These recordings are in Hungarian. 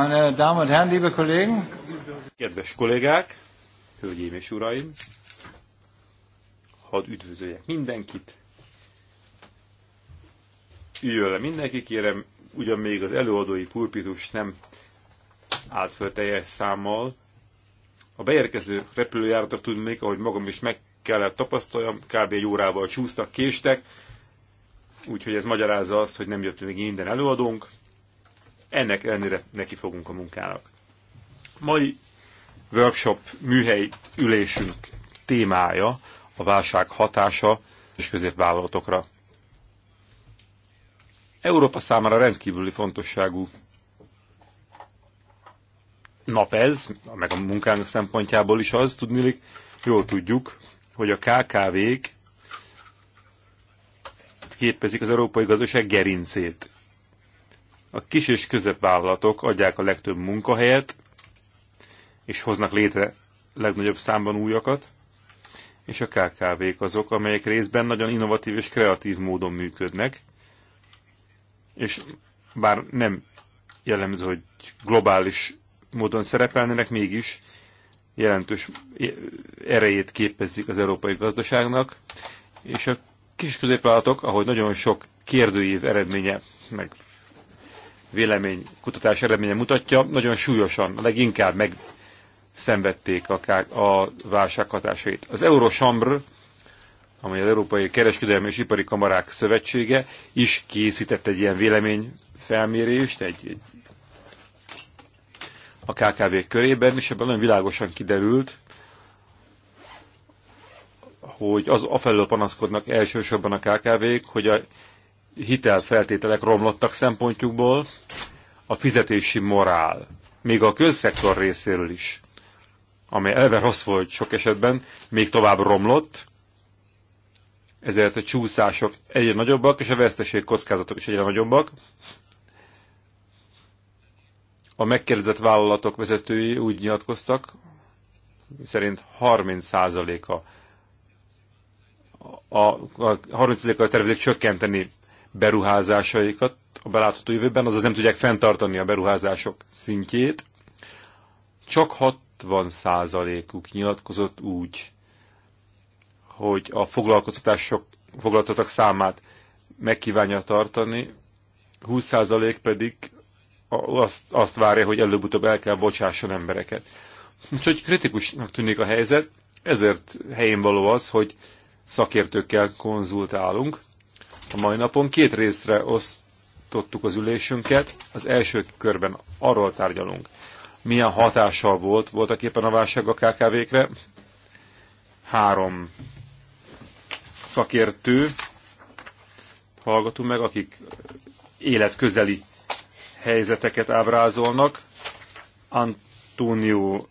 Meine Damen und Herren, liebe Kollegen! Kedves kollégák, hölgyeim és uraim! Hadd üdvözöljek mindenkit! Üljön le mindenki, kérem, ugyan még az előadói pulpitus nem állt föl teljes számmal. A beérkező repülőjáratok tudnék, ahogy magam is meg kellett tapasztaljam, kb. egy órával csúsztak, késtek, úgyhogy ez magyarázza azt, hogy nem jött még minden előadónk, ennek ellenére neki fogunk a munkának. Mai workshop műhely ülésünk témája a válság hatása és középvállalatokra. Európa számára rendkívüli fontosságú nap ez, meg a munkánk szempontjából is az, tudnilik, jól tudjuk, hogy a KKV-k képezik az európai gazdaság gerincét. A kis és középvállalatok adják a legtöbb munkahelyet, és hoznak létre legnagyobb számban újakat, és a KKV-k azok, amelyek részben nagyon innovatív és kreatív módon működnek, és bár nem jellemző, hogy globális módon szerepelnének, mégis jelentős erejét képezik az európai gazdaságnak, és a kis középvállalatok, ahogy nagyon sok kérdőív eredménye, meg vélemény kutatás eredménye mutatja, nagyon súlyosan, a leginkább megszenvedték akár a válság hatásait. Az Eurosambr, amely az Európai Kereskedelmi és Ipari Kamarák Szövetsége is készített egy ilyen véleményfelmérést, egy, egy a KKV körében, és ebben nagyon világosan kiderült, hogy az afelől panaszkodnak elsősorban a KKV-k, hogy a hitelfeltételek romlottak szempontjukból, a fizetési morál, még a közszektor részéről is, amely elve rossz volt sok esetben, még tovább romlott, ezért a csúszások egyre nagyobbak, és a veszteség kockázatok is egyre nagyobbak. A megkérdezett vállalatok vezetői úgy nyilatkoztak, szerint 30%-a a, a a 30 a tervezik csökkenteni beruházásaikat a belátható jövőben, azaz nem tudják fenntartani a beruházások szintjét. Csak 60 százalékuk nyilatkozott úgy, hogy a foglalkoztatások, foglalkoztatok számát megkívánja tartani, 20% százalék pedig azt, azt várja, hogy előbb-utóbb el kell bocsásson embereket. Úgyhogy kritikusnak tűnik a helyzet, ezért helyén való az, hogy szakértőkkel konzultálunk, a mai napon. Két részre osztottuk az ülésünket. Az első körben arról tárgyalunk, milyen hatással volt voltak éppen a válság a KKV-kre. Három szakértő hallgatunk meg, akik életközeli helyzeteket ábrázolnak. Antonio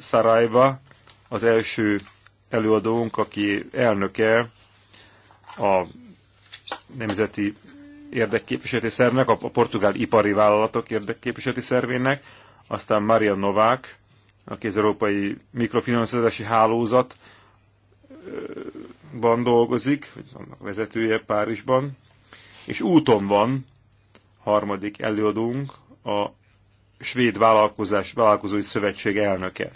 Saraiva, az első előadónk, aki elnöke a nemzeti érdekképviseleti szervnek, a portugál ipari vállalatok érdekképviseleti szervének, aztán Maria Novák, aki az Európai Mikrofinanszírozási Hálózatban dolgozik, annak vezetője Párizsban, és úton van harmadik előadónk, a Svéd Vállalkozás Vállalkozói Szövetség elnöke.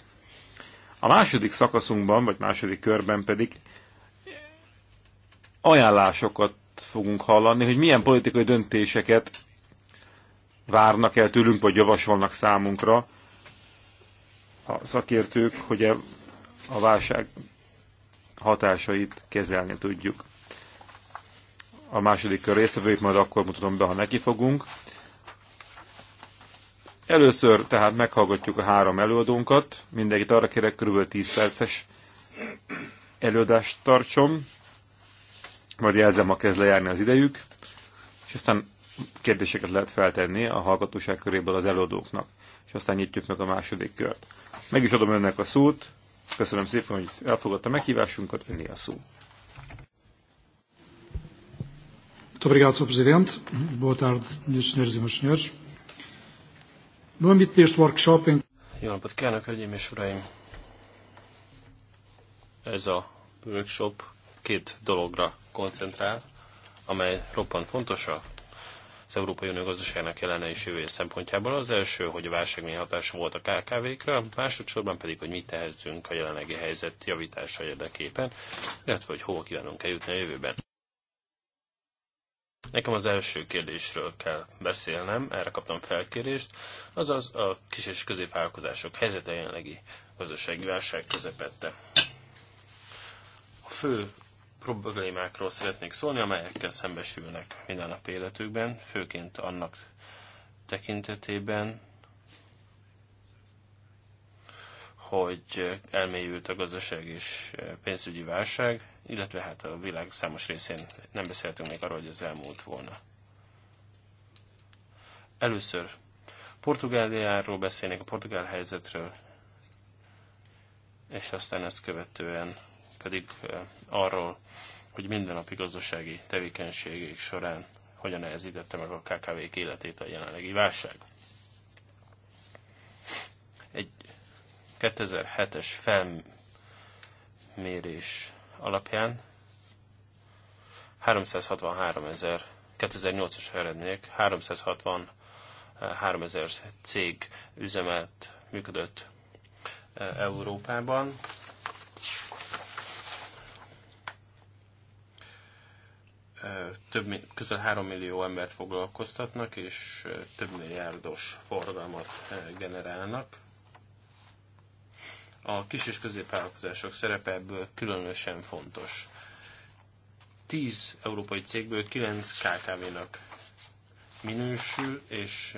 A második szakaszunkban, vagy második körben pedig ajánlásokat fogunk hallani, hogy milyen politikai döntéseket várnak el tőlünk, vagy javasolnak számunkra a szakértők, hogy e- a válság hatásait kezelni tudjuk. A második kör résztvevőit majd akkor mutatom be, ha neki fogunk. Először tehát meghallgatjuk a három előadónkat. Mindenkit arra kérek, kb. 10 perces előadást tartsom majd jelzem, ha kezd lejárni az idejük, és aztán kérdéseket lehet feltenni a hallgatóság köréből az előadóknak, és aztán nyitjuk meg a második kört. Meg is adom önnek a szót, köszönöm szépen, hogy elfogadta meghívásunkat, önni a szó. obrigado, Presidente. Boa tarde, minhas senhoras e meus senhores. No âmbito deste workshop... Em... Jó napot kívánok, hölgyeim és uraim! Ez a workshop két dologra koncentrál, amely roppant fontos az Európai Unió gazdaságának jelene és jövője szempontjából. Az első, hogy a válság milyen hatása volt a KKV-kra, másodszorban pedig, hogy mit tehetünk a jelenlegi helyzet javítása érdekében, illetve hogy hova kívánunk eljutni a jövőben. Nekem az első kérdésről kell beszélnem, erre kaptam felkérést, azaz a kis és középvállalkozások helyzete jelenlegi gazdasági válság közepette. A fő problémákról szeretnék szólni, amelyekkel szembesülnek minden nap életükben, főként annak tekintetében, hogy elmélyült a gazdaság és pénzügyi válság, illetve hát a világ számos részén nem beszéltünk még arról, hogy ez elmúlt volna. Először Portugáliáról beszélnék, a portugál helyzetről, és aztán ezt követően pedig arról, hogy mindennapi gazdasági tevékenységek során hogyan nehezítette meg a KKV-k életét a jelenlegi válság. Egy 2007-es felmérés alapján 363 ezer, 2008-as eredmények, 363 ezer cég üzemelt, működött Európában, több, közel 3 millió embert foglalkoztatnak, és több milliárdos forgalmat generálnak. A kis és középvállalkozások szerepe ebből különösen fontos. 10 európai cégből 9 KKV-nak minősül, és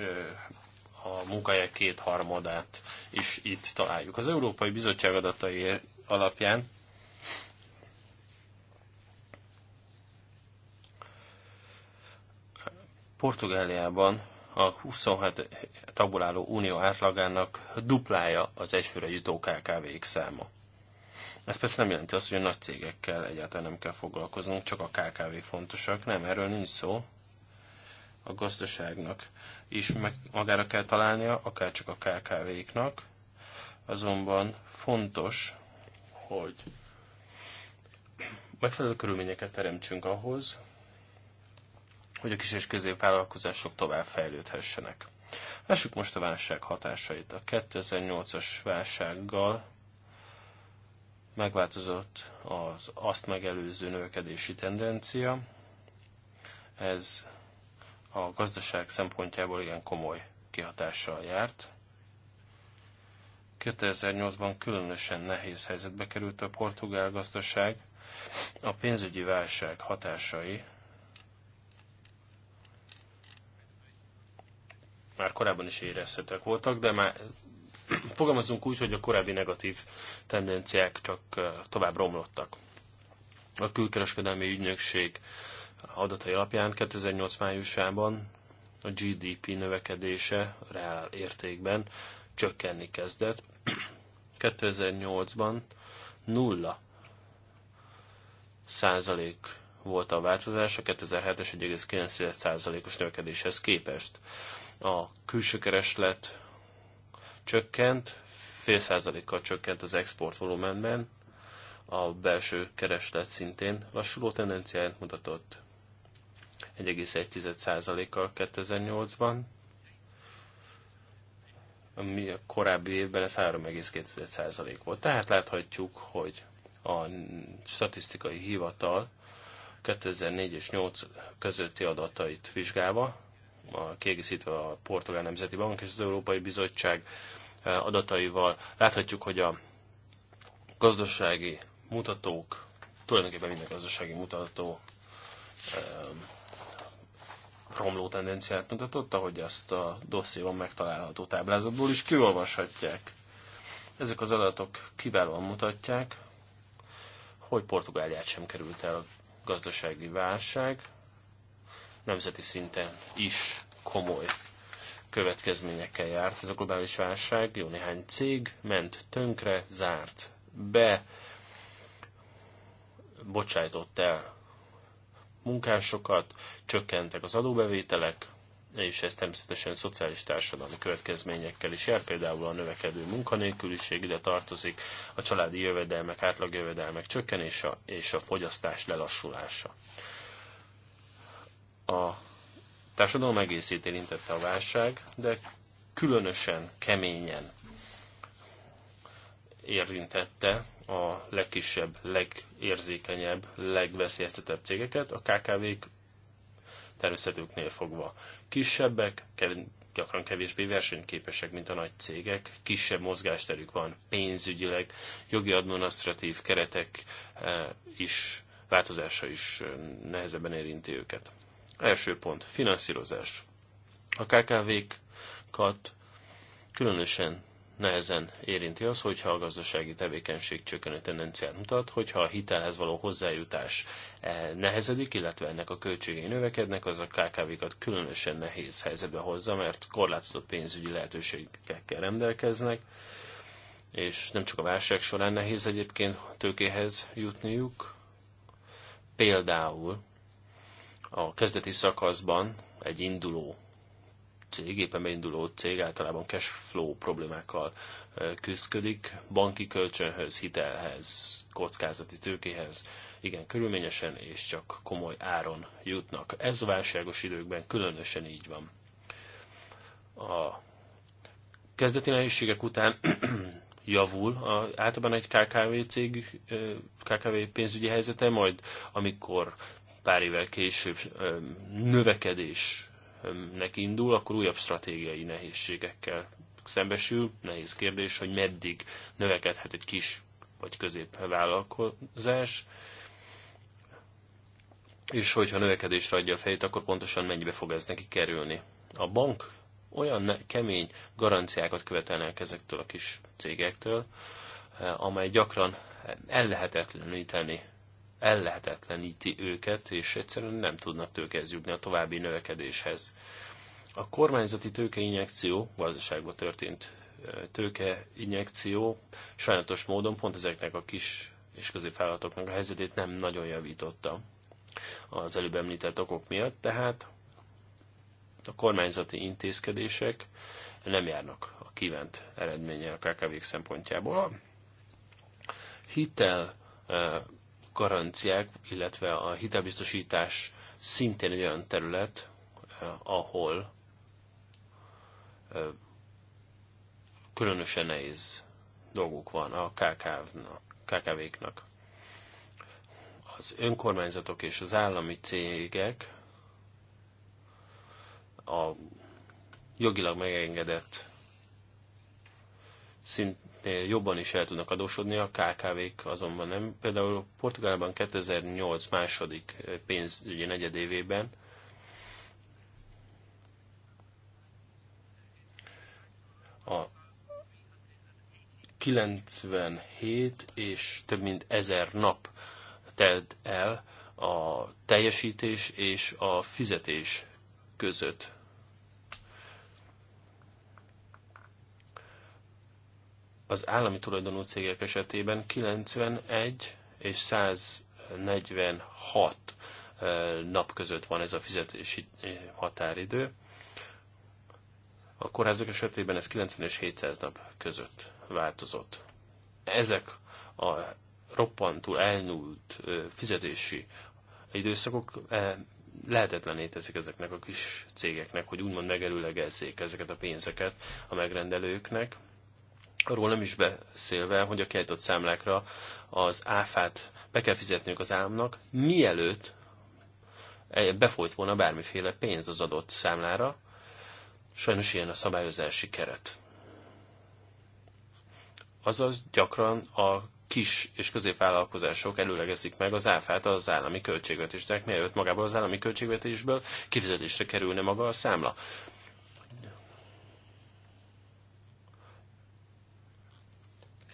a munkahelyek kétharmadát is itt találjuk. Az Európai Bizottság adatai alapján Portugáliában a 27 tagból álló unió átlagának duplája az egyfőre jutó KKV-k száma. Ez persze nem jelenti azt, hogy a nagy cégekkel egyáltalán nem kell foglalkoznunk, csak a KKV fontosak. Nem, erről nincs szó. A gazdaságnak is meg magára kell találnia, akár csak a KKV-knak. Azonban fontos, hogy megfelelő körülményeket teremtsünk ahhoz, hogy a kis és középvállalkozások tovább fejlődhessenek. Lássuk most a válság hatásait. A 2008-as válsággal megváltozott az azt megelőző növekedési tendencia. Ez a gazdaság szempontjából igen komoly kihatással járt. 2008-ban különösen nehéz helyzetbe került a portugál gazdaság. A pénzügyi válság hatásai már korábban is érezhetőek voltak, de már fogalmazunk úgy, hogy a korábbi negatív tendenciák csak tovább romlottak. A külkereskedelmi ügynökség adatai alapján 2008 májusában a GDP növekedése reál értékben csökkenni kezdett. 2008-ban nulla százalék volt a változás a 2007-es 1,9 százalékos növekedéshez képest a külső kereslet csökkent, fél százalékkal csökkent az export volumenben, a belső kereslet szintén lassuló tendenciáját mutatott 1,1%-kal 2008-ban, ami a korábbi évben ez 3,2% volt. Tehát láthatjuk, hogy a statisztikai hivatal 2004 és 8 közötti adatait vizsgálva a, kiegészítve a Portugál Nemzeti Bank és az Európai Bizottság e, adataival, láthatjuk, hogy a gazdasági mutatók, tulajdonképpen minden gazdasági mutató e, romló tendenciát mutatott, ahogy azt a dossziéban megtalálható táblázatból is kiolvashatják. Ezek az adatok kiválóan mutatják, hogy Portugáliát sem került el a gazdasági válság, nemzeti szinten is komoly következményekkel járt ez a globális válság. Jó néhány cég ment tönkre, zárt be, bocsájtott el munkásokat, csökkentek az adóbevételek, és ez természetesen szociális társadalmi következményekkel is jár, például a növekedő munkanélküliség ide tartozik, a családi jövedelmek, átlagjövedelmek csökkenése és a fogyasztás lelassulása. A társadalom egészét érintette a válság, de különösen keményen érintette a legkisebb, legérzékenyebb, legveszélyeztetebb cégeket, a KKV-k természetüknél fogva. Kisebbek, kev- gyakran kevésbé versenyképesek, mint a nagy cégek, kisebb mozgásterük van pénzügyileg, jogi adminisztratív keretek eh, is, változása is eh, nehezebben érinti őket. Első pont, finanszírozás. A KKV-kat különösen nehezen érinti az, hogyha a gazdasági tevékenység csökkenő tendenciát mutat, hogyha a hitelhez való hozzájutás eh, nehezedik, illetve ennek a költségei növekednek, az a KKV-kat különösen nehéz helyzetbe hozza, mert korlátozott pénzügyi lehetőségekkel rendelkeznek, és nem csak a válság során nehéz egyébként tőkéhez jutniuk, például a kezdeti szakaszban egy induló cég, éppen beinduló cég általában cash flow problémákkal küzdik, banki kölcsönhöz, hitelhez, kockázati tőkéhez, igen, körülményesen és csak komoly áron jutnak. Ez a válságos időkben különösen így van. A kezdeti nehézségek után javul a, általában egy KKV cég, KKV pénzügyi helyzete, majd amikor pár évvel később növekedésnek indul, akkor újabb stratégiai nehézségekkel szembesül. Nehéz kérdés, hogy meddig növekedhet egy kis vagy vállalkozás, és hogyha növekedésre adja a fejét, akkor pontosan mennyibe fog ez neki kerülni. A bank olyan kemény garanciákat követelnek ezektől a kis cégektől, amely gyakran ellehetetleníteni ellehetetleníti őket, és egyszerűen nem tudnak tőkehez jutni a további növekedéshez. A kormányzati tőkeinjekció, gazdaságban történt tőkeinjekció sajnálatos módon pont ezeknek a kis és középvállalatoknak a helyzetét nem nagyon javította az előbb említett okok miatt, tehát a kormányzati intézkedések nem járnak a kívánt eredménye a kkv szempontjából. A hitel garanciák, illetve a hitelbiztosítás szintén egy olyan terület, eh, ahol eh, különösen nehéz dolguk van a kkv KKV-knak. Az önkormányzatok és az állami cégek a jogilag megengedett szintén jobban is el tudnak adósodni, a KKV-k azonban nem. Például Portugálban 2008 második pénzügyi negyedévében a 97 és több mint 1000 nap telt el a teljesítés és a fizetés között az állami tulajdonú cégek esetében 91 és 146 nap között van ez a fizetési határidő. A kórházak esetében ez 90 és 700 nap között változott. Ezek a roppantul elnult fizetési időszakok lehetetlené teszik ezeknek a kis cégeknek, hogy úgymond megerőlegezzék ezeket a pénzeket a megrendelőknek, Arról nem is beszélve, hogy a kiállított számlákra az áfát be kell fizetniük az államnak, mielőtt befolyt volna bármiféle pénz az adott számlára. Sajnos ilyen a szabályozási keret. Azaz gyakran a kis és középvállalkozások előlegezik meg az áfát az állami költségvetésnek, mielőtt magából az állami költségvetésből kifizetésre kerülne maga a számla.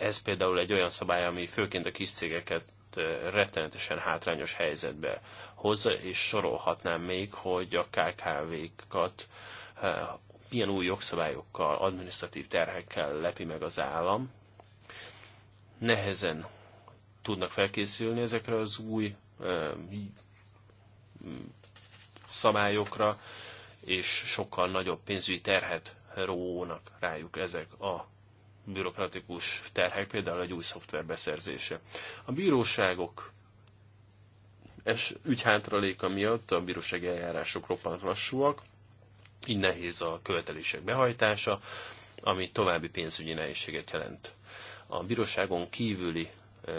Ez például egy olyan szabály, ami főként a kis cégeket rettenetesen hátrányos helyzetbe hozza, és sorolhatnám még, hogy a KKV-kat milyen új jogszabályokkal, administratív terhekkel lepi meg az állam. Nehezen tudnak felkészülni ezekre az új szabályokra, és sokkal nagyobb pénzügyi terhet rónak rájuk ezek a bürokratikus terhek, például egy új szoftver beszerzése. A bíróságok es ügyhátraléka miatt a bírósági eljárások roppant lassúak, így nehéz a követelések behajtása, ami további pénzügyi nehézséget jelent. A bíróságon kívüli e,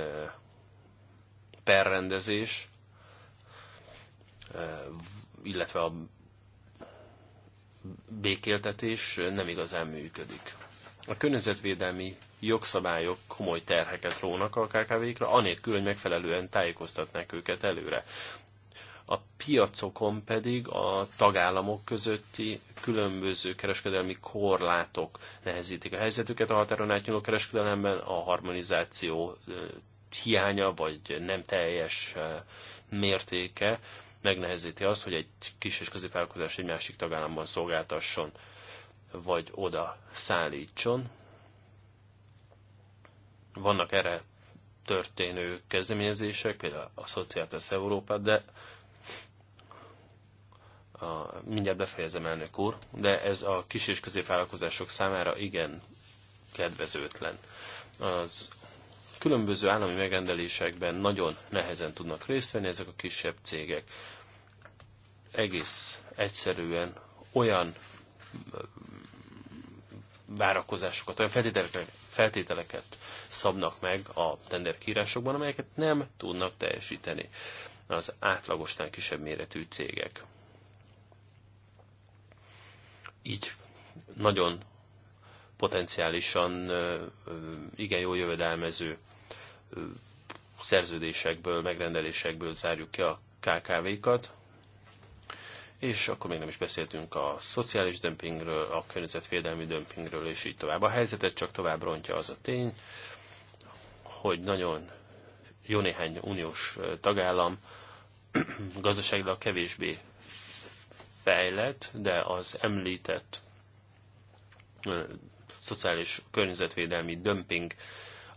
perrendezés, e, illetve a békéltetés nem igazán működik. A környezetvédelmi jogszabályok komoly terheket rónak a KKV-kra, anélkül, hogy megfelelően tájékoztatnák őket előre. A piacokon pedig a tagállamok közötti különböző kereskedelmi korlátok nehezítik a helyzetüket a határon átnyúló kereskedelemben, a harmonizáció hiánya vagy nem teljes mértéke megnehezíti azt, hogy egy kis és középvállalkozás egy másik tagállamban szolgáltasson vagy oda szállítson. Vannak erre történő kezdeményezések, például a Szociáltesz Európa, de a, mindjárt befejezem, elnök úr, de ez a kis és középvállalkozások számára igen kedvezőtlen. Az különböző állami megrendelésekben nagyon nehezen tudnak részt venni ezek a kisebb cégek. Egész egyszerűen olyan várakozásokat, olyan feltételeket, feltételeket szabnak meg a tenderkírásokban, amelyeket nem tudnak teljesíteni az átlagosnál kisebb méretű cégek. Így nagyon potenciálisan igen jó jövedelmező szerződésekből, megrendelésekből zárjuk ki a KKV-kat, és akkor még nem is beszéltünk a szociális dömpingről, a környezetvédelmi dömpingről, és így tovább. A helyzetet csak tovább rontja az a tény, hogy nagyon jó néhány uniós tagállam gazdaságilag kevésbé fejlett, de az említett szociális környezetvédelmi dömping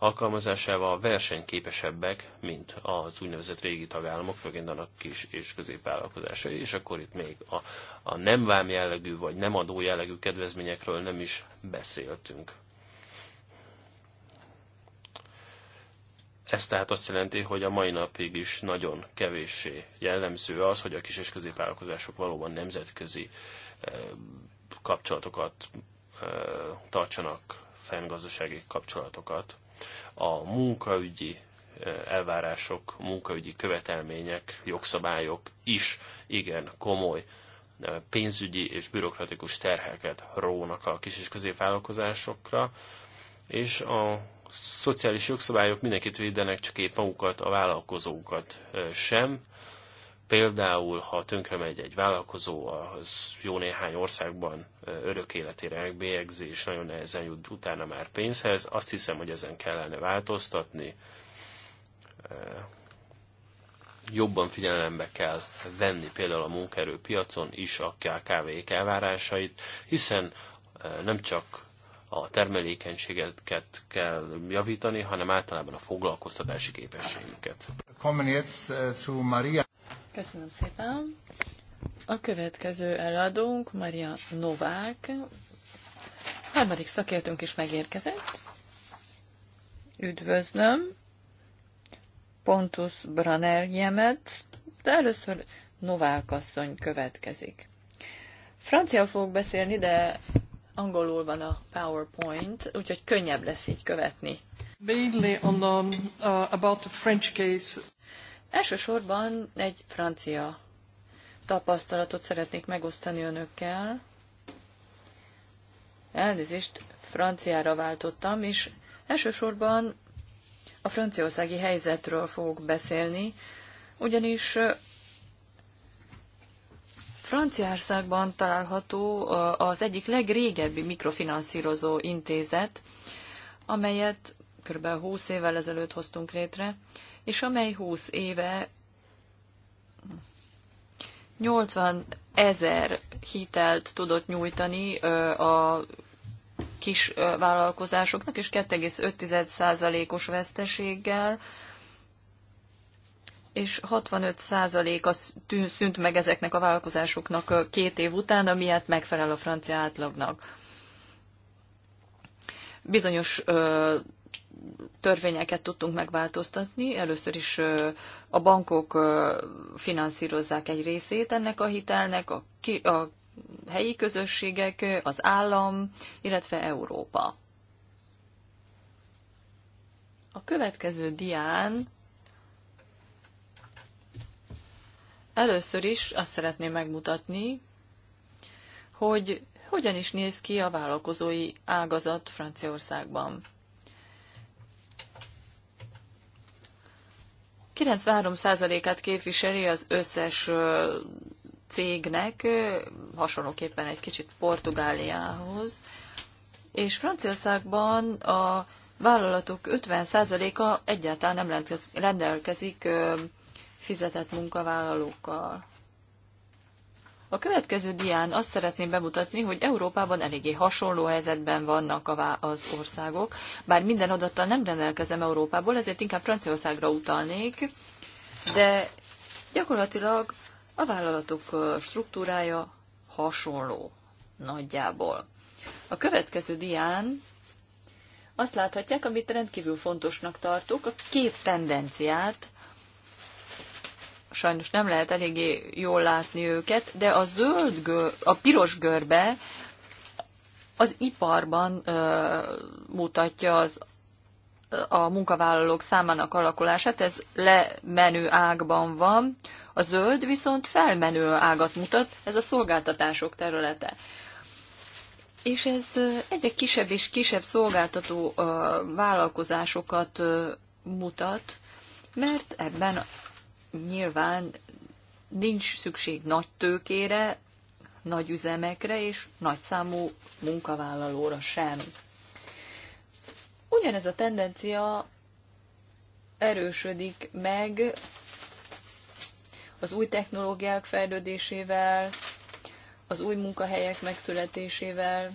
alkalmazásával versenyképesebbek, mint az úgynevezett régi tagállamok, főként annak kis és középvállalkozásai, és akkor itt még a, a nem vám jellegű vagy nem adó jellegű kedvezményekről nem is beszéltünk. Ez tehát azt jelenti, hogy a mai napig is nagyon kevéssé jellemző az, hogy a kis és középvállalkozások valóban nemzetközi eh, kapcsolatokat eh, tartsanak fenn gazdasági kapcsolatokat a munkaügyi eh, elvárások, munkaügyi követelmények, jogszabályok is igen komoly eh, pénzügyi és bürokratikus terheket rónak a kis és középvállalkozásokra, és a szociális jogszabályok mindenkit védenek, csak épp magukat, a vállalkozókat eh, sem. Például, ha tönkre megy egy vállalkozó, az jó néhány országban örök életére megbélyegzés, nagyon nehezen jut utána már pénzhez. Azt hiszem, hogy ezen kellene változtatni. Jobban figyelembe kell venni például a munkaerőpiacon is a KKV-k elvárásait, hiszen nem csak a termelékenységet kell javítani, hanem általában a foglalkoztatási képességüket. Kommen jetzt äh, zu Maria. Köszönöm szépen. A következő előadónk Maria Novák. Harmadik szakértőnk is megérkezett. Üdvözlöm. Pontus Braner Jemet, de először Novák asszony következik. Francia fogok beszélni, de angolul van a PowerPoint, úgyhogy könnyebb lesz így követni. Mainly on the, uh, about the French case. Elsősorban egy francia tapasztalatot szeretnék megosztani önökkel. Elnézést, franciára váltottam, és elsősorban a franciaországi helyzetről fogok beszélni, ugyanis Franciaországban található az egyik legrégebbi mikrofinanszírozó intézet, amelyet kb. 20 évvel ezelőtt hoztunk létre, és amely 20 éve 80 ezer hitelt tudott nyújtani a kis vállalkozásoknak, és 2,5%-os veszteséggel, és 65%-a szűnt meg ezeknek a vállalkozásoknak két év után, amiatt megfelel a francia átlagnak. Bizonyos törvényeket tudtunk megváltoztatni. Először is a bankok finanszírozzák egy részét ennek a hitelnek, a, ki, a helyi közösségek, az állam, illetve Európa. A következő dián először is azt szeretném megmutatni, hogy hogyan is néz ki a vállalkozói ágazat Franciaországban. 93%-át képviseli az összes cégnek, hasonlóképpen egy kicsit Portugáliához, és Franciaországban a vállalatok 50%-a egyáltalán nem rendelkezik fizetett munkavállalókkal. A következő dián azt szeretném bemutatni, hogy Európában eléggé hasonló helyzetben vannak az országok, bár minden adattal nem rendelkezem Európából, ezért inkább Franciaországra utalnék, de gyakorlatilag a vállalatok struktúrája hasonló nagyjából. A következő dián azt láthatják, amit rendkívül fontosnak tartok, a két tendenciát, sajnos nem lehet eléggé jól látni őket, de a zöld gör, a piros görbe az iparban ö, mutatja az a munkavállalók számának alakulását, ez lemenő ágban van, a zöld viszont felmenő ágat mutat, ez a szolgáltatások területe. És ez egyre kisebb és kisebb szolgáltató vállalkozásokat mutat, mert ebben nyilván nincs szükség nagy tőkére, nagy üzemekre és nagyszámú munkavállalóra sem. Ugyanez a tendencia erősödik meg az új technológiák fejlődésével, az új munkahelyek megszületésével,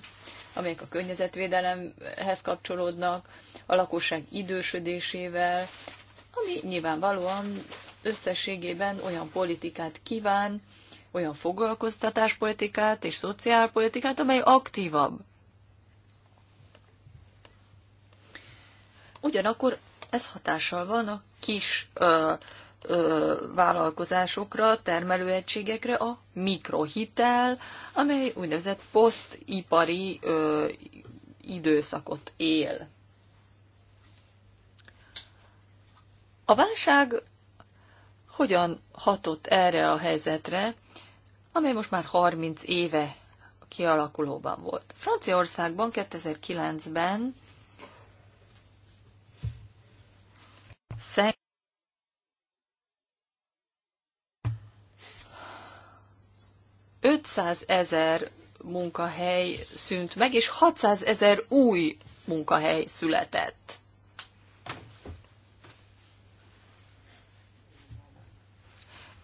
amelyek a környezetvédelemhez kapcsolódnak, a lakosság idősödésével, ami nyilvánvalóan összességében olyan politikát kíván, olyan foglalkoztatáspolitikát és szociálpolitikát, amely aktívabb. Ugyanakkor ez hatással van a kis ö, ö, vállalkozásokra, termelőegységekre a mikrohitel, amely úgynevezett posztipari ö, időszakot él. A válság hogyan hatott erre a helyzetre, amely most már 30 éve kialakulóban volt. Franciaországban 2009-ben ezer munkahely szűnt meg, és 600 ezer új munkahely született.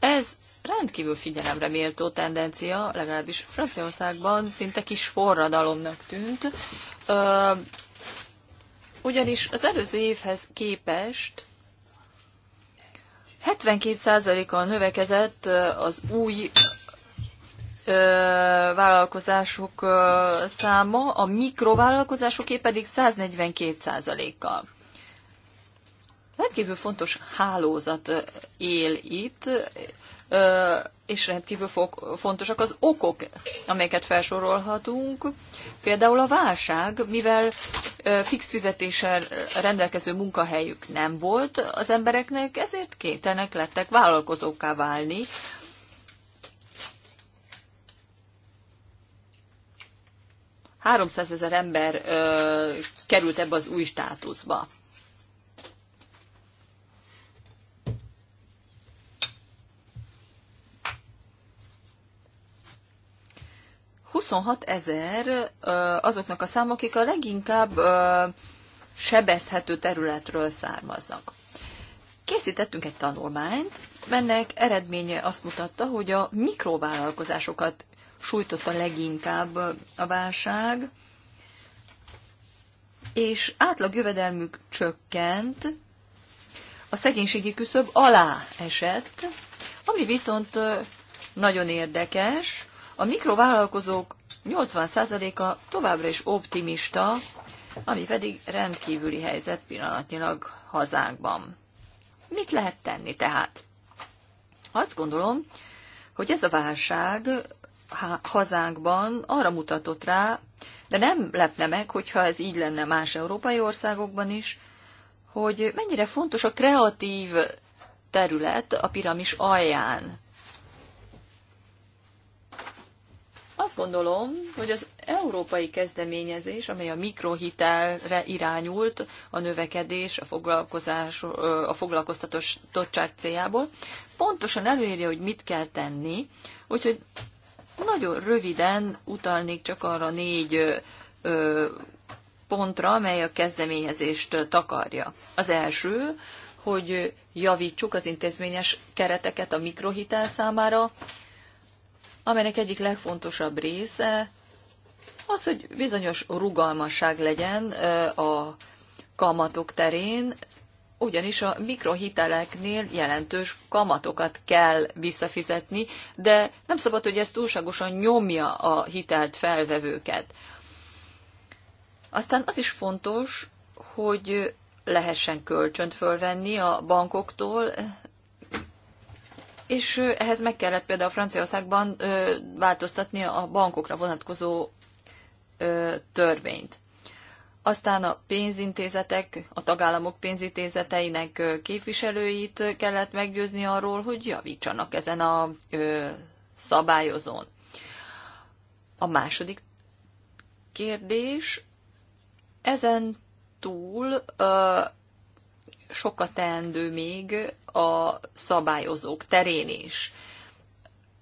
Ez rendkívül figyelemre méltó tendencia, legalábbis Franciaországban szinte kis forradalomnak tűnt, ugyanis az előző évhez képest 72%-kal növekedett az új ö, vállalkozások ö, száma, a mikrovállalkozásoké pedig 142%-kal. Rendkívül fontos hálózat él itt, és rendkívül fontosak az okok, amelyeket felsorolhatunk. Például a válság, mivel fix fizetéssel rendelkező munkahelyük nem volt az embereknek, ezért kétenek lettek vállalkozókká válni. Háromszázezer ember került ebbe az új státuszba. 26 ezer azoknak a számok, akik a leginkább sebezhető területről származnak. Készítettünk egy tanulmányt, mennek eredménye azt mutatta, hogy a mikrovállalkozásokat sújtotta leginkább a válság, és átlag jövedelmük csökkent, a szegénységi küszöb alá esett, ami viszont nagyon érdekes, a mikrovállalkozók 80%-a továbbra is optimista, ami pedig rendkívüli helyzet pillanatnyilag hazánkban. Mit lehet tenni tehát? Azt gondolom, hogy ez a válság hazánkban arra mutatott rá, de nem lepne meg, hogyha ez így lenne más európai országokban is, hogy mennyire fontos a kreatív terület a piramis alján. Azt gondolom, hogy az európai kezdeményezés, amely a mikrohitelre irányult a növekedés, a, foglalkozás, a foglalkoztatottság céljából, pontosan előírja, hogy mit kell tenni, úgyhogy nagyon röviden utalnék csak arra négy pontra, amely a kezdeményezést takarja. Az első, hogy javítsuk az intézményes kereteket a mikrohitel számára, amelynek egyik legfontosabb része az, hogy bizonyos rugalmasság legyen a kamatok terén, ugyanis a mikrohiteleknél jelentős kamatokat kell visszafizetni, de nem szabad, hogy ez túlságosan nyomja a hitelt felvevőket. Aztán az is fontos, hogy lehessen kölcsönt fölvenni a bankoktól, és ehhez meg kellett például Franciaországban ö, változtatni a bankokra vonatkozó ö, törvényt. Aztán a pénzintézetek, a tagállamok pénzintézeteinek képviselőit kellett meggyőzni arról, hogy javítsanak ezen a ö, szabályozón. A második kérdés, ezen túl ö, sokat teendő még a szabályozók terén is.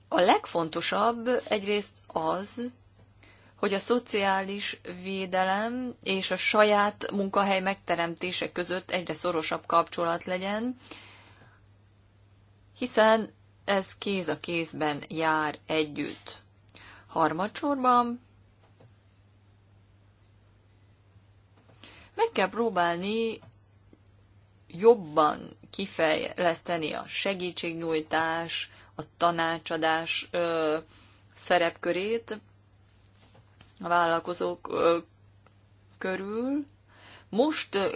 A legfontosabb egyrészt az, hogy a szociális védelem és a saját munkahely megteremtése között egyre szorosabb kapcsolat legyen, hiszen ez kéz a kézben jár együtt. Harmadsorban meg kell próbálni jobban kifejleszteni a segítségnyújtás, a tanácsadás ö, szerepkörét a vállalkozók ö, körül. Most ö,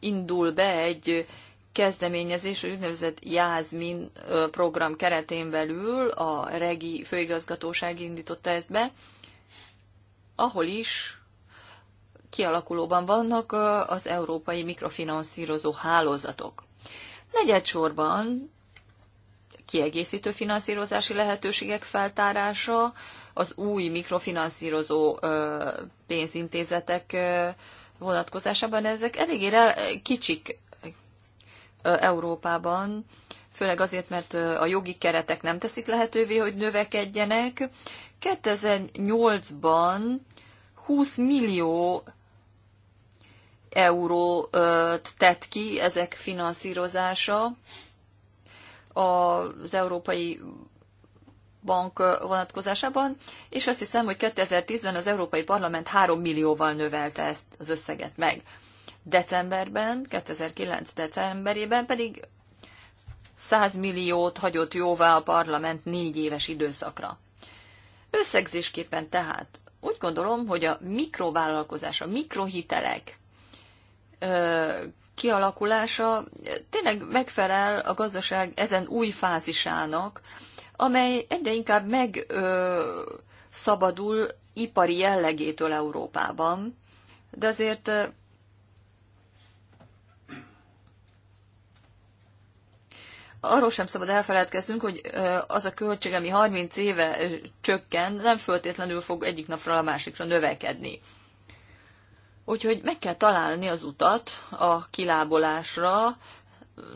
indul be egy kezdeményezés, egy úgynevezett Jázmin program keretén belül, a Regi főigazgatóság indította ezt be, ahol is kialakulóban vannak az európai mikrofinanszírozó hálózatok. Negyedsorban kiegészítő finanszírozási lehetőségek feltárása, az új mikrofinanszírozó pénzintézetek vonatkozásában ezek eléggé kicsik Európában, főleg azért, mert a jogi keretek nem teszik lehetővé, hogy növekedjenek. 2008-ban 20 millió eurót tett ki ezek finanszírozása. Az Európai Bank vonatkozásában, és azt hiszem, hogy 2010-ben az Európai Parlament 3 millióval növelte ezt az összeget meg. Decemberben, 2009. decemberében pedig 100 milliót hagyott jóvá a parlament négy éves időszakra. Összegzésképpen tehát úgy gondolom, hogy a mikrovállalkozás, a mikrohitelek kialakulása tényleg megfelel a gazdaság ezen új fázisának, amely egyre inkább megszabadul ipari jellegétől Európában, de azért arról sem szabad elfeledkeznünk, hogy az a költség, ami 30 éve csökken, nem föltétlenül fog egyik napról a másikra növekedni. Úgyhogy meg kell találni az utat a kilábolásra,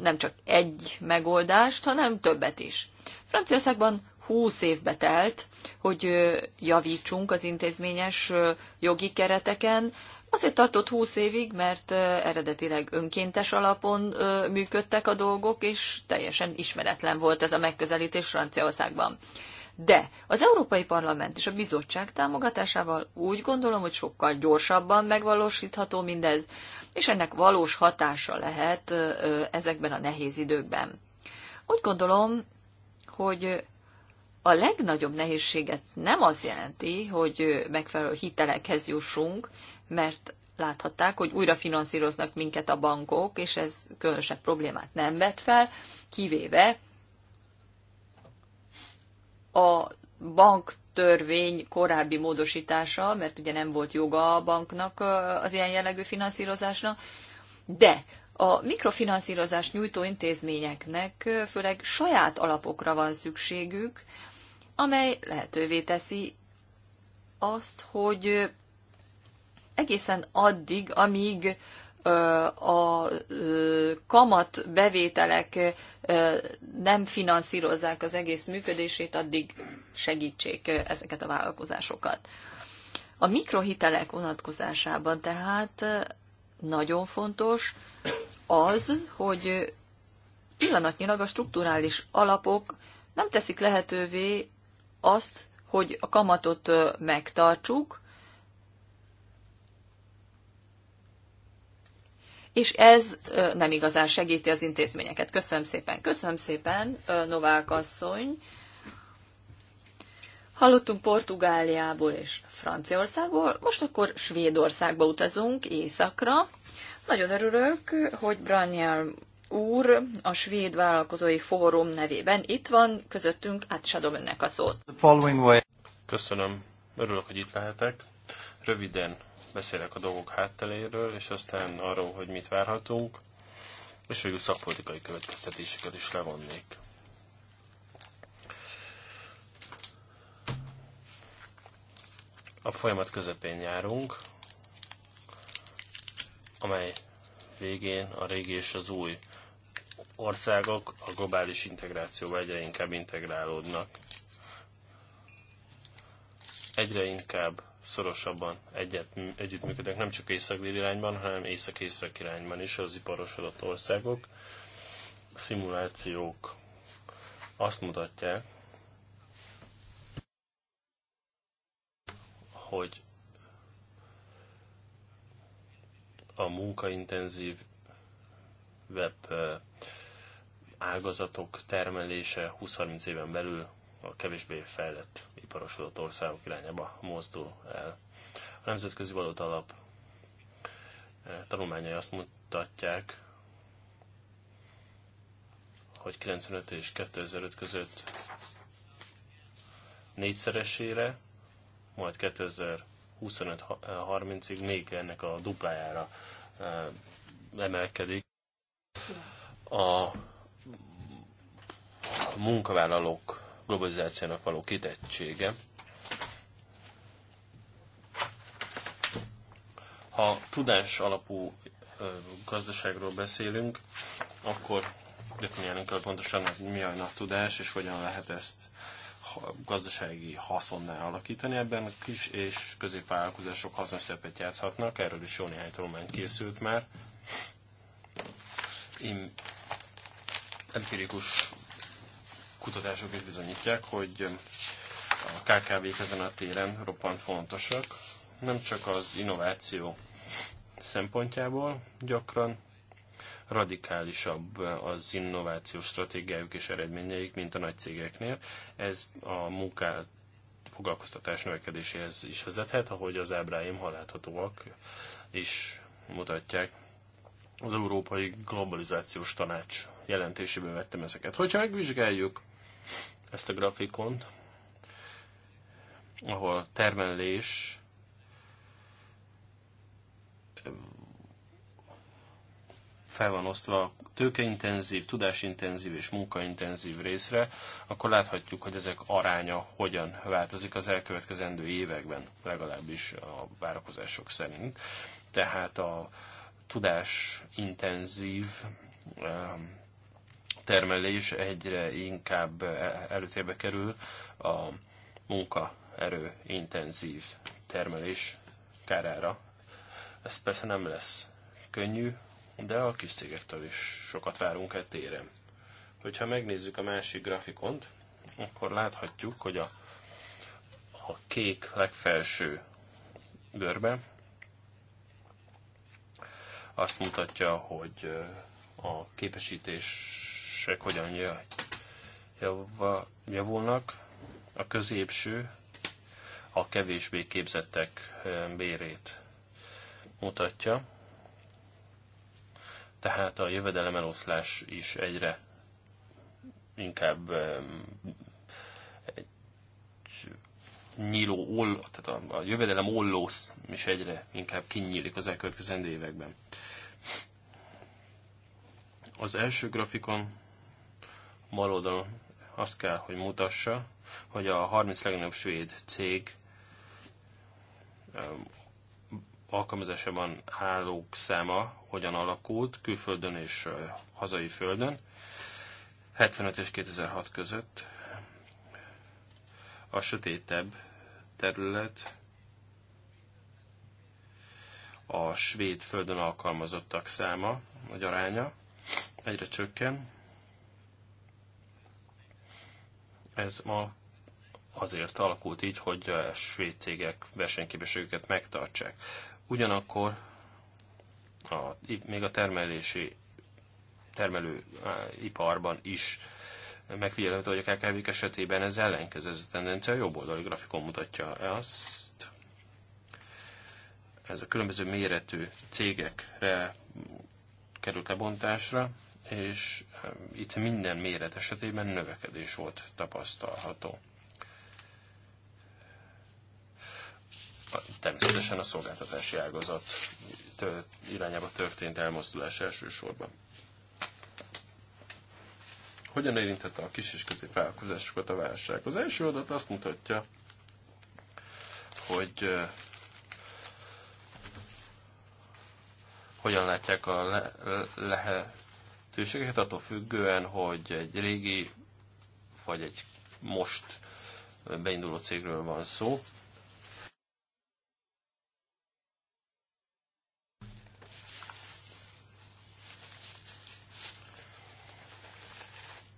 nem csak egy megoldást, hanem többet is. Franciaországban 20 évbe telt, hogy javítsunk az intézményes jogi kereteken. Azért tartott 20 évig, mert eredetileg önkéntes alapon működtek a dolgok, és teljesen ismeretlen volt ez a megközelítés Franciaországban. De az Európai Parlament és a bizottság támogatásával úgy gondolom, hogy sokkal gyorsabban megvalósítható mindez, és ennek valós hatása lehet ezekben a nehéz időkben. Úgy gondolom, hogy a legnagyobb nehézséget nem az jelenti, hogy megfelelő hitelekhez jussunk, mert láthatták, hogy újra finanszíroznak minket a bankok, és ez különösebb problémát nem vet fel, kivéve, a banktörvény korábbi módosítása, mert ugye nem volt joga a banknak az ilyen jellegű finanszírozásra, de a mikrofinanszírozás nyújtó intézményeknek főleg saját alapokra van szükségük, amely lehetővé teszi azt, hogy egészen addig, amíg a kamat bevételek nem finanszírozzák az egész működését, addig segítsék ezeket a vállalkozásokat. A mikrohitelek vonatkozásában tehát nagyon fontos az, hogy pillanatnyilag a strukturális alapok nem teszik lehetővé azt, hogy a kamatot megtartsuk, és ez nem igazán segíti az intézményeket. Köszönöm szépen. Köszönöm szépen, Novák asszony. Hallottunk Portugáliából és Franciaországból, most akkor Svédországba utazunk, északra. Nagyon örülök, hogy Branyel úr a Svéd Vállalkozói Fórum nevében itt van, közöttünk, átsadom önnek a szót. Köszönöm, örülök, hogy itt lehetek. Röviden beszélek a dolgok hátteléről, és aztán arról, hogy mit várhatunk, és végül szakpolitikai következtetéseket is levonnék. A folyamat közepén járunk, amely végén a régi és az új országok a globális integrációba egyre inkább integrálódnak. Egyre inkább szorosabban egyet, együttműködnek, nem csak észak irányban, hanem észak-észak irányban is az iparosodott országok. A szimulációk azt mutatják, hogy a munkaintenzív web ágazatok termelése 20-30 éven belül a kevésbé fejlett iparosodott országok irányába mozdul el. A Nemzetközi Valóta Alap eh, tanulmányai azt mutatják, hogy 95 és 2005 között négyszeresére, majd 2025-30-ig még ennek a duplájára eh, emelkedik. A munkavállalók globalizációnak való kitettsége. Ha tudás alapú gazdaságról beszélünk, akkor definiálni kell pontosan, hogy mi a nagy tudás, és hogyan lehet ezt gazdasági haszonnál alakítani. Ebben kis és középvállalkozások hasznos szerepet játszhatnak, erről is jó néhány tanulmány készült már. empirikus kutatások is bizonyítják, hogy a KKV-k ezen a téren roppant fontosak, nem csak az innováció szempontjából, gyakran radikálisabb az innovációs stratégiájuk és eredményeik, mint a nagy cégeknél. Ez a munkát foglalkoztatás növekedéséhez is vezethet, ahogy az ábráim, haláthatóak is és mutatják. Az Európai Globalizációs Tanács jelentésében vettem ezeket. Hogyha megvizsgáljuk ezt a grafikont, ahol termelés fel van osztva tőkeintenzív, tudásintenzív és munkaintenzív részre, akkor láthatjuk, hogy ezek aránya hogyan változik az elkövetkezendő években, legalábbis a várakozások szerint. Tehát a tudásintenzív termelés egyre inkább e- előtérbe kerül a munkaerő intenzív termelés kárára. Ez persze nem lesz könnyű, de a kis cégektől is sokat várunk e téren. Hogyha megnézzük a másik grafikont, akkor láthatjuk, hogy a, a kék legfelső görbe azt mutatja, hogy a képesítés kérdések hogyan javulnak. A középső a kevésbé képzettek eh, bérét mutatja, tehát a jövedelem eloszlás is egyre inkább egy nyíló oll, tehát a, a jövedelem ollósz is egyre inkább kinyílik az elkövetkezendő években. Az első grafikon bal oldalon azt kell, hogy mutassa, hogy a 30 legnagyobb svéd cég alkalmazásában állók száma hogyan alakult külföldön és hazai földön 75 és 2006 között. A sötétebb terület a svéd földön alkalmazottak száma, nagy aránya egyre csökken, Ez ma azért alakult így, hogy a svéd cégek versenyképességüket megtartsák. Ugyanakkor a, még a termelési termelő iparban is megfigyelhető, hogy a kkv esetében ez ellenkező, ez a tendencia a jobb oldali grafikon mutatja azt. Ez a különböző méretű cégekre került lebontásra, és itt minden méret esetében növekedés volt tapasztalható. Természetesen a szolgáltatási ágazat irányába történt elmozdulás elsősorban. Hogyan érintette a kis és középvállalkozásokat a válság? Az első adat azt mutatja, hogy hogyan látják a le, le, lehetőségeket, attól függően, hogy egy régi vagy egy most beinduló cégről van szó.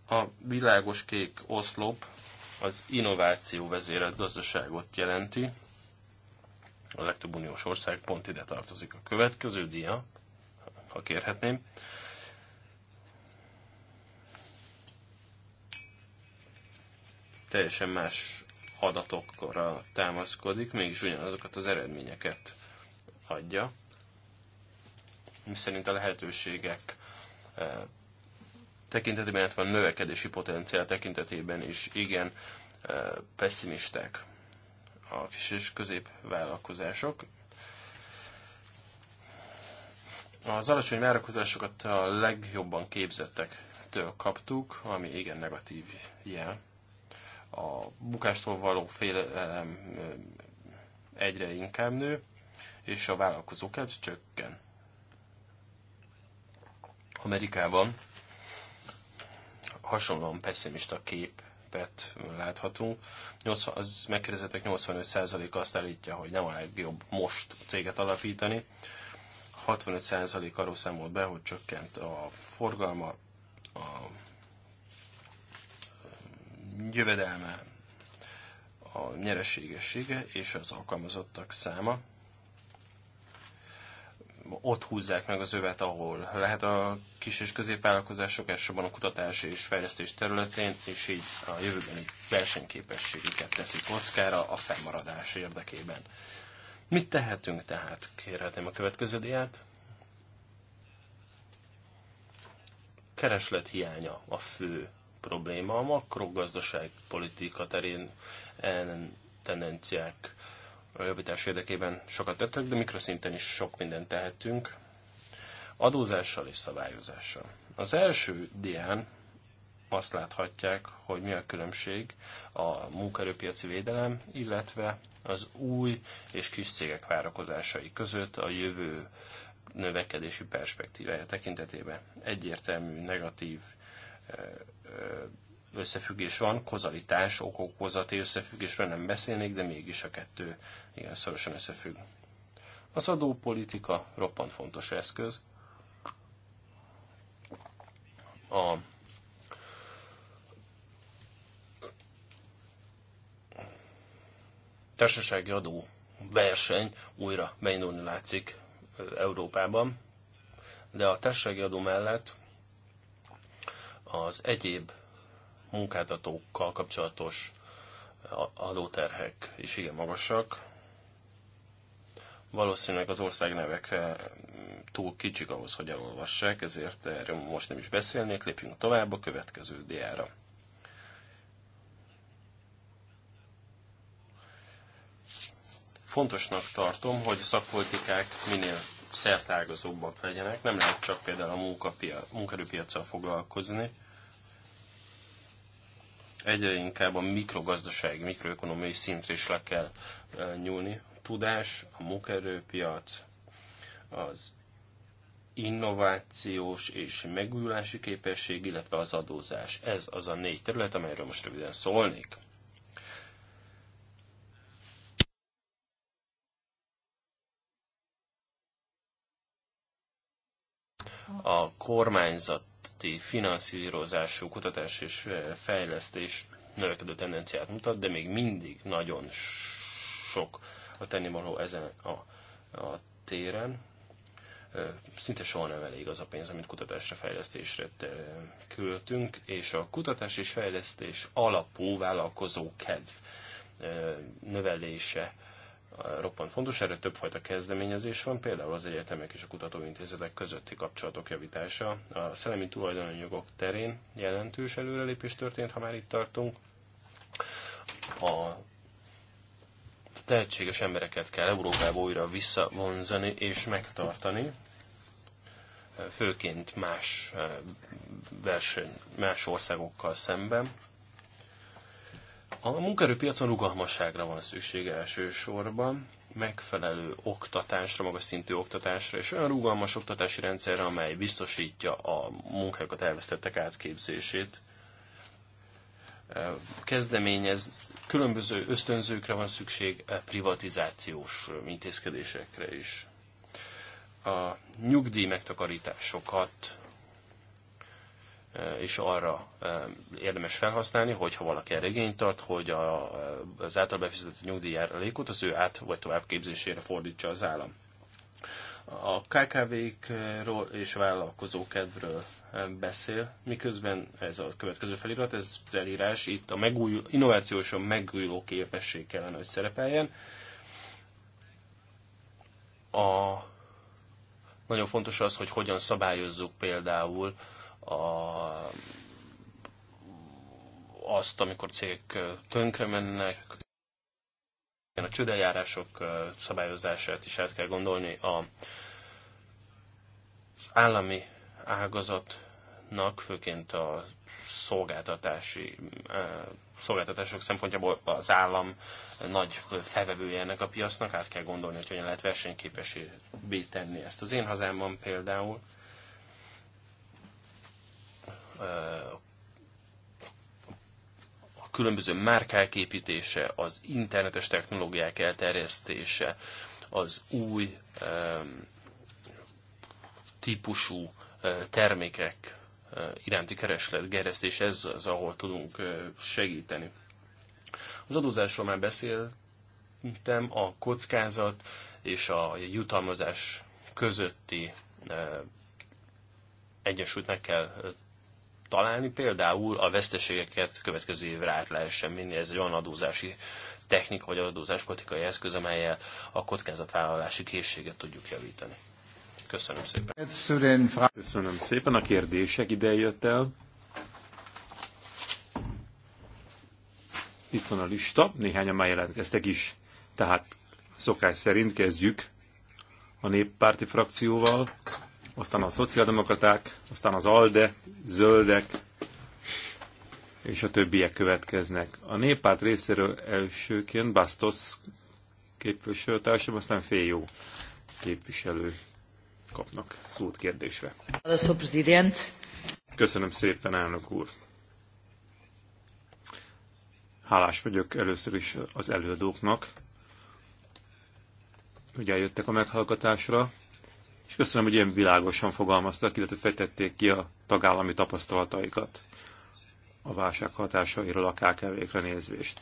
A világos kék oszlop az innováció vezérelt gazdaságot jelenti. A legtöbb uniós ország pont ide tartozik a következő dia, ha kérhetném. teljesen más adatokra támaszkodik, mégis ugyanazokat az eredményeket adja. szerint a lehetőségek eh, tekintetében, illetve a növekedési potenciál tekintetében is igen eh, pessimisták a kis és középvállalkozások. Az alacsony várakozásokat a legjobban képzettektől kaptuk, ami igen negatív jel a bukástól való félelem egyre inkább nő, és a vállalkozók ez csökken. Amerikában hasonlóan pessimista képet láthatunk. 80, az megkérdezettek 85% azt állítja, hogy nem a legjobb most céget alapítani. 65% arról számolt be, hogy csökkent a forgalma, a jövedelme, a nyereségessége és az alkalmazottak száma. Ott húzzák meg az övet, ahol lehet a kis és középvállalkozások, elsősorban a kutatás és fejlesztés területén, és így a jövőbeni versenyképességüket teszik kockára a fennmaradás érdekében. Mit tehetünk tehát? Kérhetném a következő diát. Kereslet hiánya a fő probléma a makrogazdaság politika terén tendenciák javítás érdekében sokat tettek, de mikroszinten is sok mindent tehetünk, adózással és szabályozással. Az első dián azt láthatják, hogy mi a különbség a munkaerőpiaci védelem, illetve az új és kis cégek várakozásai között a jövő növekedési perspektívája tekintetében. Egyértelmű negatív összefüggés van, kozalitás, okokozati összefüggésről nem beszélnék, de mégis a kettő igen szorosan összefügg. Az adópolitika roppant fontos eszköz. A társasági adó verseny újra beindulni látszik Európában, de a társasági adó mellett az egyéb munkáltatókkal kapcsolatos adóterhek is igen magasak. Valószínűleg az országnevek eh, túl kicsik ahhoz, hogy elolvassák, ezért erről most nem is beszélnék, lépjünk tovább a következő diára. Fontosnak tartom, hogy a szakpolitikák minél szertágazóbbak legyenek, nem lehet csak például a munkaerőpiacsal foglalkozni, Egyre inkább a mikrogazdaság, mikroökonomiai szintre is le kell nyúlni. A tudás, a munkaerőpiac, az innovációs és megújulási képesség, illetve az adózás. Ez az a négy terület, amelyről most röviden szólnék. A kormányzat alatti finanszírozású kutatás és eh, fejlesztés növekedő tendenciát mutat, de még mindig nagyon sok a tennivaló ezen a, a téren. Eh, szinte soha nem elég az a pénz, amit kutatásra, fejlesztésre eh, költünk, és a kutatás és fejlesztés alapú vállalkozó kedv növelése roppant fontos, erre többfajta kezdeményezés van, például az egyetemek és a kutatóintézetek közötti kapcsolatok javítása. A szellemi tulajdonjogok terén jelentős előrelépés történt, ha már itt tartunk. A tehetséges embereket kell Európába újra visszavonzani és megtartani, főként más eh, verseny, más országokkal szemben a munkaerőpiacon rugalmasságra van szüksége elsősorban, megfelelő oktatásra, magas szintű oktatásra, és olyan rugalmas oktatási rendszerre, amely biztosítja a munkájukat elvesztettek átképzését. Kezdeményez, különböző ösztönzőkre van szükség, privatizációs intézkedésekre is. A nyugdíj megtakarításokat Eh, és arra eh, érdemes felhasználni, hogyha valaki erre igényt tart, hogy a, az által befizetett nyugdíjjárulékot az ő át vagy továbbképzésére fordítsa az állam. A KKV-król és vállalkozókedvről eh, beszél, miközben ez a következő felirat, ez felírás, itt a megújul, innovációsan megújuló képesség kellene, hogy szerepeljen. A, nagyon fontos az, hogy hogyan szabályozzuk például a, azt, amikor cégek tönkre mennek, a csődeljárások szabályozását is át kell gondolni. A, az állami ágazatnak, főként a szolgáltatási szolgáltatások szempontjából az állam nagy felvevője ennek a piacnak, át kell gondolni, hogy hogyan lehet versenyképesé tenni ezt. Az én hazámban például a különböző márkák építése, az internetes technológiák elterjesztése, az új típusú termékek iránti kereslet, gerjesztés, ez az, ahol tudunk segíteni. Az adózásról már beszéltem, a kockázat és a jutalmazás közötti egyensúlyt meg kell találni, például a veszteségeket következő évre át lehessen minni. Ez egy olyan adózási technika vagy adózás, politikai eszköz, amelyel a kockázatvállalási készséget tudjuk javítani. Köszönöm szépen. Köszönöm szépen. A kérdések ide jött el. Itt van a lista, néhányan már jelentkeztek is. Tehát szokás szerint kezdjük a néppárti frakcióval aztán a szociáldemokraták, aztán az ALDE, zöldek, és a többiek következnek. A néppárt részéről elsőként Bastos képviselőtársam, aztán Féjó képviselő kapnak szót kérdésre. Köszönöm szépen, elnök úr. Hálás vagyok először is az előadóknak, hogy eljöttek a meghallgatásra és köszönöm, hogy ilyen világosan fogalmaztak, illetve fejtették ki a tagállami tapasztalataikat a válság hatásairól a KKV-kre nézvést.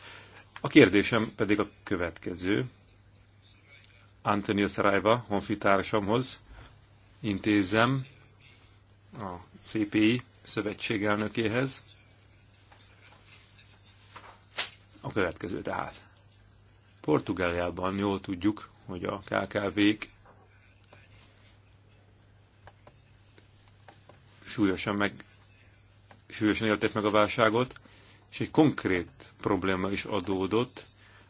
A kérdésem pedig a következő. Antonio Saraiva, honfitársamhoz intézem a CPI szövetségelnökéhez. A következő tehát. Portugáliában jól tudjuk, hogy a KKV-k súlyosan, meg, súlyosan élték meg a válságot, és egy konkrét probléma is adódott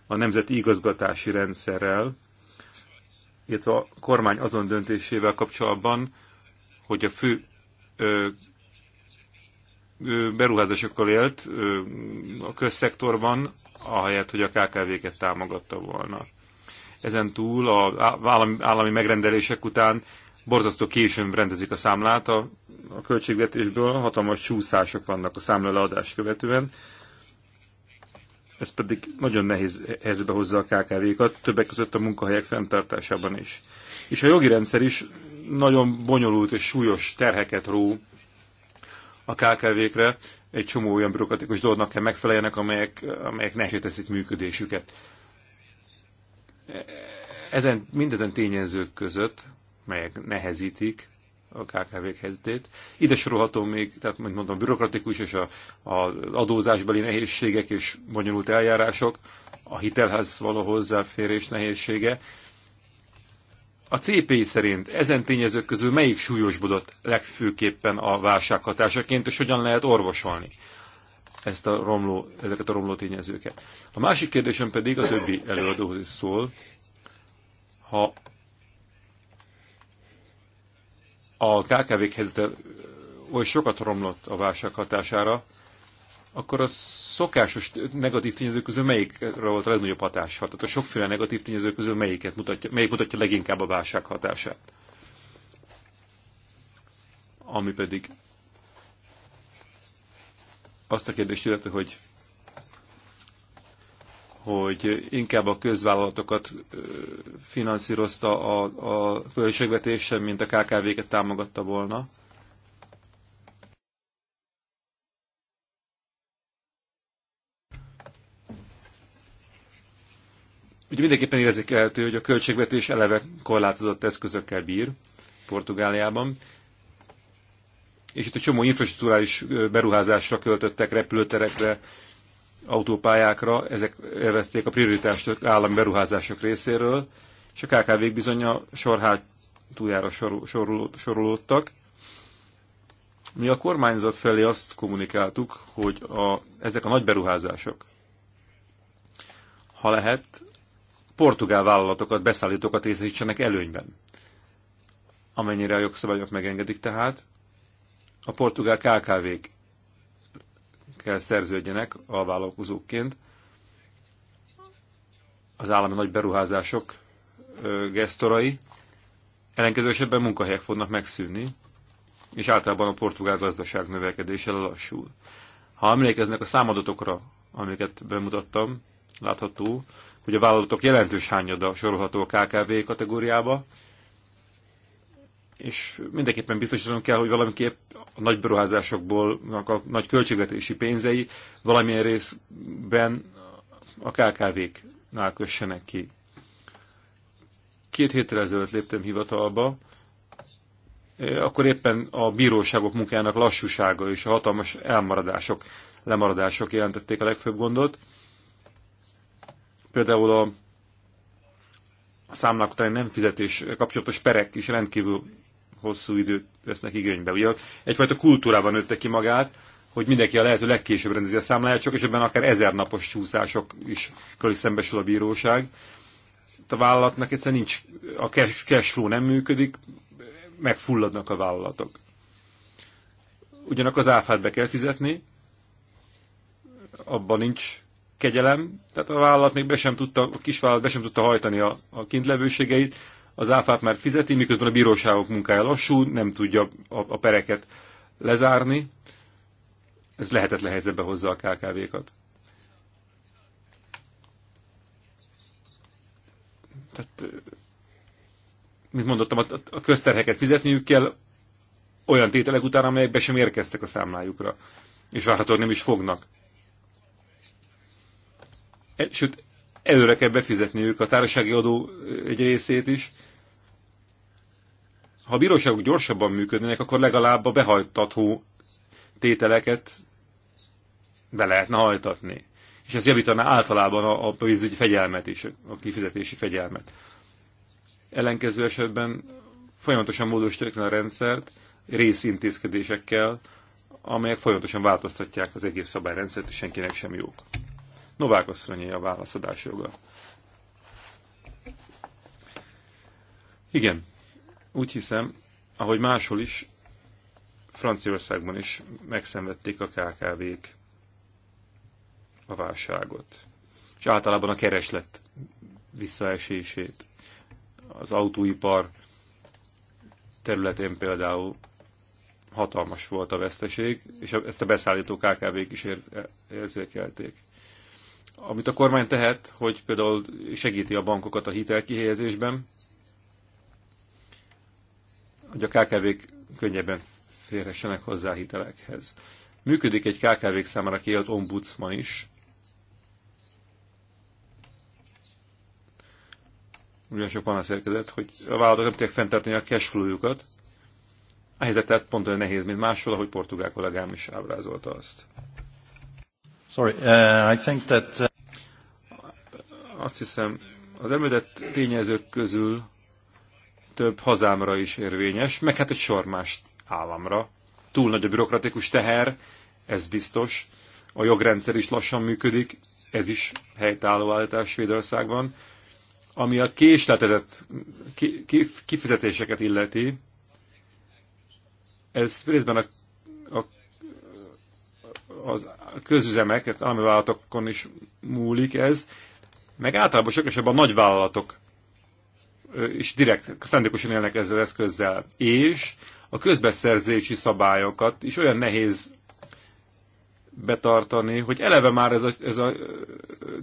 a nemzeti igazgatási rendszerrel, illetve a kormány azon döntésével kapcsolatban, hogy a fő ö, ö, beruházásokkal élt ö, a közszektorban, ahelyett, hogy a KKV-ket támogatta volna. Ezen túl a állami, állami megrendelések után borzasztó későn rendezik a számlát a, a költségvetésből, hatalmas csúszások vannak a számlaleadás követően, ez pedig nagyon nehéz helyzetbe hozza a KKV-kat, többek között a munkahelyek fenntartásában is. És a jogi rendszer is nagyon bonyolult és súlyos terheket ró a KKV-kre, egy csomó olyan bürokratikus dolognak kell megfeleljenek, amelyek, amelyek nehéz teszik működésüket. E-, ezen, mindezen tényezők között melyek nehezítik a KKV-k helyzetét. Ide sorolható még, tehát mint mondtam, a bürokratikus és a, adózásbeli nehézségek és bonyolult eljárások, a hitelhez való hozzáférés nehézsége. A CPI szerint ezen tényezők közül melyik súlyosbodott legfőképpen a válság hatásaként, és hogyan lehet orvosolni ezt a romló, ezeket a romló tényezőket? A másik kérdésem pedig a többi előadóhoz szól, ha a KKV-k helyzete oly sokat romlott a válság hatására, akkor a szokásos negatív tényezők közül melyikre volt a legnagyobb hatással? Tehát a sokféle negatív tényezők közül melyiket mutatja, melyik mutatja leginkább a válság hatását? Ami pedig azt a kérdést illeti, hogy hogy inkább a közvállalatokat finanszírozta a, a költségvetésen, mint a KKV-ket támogatta volna. Ugye mindenképpen érzékelhető, hogy a költségvetés eleve korlátozott eszközökkel bír Portugáliában, és itt egy csomó infrastruktúrális beruházásra költöttek, repülőterekre, autópályákra, ezek élvezték a prioritást állami beruházások részéről, és a kkv bizony a sorhátújára sorul, sorul, Mi a kormányzat felé azt kommunikáltuk, hogy a, ezek a nagy beruházások, ha lehet, portugál vállalatokat, beszállítókat részesítsenek előnyben. Amennyire a jogszabályok megengedik tehát, a portugál KKV-k kell szerződjenek vállalkozóként. Az állami nagy beruházások gesztorai, ellenkező esetben munkahelyek fognak megszűnni, és általában a portugál gazdaság növekedése lassul. Ha emlékeznek a számadatokra, amiket bemutattam, látható, hogy a vállalatok jelentős hányada sorolható a KKV kategóriába, és mindenképpen biztosítanunk kell, hogy valamiképp a nagy beruházásokból, a nagy költségvetési pénzei valamilyen részben a KKV-knál kössenek ki. Két héttel ezelőtt léptem hivatalba, e, akkor éppen a bíróságok munkájának lassúsága és a hatalmas elmaradások, lemaradások jelentették a legfőbb gondot. Például a számlák után nem fizetés kapcsolatos perek is rendkívül hosszú időt vesznek igénybe. Ugye egyfajta kultúrában nőtte ki magát, hogy mindenki a lehető legkésőbb rendezi a számláját, és ebben akár ezernapos csúszások is körül szembesül a bíróság. A vállalatnak egyszerűen nincs, a cash, cash flow nem működik, megfulladnak a vállalatok. Ugyanakkor az áfát be kell fizetni, abban nincs kegyelem, tehát a vállalat még be sem tudta, a kisvállalat be sem tudta hajtani a, a kintlevőségeit, az áfát már fizeti, miközben a bíróságok munkája lassú, nem tudja a, a pereket lezárni. Ez lehetetlen helyzetbe hozza a KKV-kat. Tehát, mint mondottam, a, a közterheket fizetniük kell olyan tételek után, amelyek be sem érkeztek a számlájukra, és várhatóan nem is fognak. E, sőt, előre kell befizetni ők a társasági adó egy részét is. Ha a bíróságok gyorsabban működnének, akkor legalább a behajtató tételeket be lehetne hajtatni. És ez javítaná általában a, a pénzügyi fegyelmet is, a kifizetési fegyelmet. Ellenkező esetben folyamatosan módosítani a rendszert részintézkedésekkel, amelyek folyamatosan változtatják az egész szabályrendszert, és senkinek sem jók. Novák asszonyé a válaszadás joga. Igen, úgy hiszem, ahogy máshol is, Franciaországban is megszenvedték a KKV-k a válságot. És általában a kereslet visszaesését. Az autóipar területén például hatalmas volt a veszteség, és ezt a beszállító KKV-k is érzékelték. Amit a kormány tehet, hogy például segíti a bankokat a hitelkihelyezésben, hogy a KKV-k könnyebben férhessenek hozzá a hitelekhez. Működik egy KKV-k számára kiadott ombudsman is, ugyan sok panasz érkezett, hogy a vállalatok nem tudják fenntartani a cashflow-jukat. A helyzet pont olyan nehéz, mint máshol, ahogy portugál kollégám is ábrázolta azt. Sorry, uh, I think that... Uh... Azt hiszem, az említett tényezők közül több hazámra is érvényes, meg hát egy sor más államra. Túl nagy a bürokratikus teher, ez biztos. A jogrendszer is lassan működik, ez is helytálló állítás Svédországban. Ami a késletetett kifizetéseket illeti, ez részben a az közüzemeket, hát állami vállalatokon is múlik ez, meg általában sok esetben a nagyvállalatok is direkt szándékosan élnek ezzel eszközzel. És a közbeszerzési szabályokat is olyan nehéz betartani, hogy eleve már ez a, ez a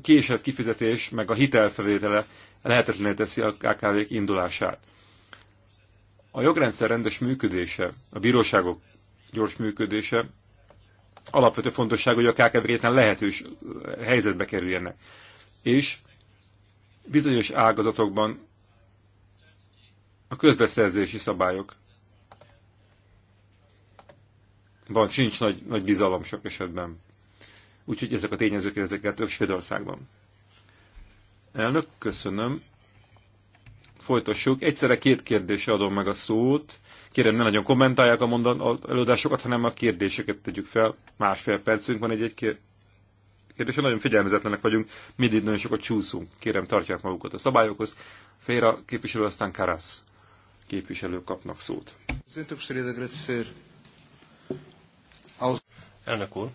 késett kifizetés, meg a hitelfelvétele lehetetlené teszi a KKV-k indulását. A jogrendszer rendes működése, a bíróságok gyors működése alapvető fontosság, hogy a KKV réten lehetős helyzetbe kerüljenek. És bizonyos ágazatokban a közbeszerzési szabályok van, sincs nagy, nagy bizalom sok esetben. Úgyhogy ezek a tényezők ezeket Svédországban. Elnök, köszönöm. Folytassuk. Egyszerre két kérdésre adom meg a szót. Kérem, ne nagyon kommentálják a mondan a előadásokat, hanem a kérdéseket tegyük fel. Másfél percünk van egy-egy kérdés, Nagyon figyelmezetlenek vagyunk, mindig nagyon sokat csúszunk. Kérem, tartják magukat a szabályokhoz. Féra képviselő, aztán Karasz képviselők kapnak szót. Elnök úr,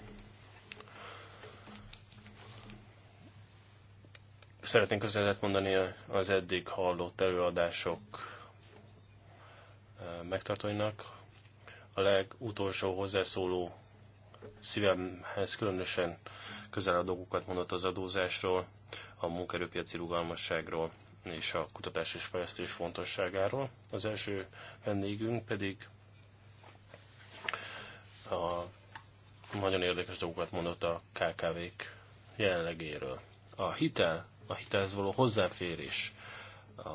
szeretnénk közelet mondani az eddig hallott előadások megtartóinak. A legutolsó hozzászóló szívemhez különösen közel a dolgokat mondott az adózásról, a munkerőpiaci rugalmasságról és a kutatás és fejlesztés fontosságáról. Az első vendégünk pedig a nagyon érdekes dolgokat mondott a KKV-k jelenlegéről. A hitel, a hitelhez való hozzáférés, a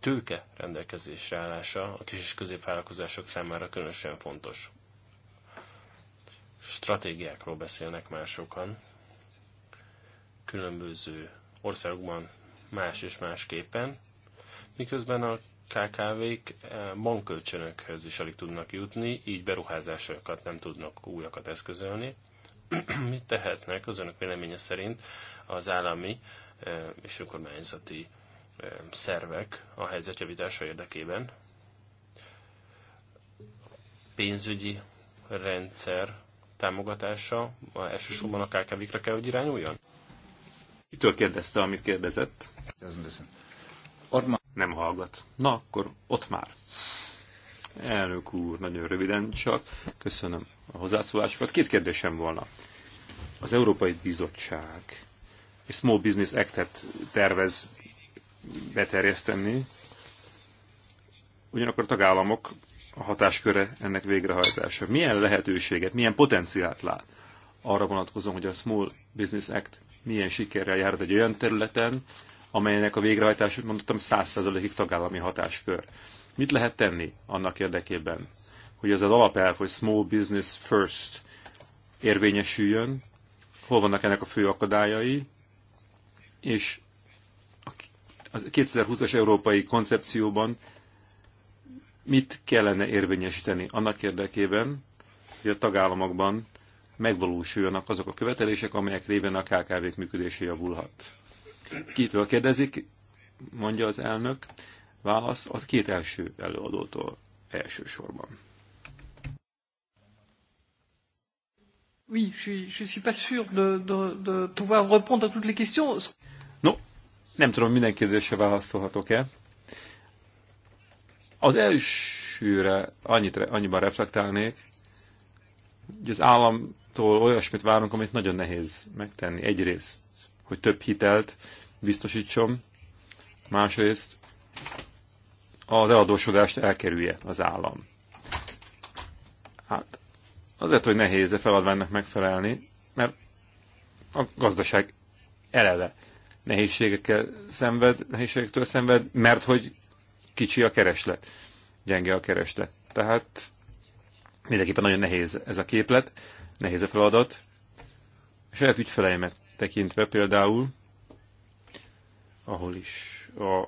tőke rendelkezésre állása a kis és középvállalkozások számára különösen fontos. Stratégiákról beszélnek már sokan. Különböző országokban más és másképpen, miközben a KKV-k eh, bankkölcsönökhöz is alig tudnak jutni, így beruházásokat nem tudnak újakat eszközölni. Mit tehetnek az önök véleménye szerint az állami eh, és önkormányzati szervek a helyzet javítása érdekében. A pénzügyi rendszer támogatása elsősorban a KKV-kra kell, hogy irányuljon? Kitől kérdezte, amit kérdezett? Nem hallgat. Na, akkor ott már. Elnök úr, nagyon röviden csak. Köszönöm a hozzászólásokat. Két kérdésem volna. Az Európai Bizottság és Small Business Act-et tervez beterjeszteni. Ugyanakkor a tagállamok a hatásköre ennek végrehajtása. Milyen lehetőséget, milyen potenciált lát arra vonatkozom, hogy a Small Business Act milyen sikerrel járt egy olyan területen, amelynek a végrehajtása, mondottam, 100%-ig tagállami hatáskör. Mit lehet tenni annak érdekében, hogy ez az alapelv, hogy Small Business First érvényesüljön, hol vannak ennek a fő akadályai, és a 2020-as európai koncepcióban mit kellene érvényesíteni annak érdekében, hogy a tagállamokban megvalósuljanak azok a követelések, amelyek révén a KKV-k működése javulhat. Kitől kérdezik, mondja az elnök, válasz a két első előadótól elsősorban. Oui, je, je suis pas sûr de, de, de pouvoir répondre à toutes les questions. Non, nem tudom, minden kérdésre válaszolhatok-e. Az elsőre annyit, annyiban reflektálnék, hogy az államtól olyasmit várunk, amit nagyon nehéz megtenni. Egyrészt, hogy több hitelt biztosítson, másrészt az eladósodást elkerülje az állam. Hát azért, hogy nehéz a feladványnak megfelelni, mert a gazdaság eleve nehézségekkel szenved, nehézségektől szenved, mert hogy kicsi a kereslet, gyenge a kereslet. Tehát mindenképpen nagyon nehéz ez a képlet, nehéz a feladat. A saját ügyfeleimet tekintve például, ahol is a,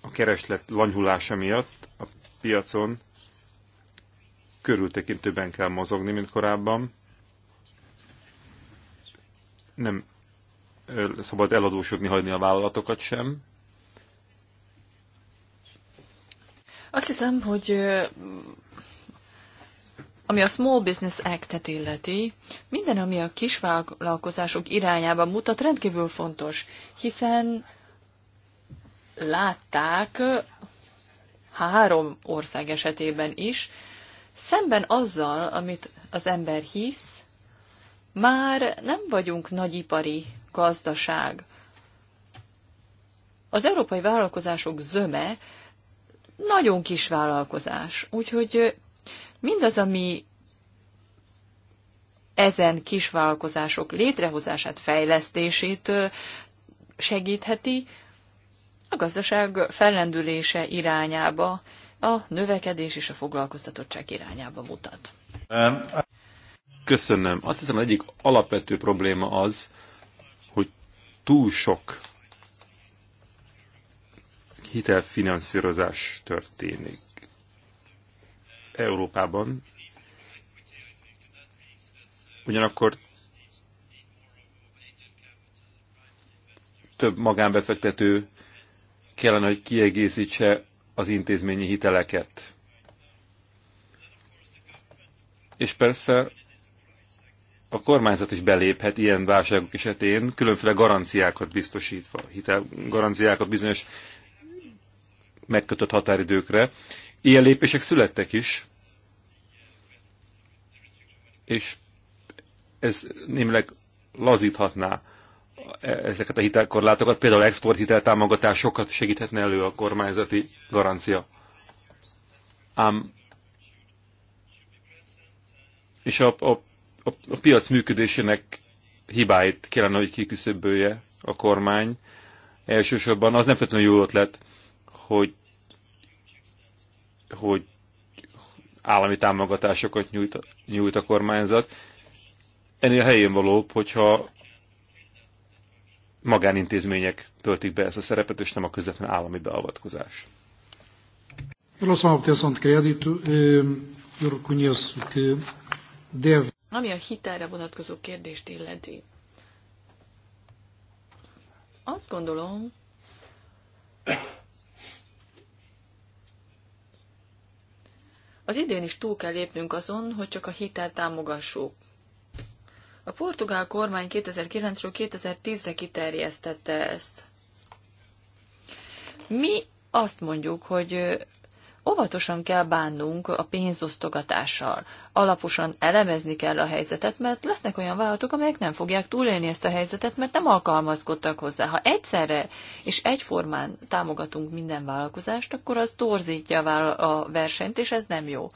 a kereslet lanyhulása miatt a piacon körültekintőben kell mozogni, mint korábban. Nem szabad eladósodni hagyni a vállalatokat sem. Azt hiszem, hogy ami a Small Business Act-et illeti, minden, ami a kisvállalkozások irányába mutat, rendkívül fontos, hiszen látták három ország esetében is, szemben azzal, amit az ember hisz, már nem vagyunk nagyipari gazdaság. Az európai vállalkozások zöme nagyon kis vállalkozás, úgyhogy mindaz, ami ezen kis vállalkozások létrehozását, fejlesztését segítheti, a gazdaság fellendülése irányába, a növekedés és a foglalkoztatottság irányába mutat. Köszönöm. Azt hiszem, egyik alapvető probléma az, túl sok hitelfinanszírozás történik Európában. Ugyanakkor több magánbefektető kellene, hogy kiegészítse az intézményi hiteleket. És persze a kormányzat is beléphet ilyen válságok esetén, különféle garanciákat biztosítva, hitel, garanciákat bizonyos megkötött határidőkre. Ilyen lépések születtek is, és ez némileg lazíthatná ezeket a hitelkorlátokat, például exporthitel támogatásokat segíthetne elő a kormányzati garancia. Ám és a, a a, a piac működésének hibáit kellene, hogy kiküszöbölje a kormány. Elsősorban az nem feltétlenül jó ötlet, hogy, hogy állami támogatásokat nyújt, nyújt a kormányzat. Ennél helyén valóbb, hogyha magánintézmények töltik be ezt a szerepet, és nem a közvetlen állami beavatkozás. Em relação à obtenção de crédito, eu reconheço que deve ami a hitelre vonatkozó kérdést illeti. Azt gondolom, az idén is túl kell lépnünk azon, hogy csak a hitel támogassuk. A portugál kormány 2009-ről 2010-re kiterjesztette ezt. Mi azt mondjuk, hogy Óvatosan kell bánnunk a pénzosztogatással. Alaposan elemezni kell a helyzetet, mert lesznek olyan vállalatok, amelyek nem fogják túlélni ezt a helyzetet, mert nem alkalmazkodtak hozzá. Ha egyszerre és egyformán támogatunk minden vállalkozást, akkor az torzítja a versenyt, és ez nem jó.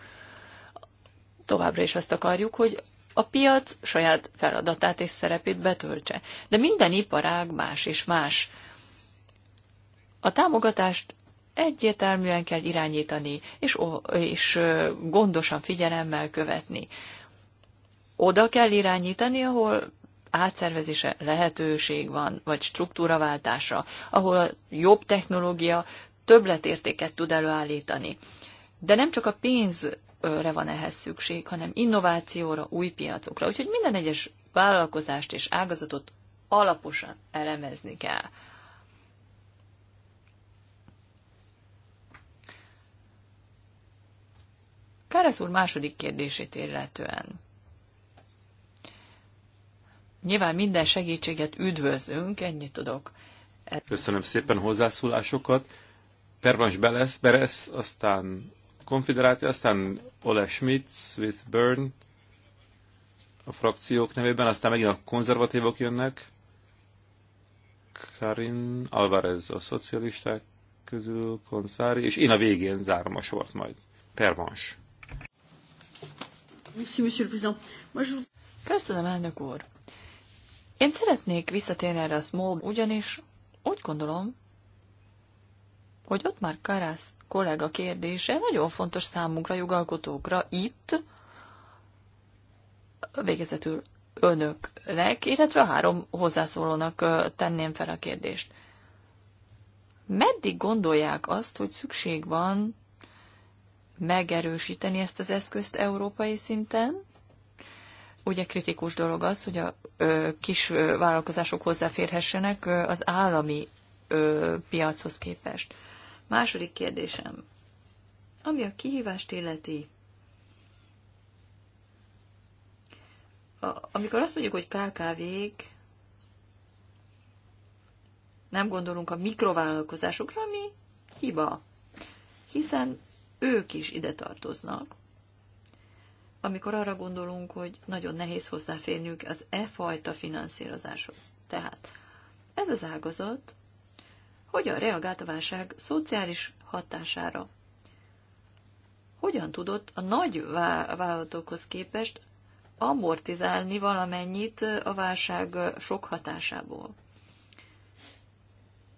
Továbbra is azt akarjuk, hogy a piac saját feladatát és szerepét betöltse. De minden iparág más és más. A támogatást egyértelműen kell irányítani, és, és gondosan figyelemmel követni. Oda kell irányítani, ahol átszervezése lehetőség van, vagy struktúraváltása, ahol a jobb technológia többletértéket tud előállítani. De nem csak a pénzre van ehhez szükség, hanem innovációra, új piacokra. Úgyhogy minden egyes vállalkozást és ágazatot alaposan elemezni kell. Káresz úr második kérdését illetően. Nyilván minden segítséget üdvözlünk, ennyit tudok. Köszönöm szépen hozzászólásokat. Pervans Belesz, Beres, aztán Konfederáti, aztán Ole Schmidt, Swift Burn a frakciók nevében, aztán megint a konzervatívok jönnek. Karin Alvarez a szocialisták közül, Konszári, és én a végén zárom a sort majd. Pervans. Köszönöm, elnök úr. Én szeretnék visszatérni erre a small, ugyanis úgy gondolom, hogy ott már Karász kollega kérdése nagyon fontos számunkra, jogalkotókra itt, végezetül önöknek, illetve a három hozzászólónak tenném fel a kérdést. Meddig gondolják azt, hogy szükség van megerősíteni ezt az eszközt európai szinten. Ugye kritikus dolog az, hogy a ö, kis ö, vállalkozások hozzáférhessenek ö, az állami ö, piachoz képest. Második kérdésem. Ami a kihívást illeti, a, amikor azt mondjuk, hogy KKV-k, nem gondolunk a mikrovállalkozásokra, ami hiba. Hiszen ők is ide tartoznak, amikor arra gondolunk, hogy nagyon nehéz hozzáférniük az e fajta finanszírozáshoz. Tehát ez az ágazat hogyan reagált a válság szociális hatására? Hogyan tudott a nagy vállalatokhoz képest amortizálni valamennyit a válság sok hatásából?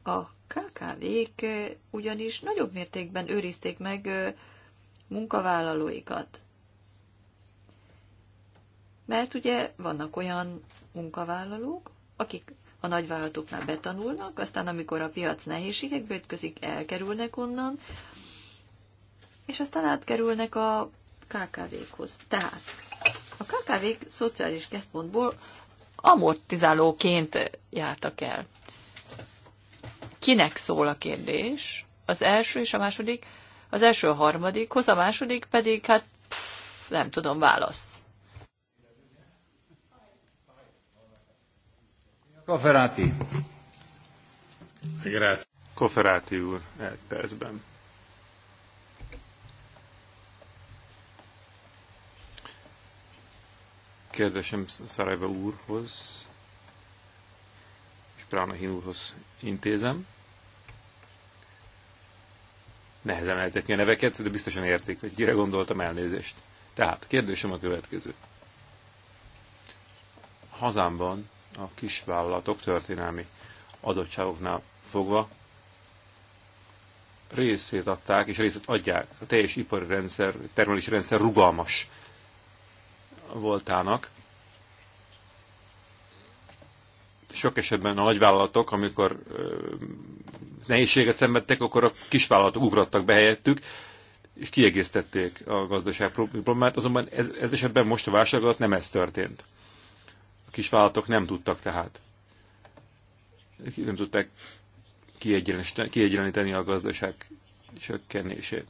A KKV-k ugyanis nagyobb mértékben őrizték meg munkavállalóikat. Mert ugye vannak olyan munkavállalók, akik a nagyvállalatoknál betanulnak, aztán amikor a piac nehézségekbe ütközik, elkerülnek onnan, és aztán átkerülnek a KKV-khoz. Tehát a KKV-k szociális központból amortizálóként jártak el kinek szól a kérdés, az első és a második, az első a hoz a második pedig, hát pff, nem tudom, válasz. Koferáti. Koferáti úr, egy percben. Kérdésem Szarajba úrhoz, és Prána úrhoz intézem. Nehezen eltetni a neveket, de biztosan érték, hogy kire gondoltam elnézést. Tehát, kérdésem a következő. Hazámban a kisvállalatok történelmi adottságoknál fogva részét adták, és részét adják a teljes ipari rendszer, termelési rendszer rugalmas voltának. Sok esetben a nagyvállalatok, amikor nehézséget szenvedtek, akkor a kisvállalatok ugrattak be helyettük, és kiegészítették a gazdaság problémát, azonban ez, ez esetben most a válság alatt nem ez történt. A kisvállalatok nem tudtak tehát. Nem tudták kiegyenlíteni a gazdaság csökkenését.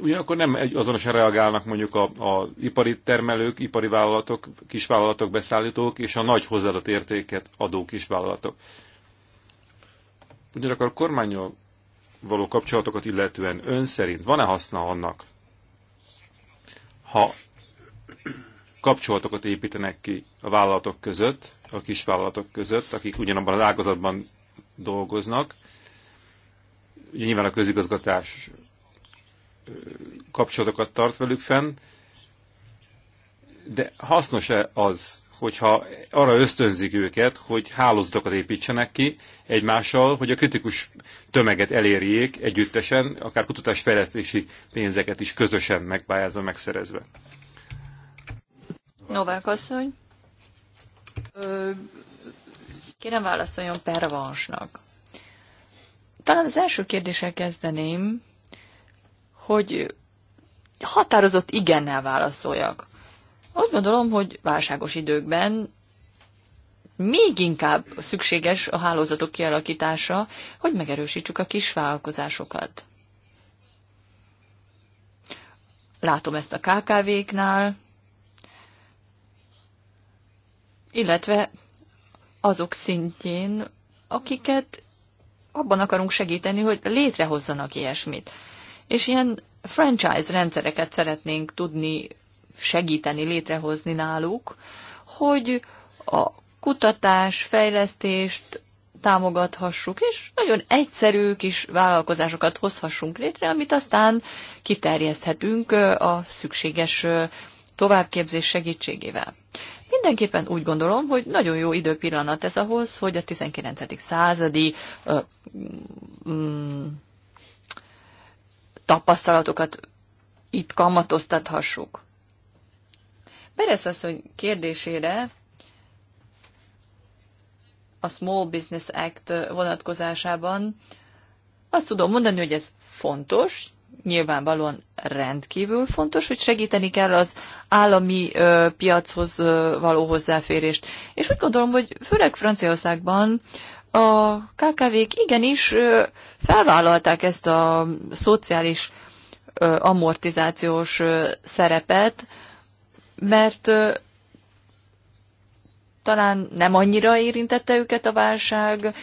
Ugyanakkor nem azonosan reagálnak mondjuk a, a ipari termelők, ipari vállalatok, kisvállalatok, beszállítók és a nagy hozzáadott értéket adó kisvállalatok. Ugyanakkor a kormányjal való kapcsolatokat illetően ön szerint van-e haszna annak, ha kapcsolatokat építenek ki a vállalatok között, a kisvállalatok között, akik ugyanabban az ágazatban dolgoznak. Ugye nyilván a közigazgatás kapcsolatokat tart velük fenn, de hasznos-e az, hogyha arra ösztönzik őket, hogy hálózatokat építsenek ki egymással, hogy a kritikus tömeget elérjék együttesen, akár kutatásfejlesztési pénzeket is közösen megpályázva, megszerezve. Novák asszony, kérem válaszoljon pervansnak. Talán az első kérdéssel kezdeném, hogy határozott igennel válaszoljak. Úgy gondolom, hogy válságos időkben még inkább szükséges a hálózatok kialakítása, hogy megerősítsük a kis vállalkozásokat. Látom ezt a KKV-knál, illetve azok szintjén, akiket abban akarunk segíteni, hogy létrehozzanak ilyesmit. És ilyen franchise rendszereket szeretnénk tudni segíteni, létrehozni náluk, hogy a kutatás, fejlesztést támogathassuk, és nagyon egyszerű kis vállalkozásokat hozhassunk létre, amit aztán kiterjeszthetünk a szükséges továbbképzés segítségével. Mindenképpen úgy gondolom, hogy nagyon jó időpillanat ez ahhoz, hogy a 19. századi ö, mm, tapasztalatokat itt kamatoztathassuk. Perez asszony kérdésére a Small Business Act vonatkozásában azt tudom mondani, hogy ez fontos, nyilvánvalóan rendkívül fontos, hogy segíteni kell az állami ö, piachoz ö, való hozzáférést. És úgy gondolom, hogy főleg Franciaországban a KKV-k igenis ö, felvállalták ezt a szociális ö, amortizációs ö, szerepet, mert talán nem annyira érintette őket a válság,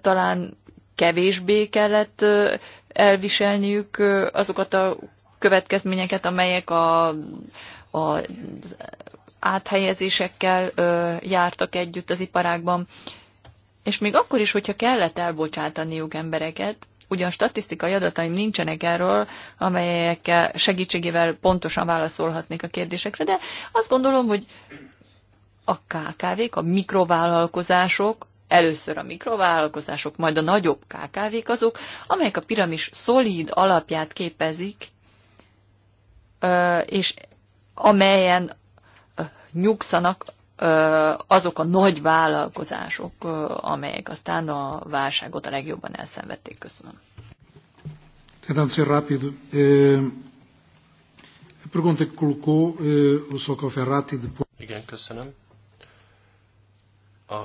talán kevésbé kellett elviselniük azokat a következményeket, amelyek a, a, az áthelyezésekkel jártak együtt az iparákban. És még akkor is, hogyha kellett elbocsátaniuk embereket, ugyan statisztikai adataim nincsenek erről, amelyekkel segítségével pontosan válaszolhatnék a kérdésekre, de azt gondolom, hogy a KKV-k, a mikrovállalkozások, először a mikrovállalkozások, majd a nagyobb KKV-k azok, amelyek a piramis szolíd alapját képezik, és amelyen nyugszanak azok a nagy vállalkozások, amelyek aztán a válságot a legjobban elszenvedték. Köszönöm. Tentando ser rápido, a pergunta que colocou o Ferrati Igen, köszönöm. A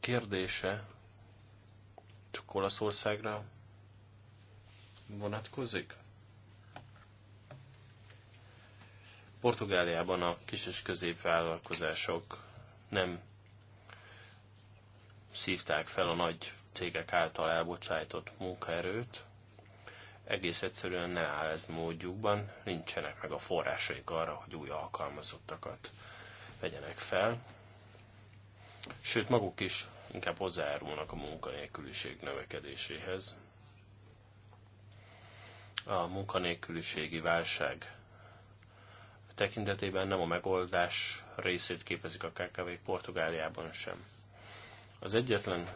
kérdése csak Olaszországra vonatkozik? Portugáliában a kis és középvállalkozások nem szívták fel a nagy cégek által elbocsájtott munkaerőt, egész egyszerűen ne áll ez módjukban, nincsenek meg a forrásaik arra, hogy új alkalmazottakat vegyenek fel. Sőt, maguk is inkább hozzájárulnak a munkanélküliség növekedéséhez. A munkanélküliségi válság tekintetében nem a megoldás részét képezik a KKV Portugáliában sem. Az egyetlen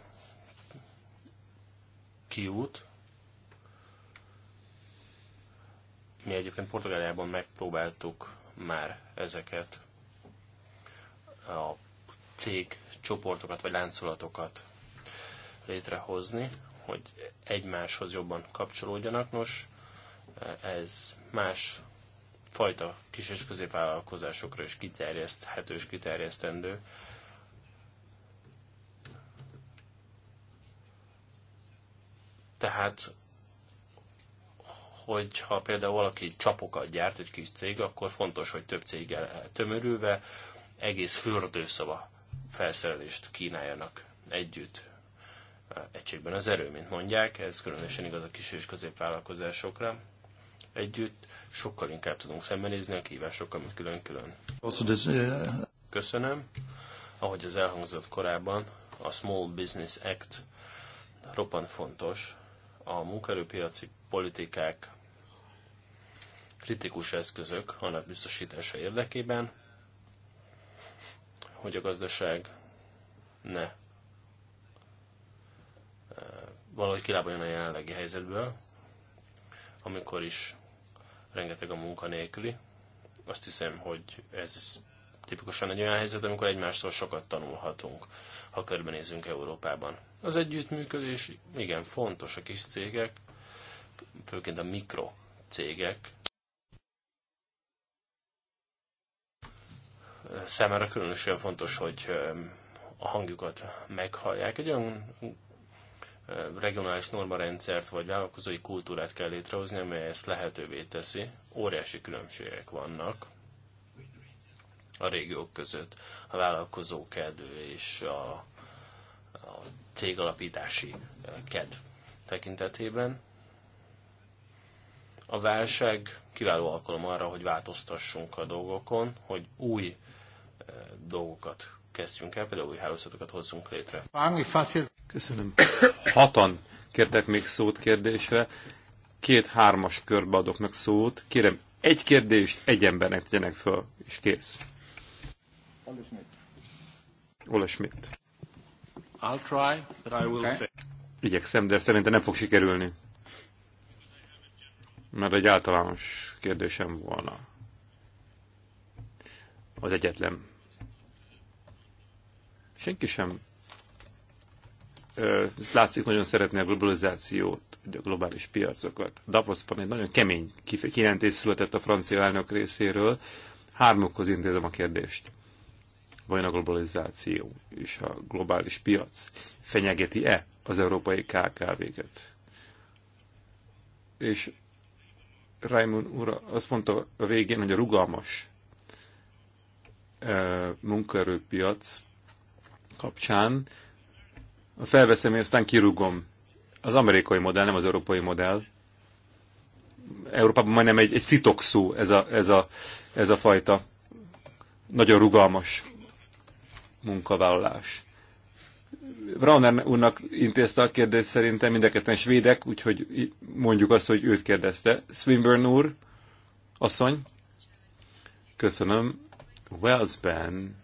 kiút, mi egyébként Portugáliában megpróbáltuk már ezeket a cég csoportokat vagy láncolatokat létrehozni, hogy egymáshoz jobban kapcsolódjanak. Nos, ez más fajta kis- és középvállalkozásokra is kiterjeszthető és kiterjesztendő. Tehát, hogyha például valaki csapokat gyárt, egy kis cég, akkor fontos, hogy több céggel tömörülve egész fürdőszoba felszerelést kínáljanak együtt egységben az erő, mint mondják, ez különösen igaz a kis és középvállalkozásokra együtt sokkal inkább tudunk szembenézni a kívásokkal, mint külön-külön. Äh, Köszönöm. Ahogy az elhangzott korábban, a Small Business Act roppant fontos. A munkaerőpiaci politikák kritikus eszközök annak biztosítása érdekében, hogy a gazdaság ne eh, valahogy kilábaljon a jelenlegi helyzetből, amikor is rengeteg a munkanélküli. Azt hiszem, hogy ez tipikusan egy olyan helyzet, amikor egymástól sokat tanulhatunk, ha körbenézünk Európában. Az együttműködés igen fontos a kis cégek, főként a mikro cégek számára különösen fontos, hogy a hangjukat meghallják. Egy olyan regionális normarendszert vagy vállalkozói kultúrát kell létrehozni, amely ezt lehetővé teszi. Óriási különbségek vannak a régiók között, a vállalkozó kedv és a, a cégalapítási kedv tekintetében. A válság kiváló alkalom arra, hogy változtassunk a dolgokon, hogy új dolgokat kezdjünk el, például új hálózatokat hozzunk létre. Köszönöm. Hatan kértek még szót kérdésre. Két-hármas körbe adok meg szót. Kérem, egy kérdést egy embernek tegyenek föl, és kész. Ole Schmidt. I'll try, but I will okay. fail. Igyekszem, de szerintem nem fog sikerülni. Mert egy általános kérdésem volna. Az egyetlen senki sem ez látszik, nagyon szeretné a globalizációt, a globális piacokat. Davosban egy nagyon kemény kijelentés született a francia elnök részéről. Hármukhoz intézem a kérdést. Vajon a globalizáció és a globális piac fenyegeti-e az európai KKV-ket? És Raymond úr azt mondta a végén, hogy a rugalmas munkaerőpiac kapcsán felveszem, és aztán kirúgom. Az amerikai modell, nem az európai modell. Európában majdnem egy, egy szitokszó ez a, ez, a, ez a fajta nagyon rugalmas munkavállalás. Brauner úrnak intézte a kérdést szerintem, mindeketlen svédek, úgyhogy mondjuk azt, hogy őt kérdezte. Swinburne úr, asszony, köszönöm. Wellsben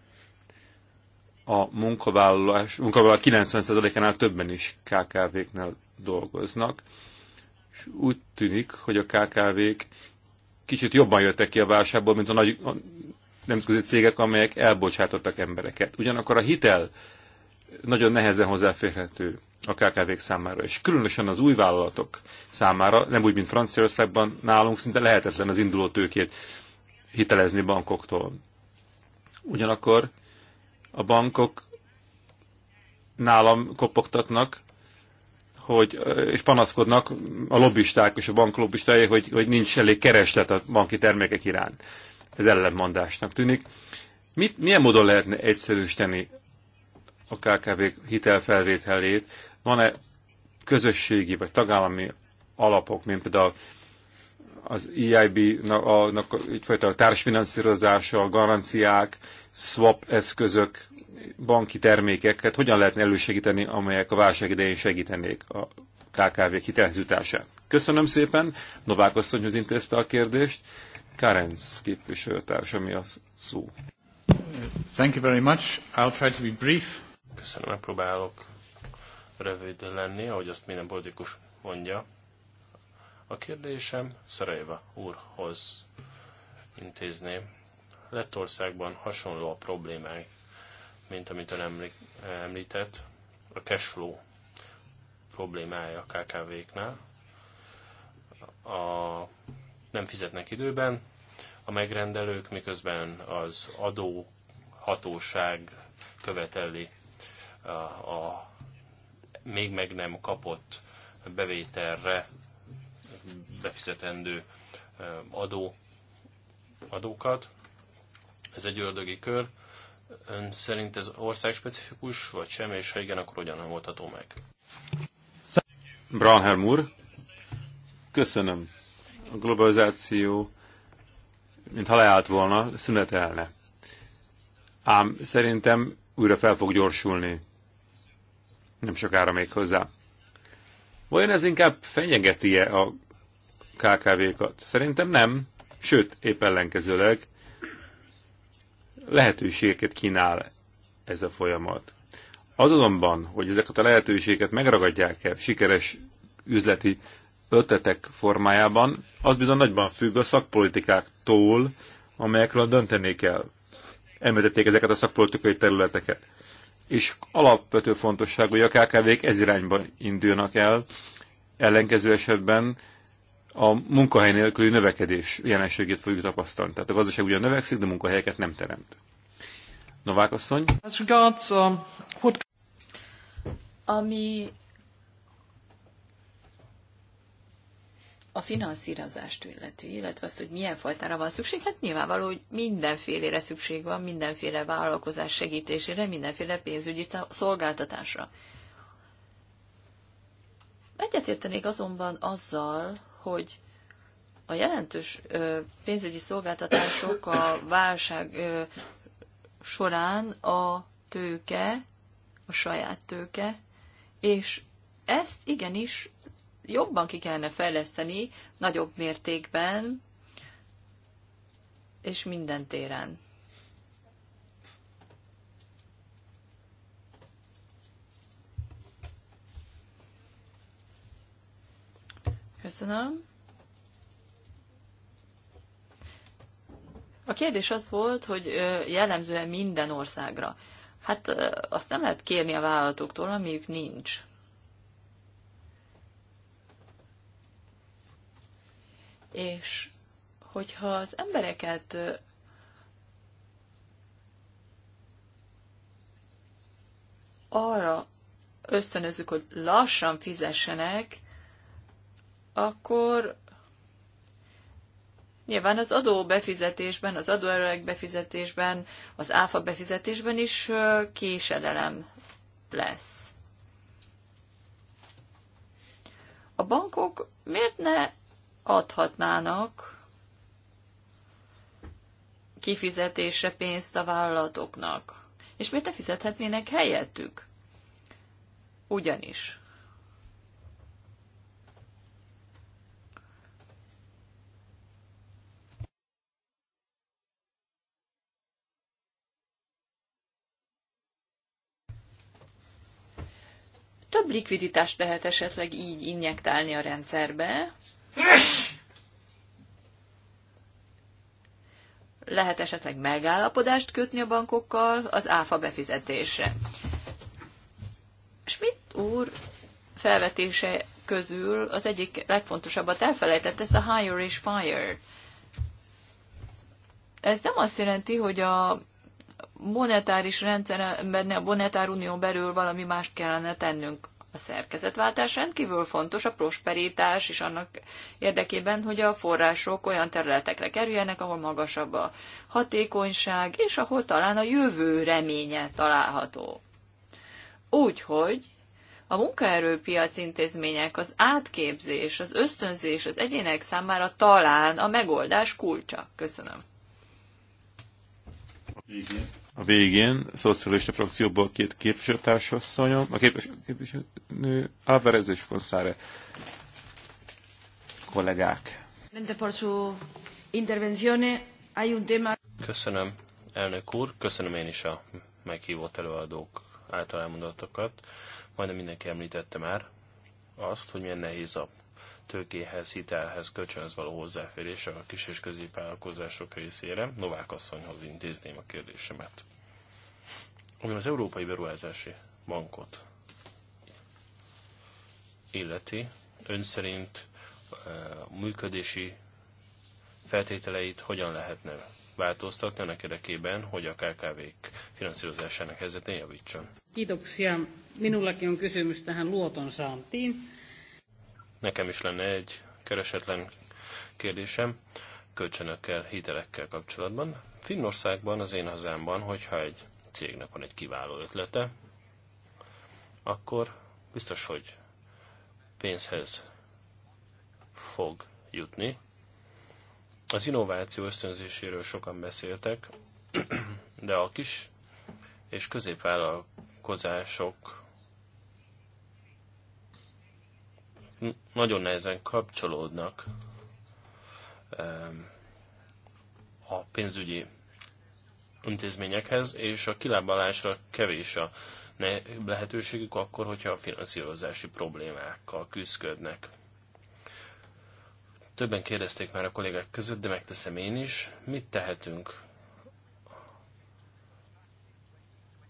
a munkavállalás, munkavállalás 90%-ánál többen is KKV-knál dolgoznak, és úgy tűnik, hogy a KKV-k kicsit jobban jöttek ki a válságból, mint a nagy a nemzetközi cégek, amelyek elbocsátottak embereket. Ugyanakkor a hitel nagyon nehezen hozzáférhető a KKV-k számára, és különösen az új vállalatok számára, nem úgy, mint Franciaországban, nálunk szinte lehetetlen az induló tőkét hitelezni bankoktól. Ugyanakkor a bankok nálam kopogtatnak, hogy, és panaszkodnak a lobbisták és a bank lobbistái, hogy, hogy nincs elég kereslet a banki termékek iránt. Ez ellenmondásnak tűnik. Mit, milyen módon lehetne egyszerűsíteni a KKV hitelfelvételét? Van-e közösségi vagy tagállami alapok, mint például az EIB-nak egyfajta társfinanszírozása, a garanciák, swap eszközök, banki termékeket hogyan lehetne elősegíteni, amelyek a válság idején segítenék a KKV hitelhez Köszönöm szépen, Novák asszonyhoz intézte a kérdést, Karenc képviselőtársa ami a szó. Thank you very much. I'll try to be brief. Köszönöm, megpróbálok rövid lenni, ahogy azt minden politikus mondja. A kérdésem Szerejva úrhoz intézném. Lettországban hasonló a problémák, mint amit ön említett, a cashflow problémája a KKV-knál. A, nem fizetnek időben a megrendelők, miközben az adó hatóság követeli a, a még meg nem kapott bevételre befizetendő adó, adókat ez egy ördögi kör. Ön szerint ez országspecifikus, vagy sem, és ha igen, akkor hogyan oldható meg? Branham úr, köszönöm. A globalizáció, mint leállt volna, szünetelne. Ám szerintem újra fel fog gyorsulni. Nem sokára még hozzá. Vajon ez inkább fenyegeti-e a KKV-kat? Szerintem nem, sőt, épp ellenkezőleg lehetőségeket kínál ez a folyamat. Az azonban, hogy ezeket a lehetőségeket megragadják-e sikeres üzleti ötletek formájában, az bizony nagyban függ a szakpolitikáktól, amelyekről dönteni kell. Említették ezeket a szakpolitikai területeket. És alapvető fontosság, hogy a KKV-k ez irányba indulnak el, ellenkező esetben a munkahely nélküli növekedés jelenségét fogjuk tapasztalni. Tehát a gazdaság ugyan növekszik, de munkahelyeket nem teremt. Novák asszony? Um, Ami a finanszírozást illeti, illetve azt, hogy milyen fajtára van szükség, hát nyilvánvaló, hogy mindenfélére szükség van, mindenféle vállalkozás segítésére, mindenféle pénzügyi szolgáltatásra. Egyetértenék azonban azzal, hogy a jelentős pénzügyi szolgáltatások a válság során a tőke, a saját tőke, és ezt igenis jobban ki kellene fejleszteni, nagyobb mértékben és minden téren. Köszönöm. A kérdés az volt, hogy jellemzően minden országra. Hát azt nem lehet kérni a vállalatoktól, amiük nincs. És hogyha az embereket arra ösztönözzük, hogy lassan fizessenek, akkor nyilván az adó befizetésben, az adóerőleg befizetésben, az áfa befizetésben is késedelem lesz. A bankok miért ne adhatnának kifizetésre pénzt a vállalatoknak? És miért ne fizethetnének helyettük? Ugyanis Több likviditást lehet esetleg így injektálni a rendszerbe. Lehet esetleg megállapodást kötni a bankokkal az áfa befizetésre. Schmidt úr felvetése közül az egyik legfontosabbat elfelejtett, ezt a Higher is Fire. Ez nem azt jelenti, hogy a monetáris rendszerben, a monetár unió belül valami mást kellene tennünk. A szerkezetváltás rendkívül fontos, a prosperitás is annak érdekében, hogy a források olyan területekre kerüljenek, ahol magasabb a hatékonyság, és ahol talán a jövő reménye található. Úgyhogy a munkaerőpiac intézmények, az átképzés, az ösztönzés az egyének számára talán a megoldás kulcsa. Köszönöm. Végén. A végén a szocialista frakcióból két képviselőtársasszonyom, a képviselőnő Álvarez és Konszáre kollégák. Köszönöm, elnök úr, köszönöm én is a meghívott előadók által elmondottakat. Majdnem mindenki említette már azt, hogy milyen nehéz a tőkéhez, hitelhez, kölcsönhöz való hozzáférése a kis és középvállalkozások részére. Novák asszonyhoz intézném a kérdésemet. Ami az Európai Beruházási Bankot illeti, ön szerint a e, működési feltételeit hogyan lehetne változtatni annak érdekében, hogy a KKV-k finanszírozásának helyzetén javítson. Kiitoksia. Minullakin on kysymys tähän saantiin. Nekem is lenne egy keresetlen kérdésem kölcsönökkel, hitelekkel kapcsolatban. Finnországban, az én hazámban, hogyha egy cégnek van egy kiváló ötlete, akkor biztos, hogy pénzhez fog jutni. Az innováció ösztönzéséről sokan beszéltek, de a kis és középvállalkozások nagyon nehezen kapcsolódnak a pénzügyi intézményekhez, és a kilábalásra kevés a lehetőségük akkor, hogyha a finanszírozási problémákkal küzdködnek. Többen kérdezték már a kollégák között, de megteszem én is, mit tehetünk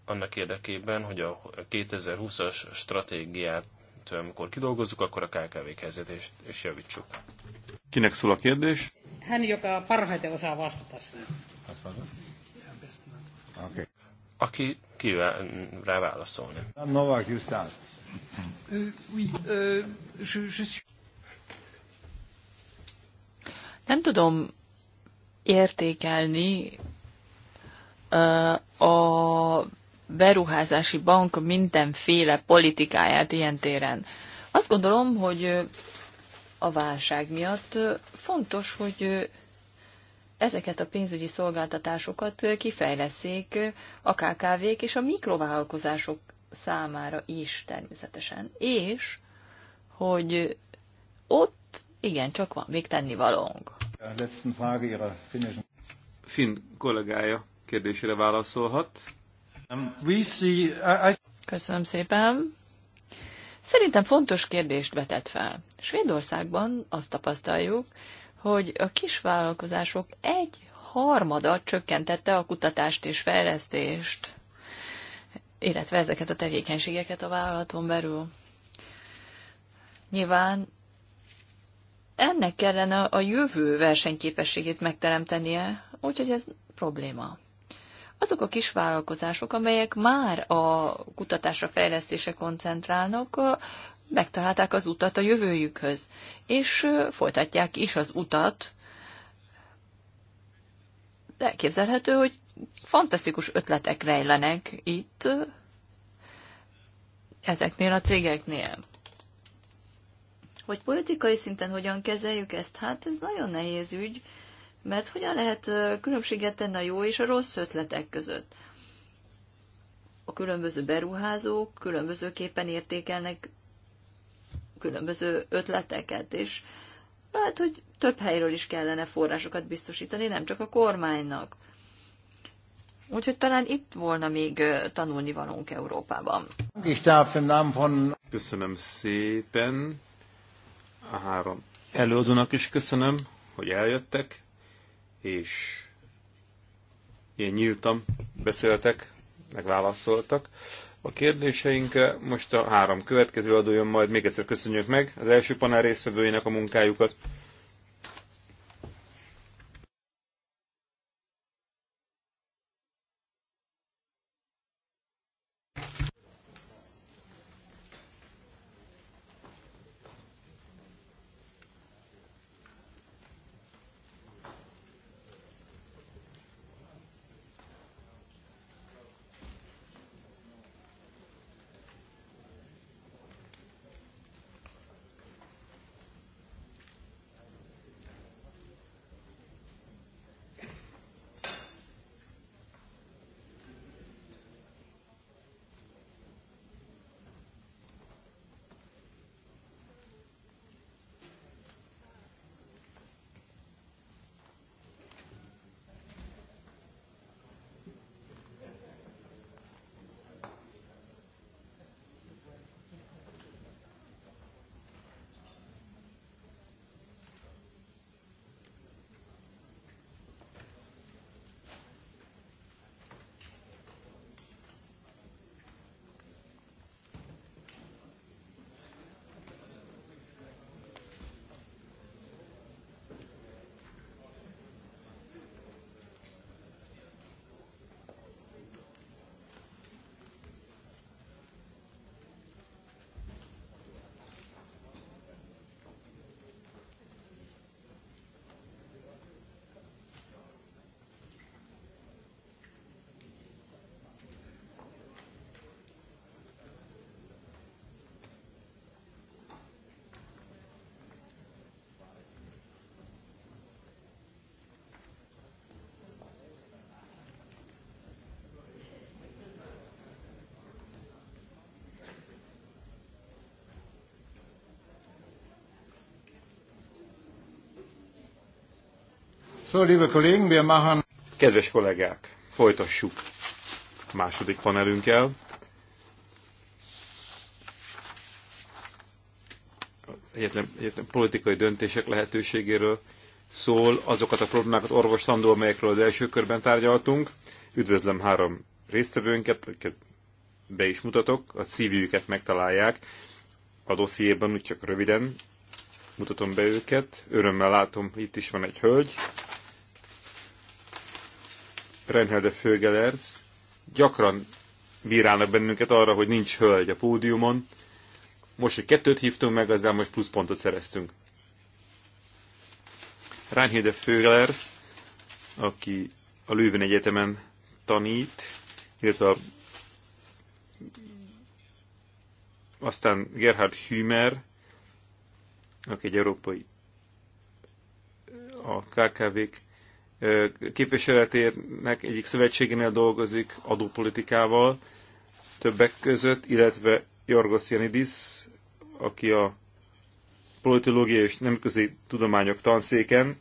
annak érdekében, hogy a 2020-as stratégiát programot, amikor kidolgozzuk, akkor a KKV helyzetét és javítsuk. Kinek szól a kérdés? Hány joka parhaiten osaa vastata Aki kivel rá válaszolni. Novák Justin. Nem tudom értékelni a beruházási bank mindenféle politikáját ilyen téren. Azt gondolom, hogy a válság miatt fontos, hogy ezeket a pénzügyi szolgáltatásokat kifejleszék a KKV-k és a mikrovállalkozások számára is természetesen, és hogy ott igen, csak van még tennivalónk. Finn kollégája kérdésére válaszolhat. Um, Köszönöm szépen. Szerintem fontos kérdést vetett fel. Svédországban azt tapasztaljuk, hogy a kisvállalkozások egy harmada csökkentette a kutatást és fejlesztést, illetve ezeket a tevékenységeket a vállalaton belül. Nyilván ennek kellene a jövő versenyképességét megteremtenie, úgyhogy ez probléma azok a kis vállalkozások, amelyek már a kutatásra, fejlesztése koncentrálnak, megtalálták az utat a jövőjükhöz, és folytatják is az utat. De elképzelhető, hogy fantasztikus ötletek rejlenek itt ezeknél a cégeknél. Hogy politikai szinten hogyan kezeljük ezt, hát ez nagyon nehéz ügy, mert hogyan lehet különbséget tenni a jó és a rossz ötletek között? A különböző beruházók különbözőképpen értékelnek különböző ötleteket, és lehet, hogy több helyről is kellene forrásokat biztosítani, nem csak a kormánynak. Úgyhogy talán itt volna még tanulni valónk Európában. Köszönöm szépen a három előadónak is köszönöm, hogy eljöttek és én nyíltam beszéltek, megválaszoltak a kérdéseinkre. Eh, most a három következő adójon majd még egyszer köszönjük meg az első panel résztvevőjének a munkájukat. So, liebe Kollegen, wir machen... Kedves kollégák, folytassuk második panelünkkel. Az egyetlen, egyetlen politikai döntések lehetőségéről szól azokat a problémákat orvoslandó, amelyekről az első körben tárgyaltunk. Üdvözlöm három résztvevőnket, akiket be is mutatok, a szívüket megtalálják a dossziéban, úgy csak röviden mutatom be őket. Örömmel látom, itt is van egy hölgy, Reinhard Fögelers gyakran bírálnak bennünket arra, hogy nincs hölgy a pódiumon. Most, egy kettőt hívtunk meg, azzal most plusz pontot szereztünk. Reinhard Fögelers, aki a Lőven Egyetemen tanít, illetve a aztán Gerhard Hümer, aki egy európai a KKV-k képviseletének egyik szövetségénél dolgozik adópolitikával többek között, illetve Jorgos Janidis, aki a politológia és nemközi tudományok tanszéken,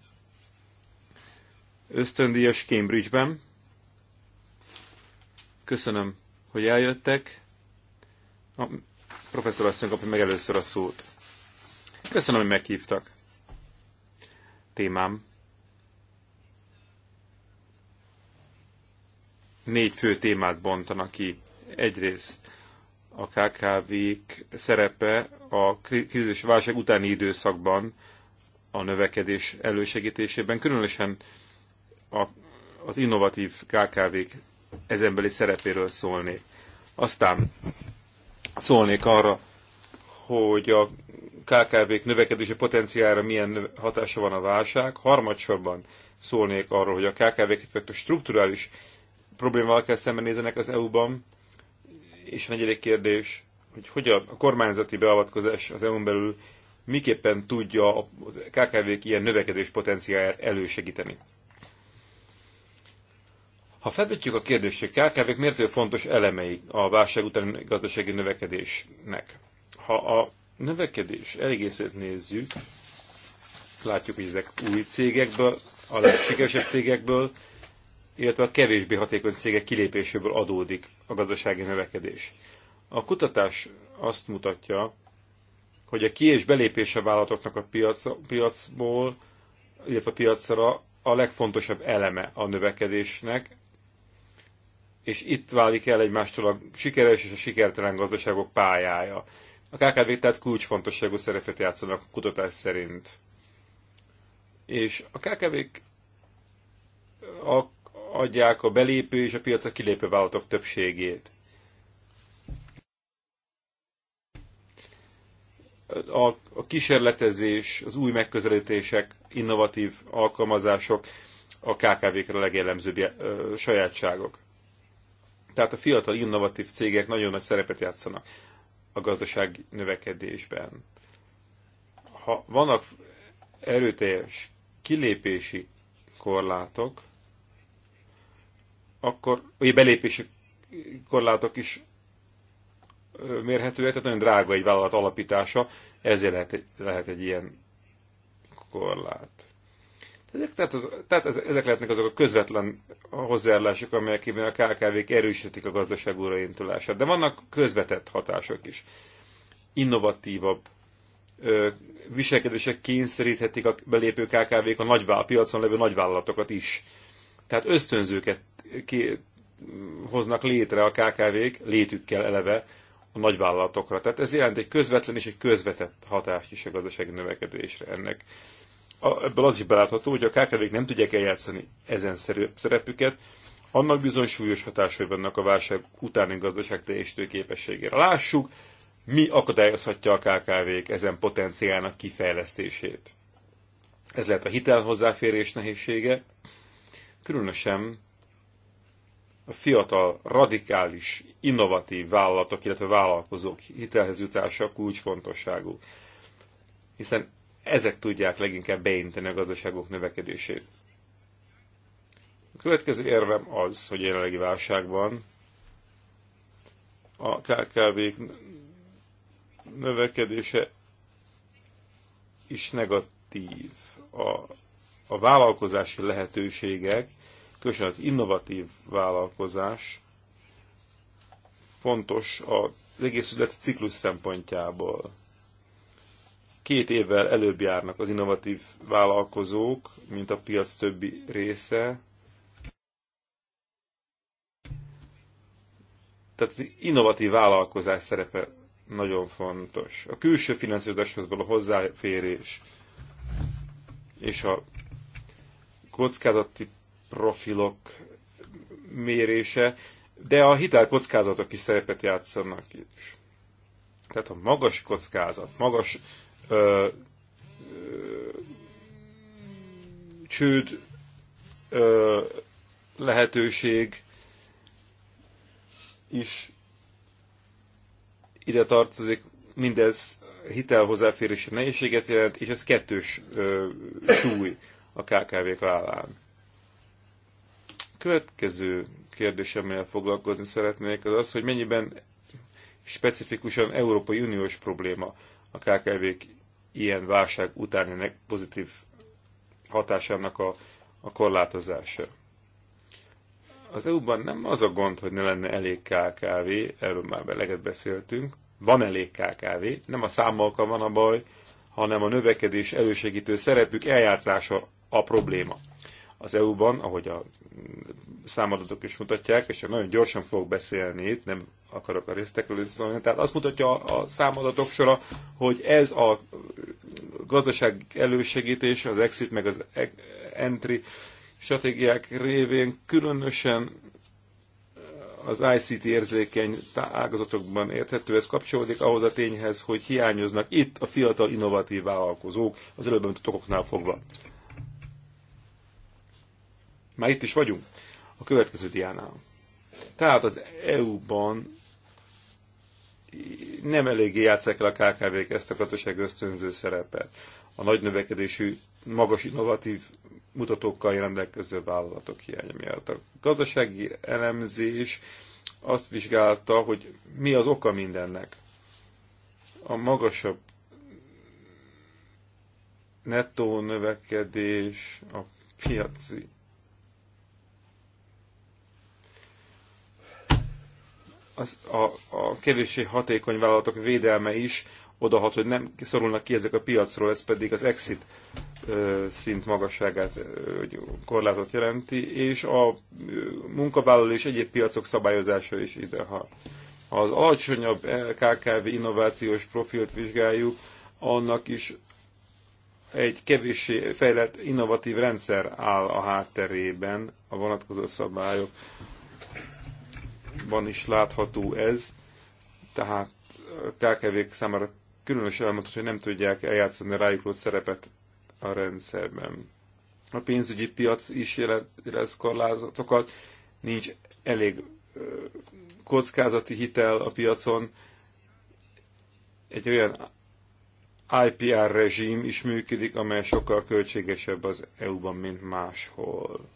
ösztöndíjas Cambridge-ben. Köszönöm, hogy eljöttek. A professzor asszony kapja meg először a szót. Köszönöm, hogy meghívtak. Témám négy fő témát bontanak ki. Egyrészt a KKV-k szerepe a krízis válság utáni időszakban a növekedés elősegítésében, különösen a, az innovatív KKV-k ezenbeli szerepéről szólnék. Aztán szólnék arra, hogy a KKV-k növekedési potenciára milyen hatása van a válság. Harmadsorban szólnék arról, hogy a KKV-k struktúrális strukturális problémával kell szembenézenek az EU-ban. És a negyedik kérdés, hogy hogyan a kormányzati beavatkozás az EU-n belül miképpen tudja a KKV-k ilyen növekedés potenciáját elősegíteni. Ha felvetjük a kérdést, hogy KKV-k miért fontos elemei a válság utáni gazdasági növekedésnek? Ha a növekedés elégészét nézzük, látjuk, hogy ezek új cégekből, a legsikeresebb cégekből illetve a kevésbé hatékony cégek kilépéséből adódik a gazdasági növekedés. A kutatás azt mutatja, hogy a ki- és belépése vállalatoknak a piac, piacból, illetve a piacra a legfontosabb eleme a növekedésnek, és itt válik el egymástól a sikeres és a sikertelen gazdaságok pályája. A kkv tehát kulcsfontosságú szerepet játszanak a kutatás szerint. És a KKV-k a adják a belépő és a piacra kilépő vállalatok többségét. A, a kísérletezés, az új megközelítések, innovatív alkalmazások a KKV-kre legjellemzőbb sajátságok. Tehát a fiatal innovatív cégek nagyon nagy szerepet játszanak a gazdaság növekedésben. Ha vannak erőteljes kilépési korlátok, akkor ugye belépési korlátok is mérhetőek, tehát nagyon drága egy vállalat alapítása, ezért lehet, lehet egy ilyen korlát. Ezek, tehát, az, tehát ezek lehetnek azok a közvetlen hozzájárulások, amelyekben a KKV-k erősítik a gazdaság újraindulását. De vannak közvetett hatások is. Innovatívabb ö, viselkedések kényszeríthetik a belépő KKV-k a nagyvál, piacon levő nagyvállalatokat is tehát ösztönzőket ki, hoznak létre a KKV-k, létükkel eleve a nagyvállalatokra. Tehát ez jelent egy közvetlen és egy közvetett hatást is a gazdasági növekedésre ennek. A, ebből az is belátható, hogy a KKV-k nem tudják eljátszani ezen szerepüket, annak bizony súlyos hatásai vannak a válság utáni gazdaság teljesítő képességére. Lássuk, mi akadályozhatja a KKV-k ezen potenciálnak kifejlesztését. Ez lehet a hitelhozzáférés nehézsége, különösen a fiatal, radikális, innovatív vállalatok, illetve vállalkozók hitelhez jutása kulcsfontosságú, hiszen ezek tudják leginkább beinteni a gazdaságok növekedését. A következő érvem az, hogy a jelenlegi válságban a kkv növekedése is negatív. A, a vállalkozási lehetőségek különösen az innovatív vállalkozás fontos az egész üzleti ciklus szempontjából. Két évvel előbb járnak az innovatív vállalkozók, mint a piac többi része. Tehát az innovatív vállalkozás szerepe nagyon fontos. A külső finanszírozáshoz való hozzáférés és a kockázati profilok mérése, de a hitelkockázatok is szerepet játszanak is. Tehát a magas kockázat, magas ö, ö, csőd ö, lehetőség is ide tartozik, mindez hitelhozáférési nehézséget jelent, és ez kettős ö, súly a KKV-k vállán. Következő kérdésemmel foglalkozni szeretnék, az az, hogy mennyiben specifikusan Európai Uniós probléma a KKV-k ilyen válság utáni pozitív hatásának a, a korlátozása. Az EU-ban nem az a gond, hogy ne lenne elég KKV, erről már beleget beszéltünk, van elég KKV, nem a számmalka van a baj, hanem a növekedés elősegítő szerepük eljátszása a probléma az EU-ban, ahogy a számadatok is mutatják, és nagyon gyorsan fogok beszélni itt, nem akarok a résztekről szólni, tehát azt mutatja a számadatok sora, hogy ez a gazdaság elősegítés, az exit meg az entry stratégiák révén különösen az ICT érzékeny ágazatokban érthető, ez kapcsolódik ahhoz a tényhez, hogy hiányoznak itt a fiatal innovatív vállalkozók az előbb említett okoknál fogva. Már itt is vagyunk. A következő diánál. Tehát az EU-ban nem eléggé játszák el a KKV-k ezt a gazdaság ösztönző szerepet. A nagy növekedésű, magas innovatív mutatókkal rendelkező vállalatok hiánya miatt. A gazdasági elemzés azt vizsgálta, hogy mi az oka mindennek. A magasabb nettó növekedés, a piaci az, a, a kevéssé hatékony vállalatok védelme is odahat, hogy nem szorulnak ki ezek a piacról, ez pedig az exit szint magasságát korlátot jelenti, és a munkavállaló és egyéb piacok szabályozása is ide. Ha az alacsonyabb eh, KKV innovációs profilt vizsgáljuk, annak is egy kevéssé fejlett innovatív rendszer áll a hátterében a vonatkozó szabályok van is látható ez, tehát KKV-k számára különös elmondható, hogy nem tudják eljátszani rájukló szerepet a rendszerben. A pénzügyi piac is jelez korlázatokat, nincs elég kockázati hitel a piacon, egy olyan IPR rezsim is működik, amely sokkal költségesebb az EU-ban, mint máshol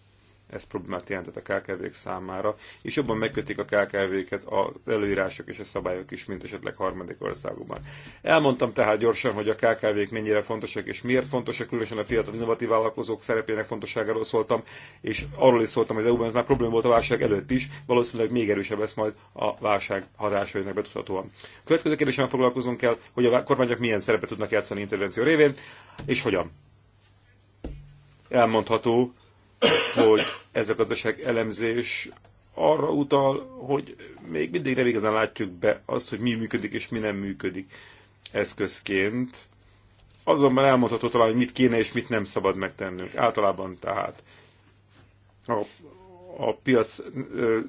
ez problémát jelentett a KKV-k számára, és jobban megkötik a KKV-ket az előírások és a szabályok is, mint esetleg harmadik országokban. Elmondtam tehát gyorsan, hogy a KKV-k mennyire fontosak és miért fontosak, különösen a fiatal innovatív vállalkozók szerepének fontosságáról szóltam, és arról is szóltam, hogy az EU-ban ez már probléma volt a válság előtt is, valószínűleg még erősebb lesz majd a válság hatásainak betudhatóan. Következő kérdésen foglalkozunk kell, hogy a kormányok milyen szerepet tudnak játszani intervenció révén, és hogyan. Elmondható, hogy ez a gazdaság elemzés arra utal, hogy még mindig nem igazán látjuk be azt, hogy mi működik és mi nem működik eszközként. Azonban elmondható talán, hogy mit kéne és mit nem szabad megtennünk. Általában tehát a, a piac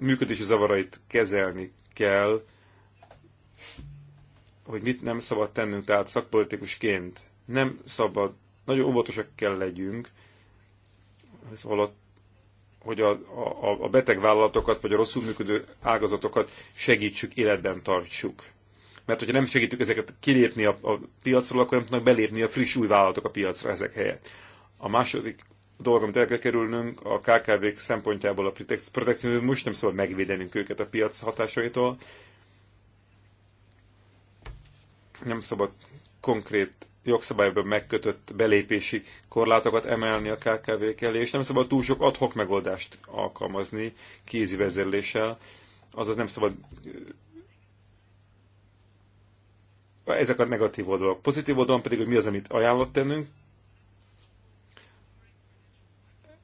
működési zavarait kezelni kell, hogy mit nem szabad tennünk, tehát szakpolitikusként nem szabad, nagyon óvatosak kell legyünk, ez ott, hogy a, a, a beteg vállalatokat, vagy a rosszul működő ágazatokat segítsük, életben tartsuk. Mert hogyha nem segítjük ezeket kilépni a, a piacról, akkor nem tudnak belépni a friss új vállalatok a piacra ezek helyett. A második dolog, amit el kell kerülnünk, a kkv szempontjából a protekció, most nem szabad megvédenünk őket a piac hatásaitól. Nem szabad konkrét jogszabályban megkötött belépési korlátokat emelni a kkv kel és nem szabad túl sok adhok megoldást alkalmazni kézi vezérléssel, azaz nem szabad ezek a negatív oldalak. Pozitív oldalon pedig, hogy mi az, amit ajánlott tennünk.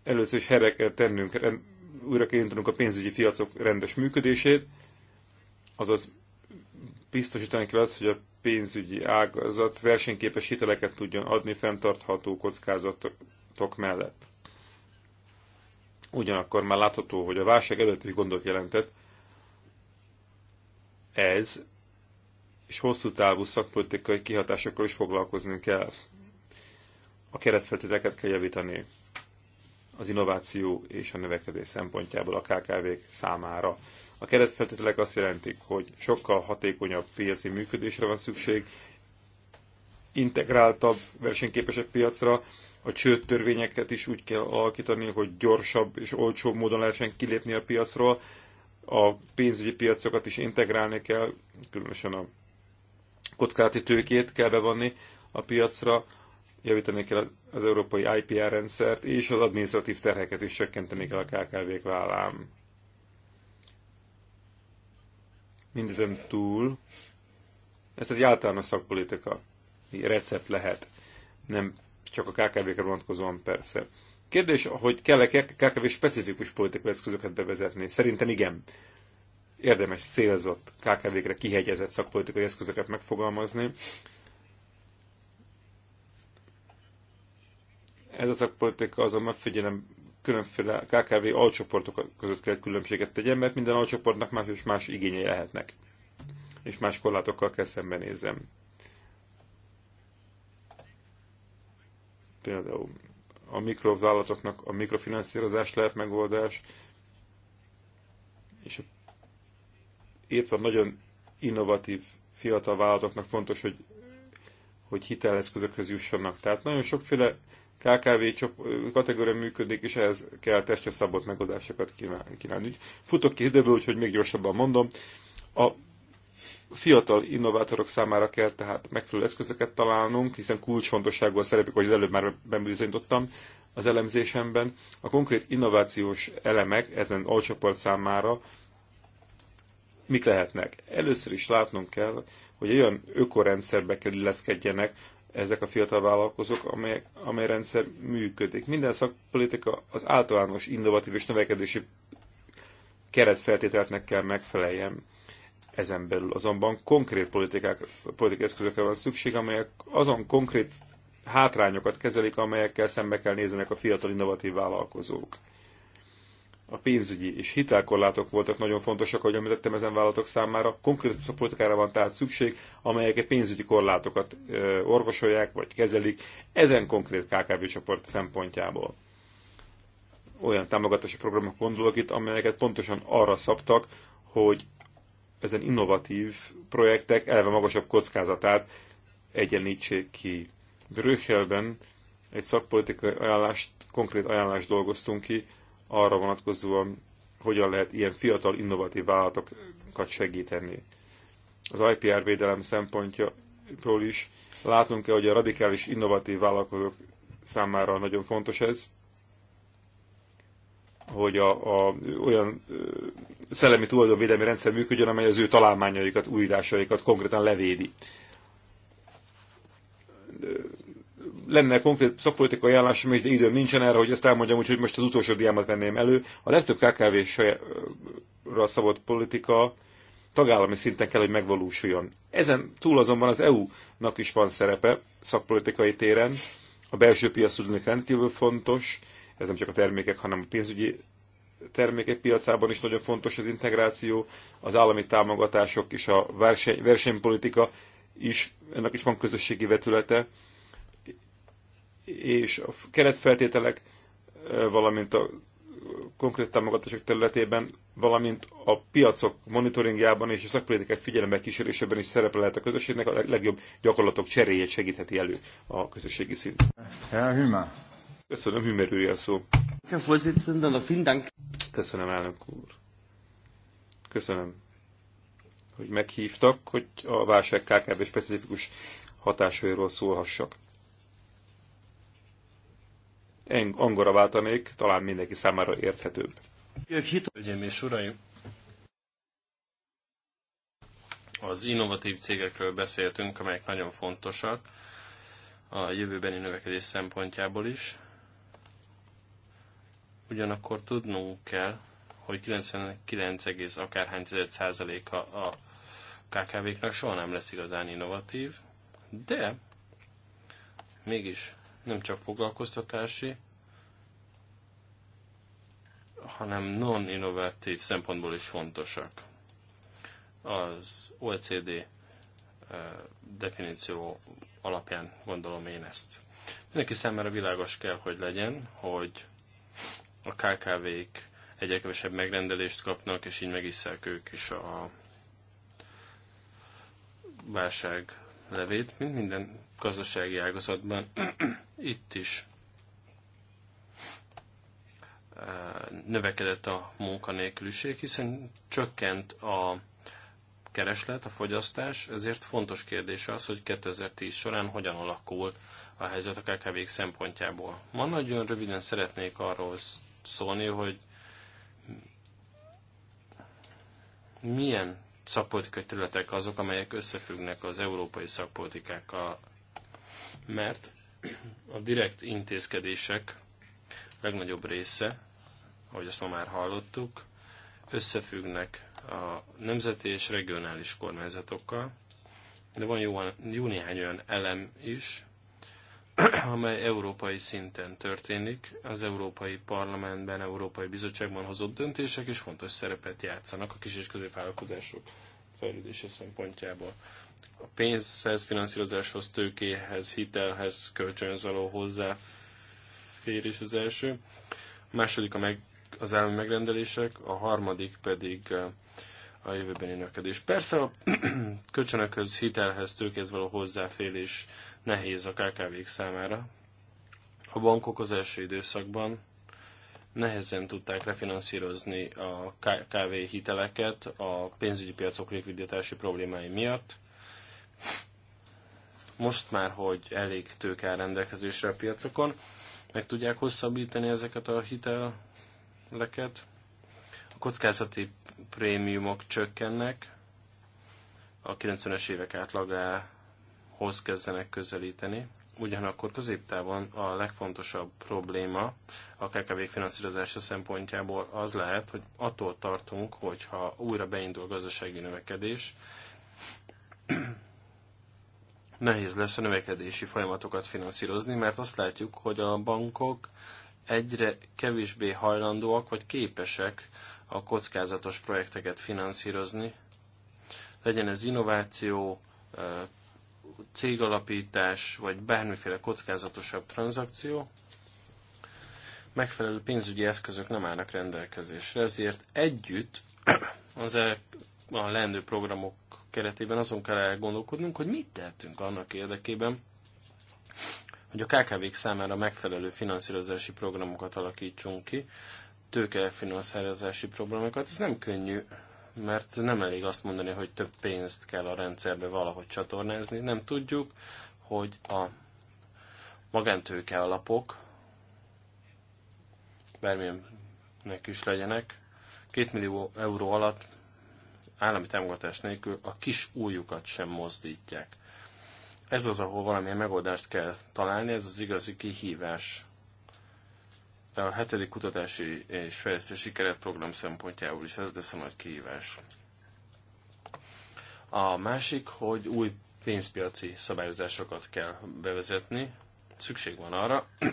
Először is helyre kell tennünk, újra kell a pénzügyi fiacok rendes működését, azaz biztosítani kell azt, hogy a pénzügyi ágazat versenyképes hiteleket tudjon adni fenntartható kockázatok mellett. Ugyanakkor már látható, hogy a válság előtt is gondot jelentett ez, és hosszú távú szakpolitikai kihatásokkal is foglalkozni kell. A keretfeltételeket kell javítani az innováció és a növekedés szempontjából a KKV-k számára. A keretfeltételek azt jelentik, hogy sokkal hatékonyabb piaci működésre van szükség, integráltabb, versenyképesebb piacra, a csőd törvényeket is úgy kell alakítani, hogy gyorsabb és olcsóbb módon lehessen kilépni a piacról, a pénzügyi piacokat is integrálni kell, különösen a kockázati tőkét kell bevonni a piacra, javítani kell az európai IPR rendszert, és az adminisztratív terheket is csökkenteni kell a KKV-k vállám. Mindezen túl, ez egy általános szakpolitika, recept lehet, nem csak a KKV-kre vonatkozóan persze. Kérdés, hogy kell-e KKV specifikus politikai eszközöket bevezetni? Szerintem igen. Érdemes célzott KKV-kre kihegyezett szakpolitikai eszközöket megfogalmazni, Ez a szakpolitika azonban figyelem különféle KKV alcsoportok között kell különbséget tegyen, mert minden alcsoportnak más és más igényei lehetnek, és más korlátokkal kell szembenézem. Például a mikrovállalatoknak a mikrofinanszírozás lehet megoldás, és itt van nagyon innovatív fiatal vállalatoknak fontos, hogy, hogy hiteleszközökhöz jussanak. Tehát nagyon sokféle KKV kategória működik, és ehhez kell testre szabott megoldásokat kínálni. Futok ki időből, úgyhogy még gyorsabban mondom. A fiatal innovátorok számára kell tehát megfelelő eszközöket találnunk, hiszen kulcsfontosságú a szerepük, hogy az előbb már bebizonyítottam az elemzésemben. A konkrét innovációs elemek ezen alcsoport számára mik lehetnek? Először is látnunk kell, hogy olyan ökorendszerbe kell illeszkedjenek, ezek a fiatal vállalkozók, amely, amely rendszer működik. Minden szakpolitika az általános innovatív és növekedési keretfeltételeknek kell megfeleljen. Ezen belül azonban konkrét politikák, politikai eszközökre van szükség, amelyek azon konkrét hátrányokat kezelik, amelyekkel szembe kell néznek a fiatal innovatív vállalkozók a pénzügyi és hitelkorlátok voltak nagyon fontosak, ahogy említettem ezen vállalatok számára. Konkrét politikára van tehát szükség, amelyek a pénzügyi korlátokat orvosolják vagy kezelik ezen konkrét KKV csoport szempontjából. Olyan támogatási programok gondolok itt, amelyeket pontosan arra szabtak, hogy ezen innovatív projektek elve magasabb kockázatát egyenlítsék ki. Brüsszelben egy szakpolitikai ajánlást, konkrét ajánlást dolgoztunk ki, arra vonatkozóan, hogyan lehet ilyen fiatal, innovatív vállalatokat segíteni. Az IPR védelem szempontjából is látunk kell, hogy a radikális, innovatív vállalkozók számára nagyon fontos ez, hogy a, a, olyan ö, szellemi tulajdonvédelmi rendszer működjön, amely az ő találmányaikat, újításaikat konkrétan levédi. lenne konkrét szakpolitikai ajánlásom, és időm nincsen erre, hogy ezt elmondjam, úgyhogy most az utolsó diámat venném elő. A legtöbb KKV-ra szabott politika tagállami szinten kell, hogy megvalósuljon. Ezen túl azonban az EU-nak is van szerepe szakpolitikai téren. A belső piac tudnék rendkívül fontos, ez nem csak a termékek, hanem a pénzügyi termékek piacában is nagyon fontos az integráció, az állami támogatások és a verseny, versenypolitika is, ennek is van közösségi vetülete és a keretfeltételek, valamint a konkrét támogatások területében, valamint a piacok monitoringjában és a szakpolitikák figyelembe kísérésében is szerepe lehet a közösségnek, a legjobb gyakorlatok cseréjét segítheti elő a közösségi szint. Köszönöm, Hümer a szó. Köszönöm, elnök úr. Köszönöm, hogy meghívtak, hogy a válság KKB specifikus hatásairól szólhassak angolra váltanék, talán mindenki számára érthetőbb. Hölgyeim és uraim, az innovatív cégekről beszéltünk, amelyek nagyon fontosak a jövőbeni növekedés szempontjából is. Ugyanakkor tudnunk kell, hogy 99, akárhány százaléka a KKV-knak soha nem lesz igazán innovatív, de mégis nem csak foglalkoztatási, hanem non-innovatív szempontból is fontosak. Az OECD eh, definíció alapján gondolom én ezt. Mindenki számára világos kell, hogy legyen, hogy a KKV-k egyre kevesebb megrendelést kapnak, és így megisszák ők is a válság levét, mint minden gazdasági ágazatban. Itt is eh, növekedett a munkanélküliség, hiszen csökkent a kereslet, a fogyasztás, ezért fontos kérdés az, hogy 2010 során hogyan alakul a helyzet a kkv szempontjából. Ma nagyon röviden szeretnék arról szólni, hogy milyen szakpolitikai területek azok, amelyek összefüggnek az európai szakpolitikákkal, mert a direkt intézkedések legnagyobb része, ahogy azt ma már hallottuk, összefüggnek a nemzeti és regionális kormányzatokkal, de van jó, jó néhány olyan elem is, amely európai szinten történik, az Európai Parlamentben, Európai Bizottságban hozott döntések, és fontos szerepet játszanak a kis és középvállalkozások fejlődése szempontjából. A pénzhez, finanszírozáshoz, tőkéhez, hitelhez, kölcsönhöz való hozzáférés az első. A második a meg, az állami megrendelések, a harmadik pedig a jövőbeni növekedés. Persze a kölcsönökhöz, hitelhez, tőkéhez való hozzáférés nehéz a kkv számára. A bankok az első időszakban nehezen tudták refinanszírozni a KKV hiteleket a pénzügyi piacok likviditási problémái miatt. Most már, hogy elég tők áll rendelkezésre a piacokon, meg tudják hosszabbítani ezeket a hiteleket. A kockázati prémiumok csökkennek, a 90-es évek átlagához kezdenek közelíteni. Ugyanakkor középtávon a legfontosabb probléma a KKV finanszírozása szempontjából az lehet, hogy attól tartunk, hogyha újra beindul gazdasági növekedés, nehéz lesz a növekedési folyamatokat finanszírozni, mert azt látjuk, hogy a bankok egyre kevésbé hajlandóak vagy képesek a kockázatos projekteket finanszírozni. Legyen ez innováció, cégalapítás, vagy bármiféle kockázatosabb tranzakció, megfelelő pénzügyi eszközök nem állnak rendelkezésre, ezért együtt az el, a leendő programok keretében azon kell elgondolkodnunk, hogy mit tehetünk annak érdekében, hogy a KKV-k számára megfelelő finanszírozási programokat alakítsunk ki, tőkefinanszírozási problémákat. Ez nem könnyű, mert nem elég azt mondani, hogy több pénzt kell a rendszerbe valahogy csatornázni. Nem tudjuk, hogy a magántőke alapok, bármilyennek is legyenek, 2 millió euró alatt állami támogatás nélkül a kis újukat sem mozdítják. Ez az, ahol valamilyen megoldást kell találni, ez az igazi kihívás de a hetedik kutatási és fejlesztési program szempontjából is ez lesz a nagy kihívás. A másik, hogy új pénzpiaci szabályozásokat kell bevezetni. Szükség van arra,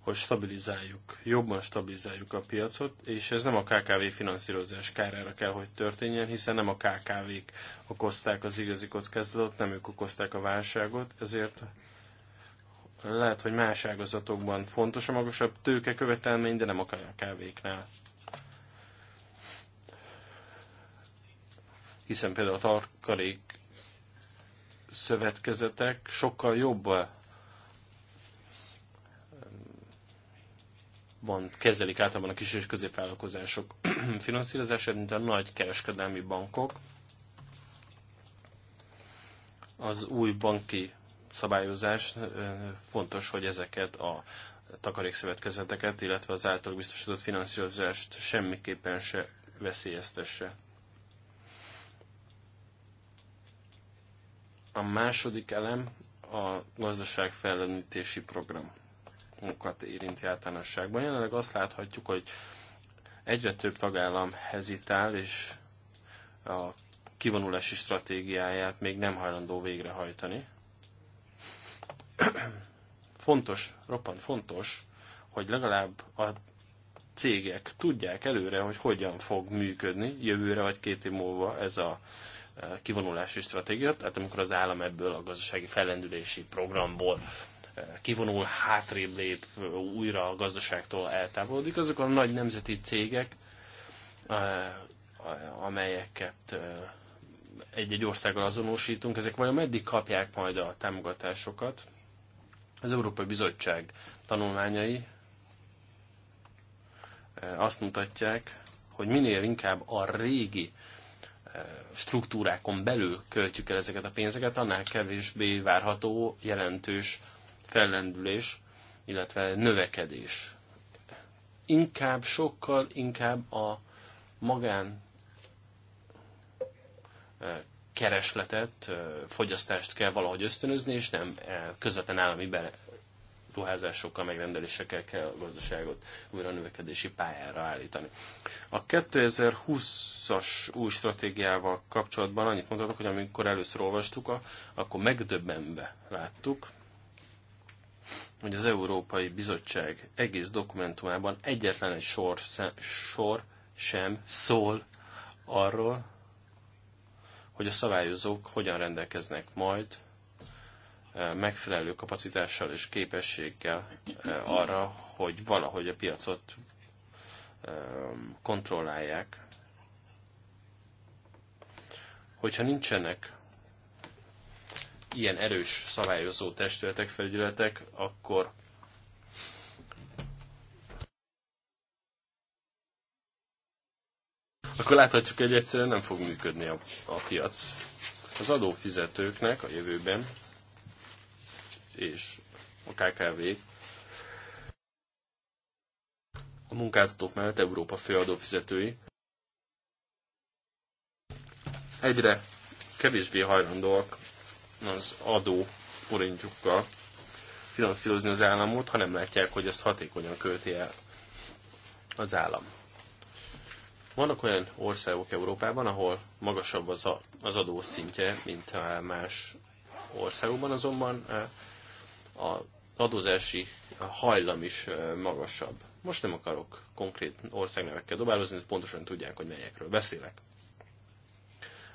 hogy stabilizáljuk, jobban stabilizáljuk a piacot, és ez nem a KKV finanszírozás kárára kell, hogy történjen, hiszen nem a KKV-k okozták az igazi kockázatot, nem ők okozták a válságot, ezért lehet, hogy más ágazatokban fontos a magasabb tőke követelmény, de nem a kávéknál. Hiszen például a tarkalék szövetkezetek sokkal jobb eh, van, kezelik általában a kis és középvállalkozások finanszírozását, mint a nagy kereskedelmi bankok. Az új banki szabályozás, fontos, hogy ezeket a takarékszövetkezeteket, illetve az által biztosított finanszírozást semmiképpen se veszélyeztesse. A második elem a program, programokat érinti általánosságban. Jelenleg azt láthatjuk, hogy egyre több tagállam hezitál, és a kivonulási stratégiáját még nem hajlandó végrehajtani fontos, roppant fontos, hogy legalább a cégek tudják előre, hogy hogyan fog működni jövőre vagy két év múlva ez a e, kivonulási stratégia, tehát amikor az állam ebből a gazdasági fellendülési programból e, kivonul, hátrébb lép, e, újra a gazdaságtól eltávolodik, azok a nagy nemzeti cégek, amelyeket egy-egy országgal azonosítunk, ezek vajon meddig kapják majd a támogatásokat, az Európai Bizottság tanulmányai eh, azt mutatják, hogy minél inkább a régi eh, struktúrákon belül költjük el ezeket a pénzeket, annál kevésbé várható jelentős fellendülés, illetve növekedés. Inkább, sokkal inkább a magán eh, keresletet, fogyasztást kell valahogy ösztönözni, és nem közvetlen állami ruházásokkal, megrendelésekkel kell a gazdaságot újra a növekedési pályára állítani. A 2020-as új stratégiával kapcsolatban annyit mondhatok, hogy amikor először olvastuk, akkor megdöbbenve láttuk, hogy az Európai Bizottság egész dokumentumában egyetlen egy sor, sor sem szól arról, hogy a szabályozók hogyan rendelkeznek majd eh, megfelelő kapacitással és képességgel eh, arra, hogy valahogy a piacot eh, kontrollálják. Hogyha nincsenek ilyen erős szabályozó testületek, felügyeletek, akkor akkor láthatjuk, hogy egyszerűen nem fog működni a, a piac. Az adófizetőknek a jövőben és a KKV a munkáltatók mellett Európa főadófizetői egyre kevésbé hajlandóak az adó forintjukkal finanszírozni az államot, ha nem látják, hogy ezt hatékonyan költi el az állam. Vannak olyan országok Európában, ahol magasabb az, a, az adó szintje, mint eh, más országokban, azonban eh, az adózási hajlam is eh, magasabb. Most nem akarok konkrét országnevekkel dobálozni, pontosan tudják, hogy melyekről beszélek.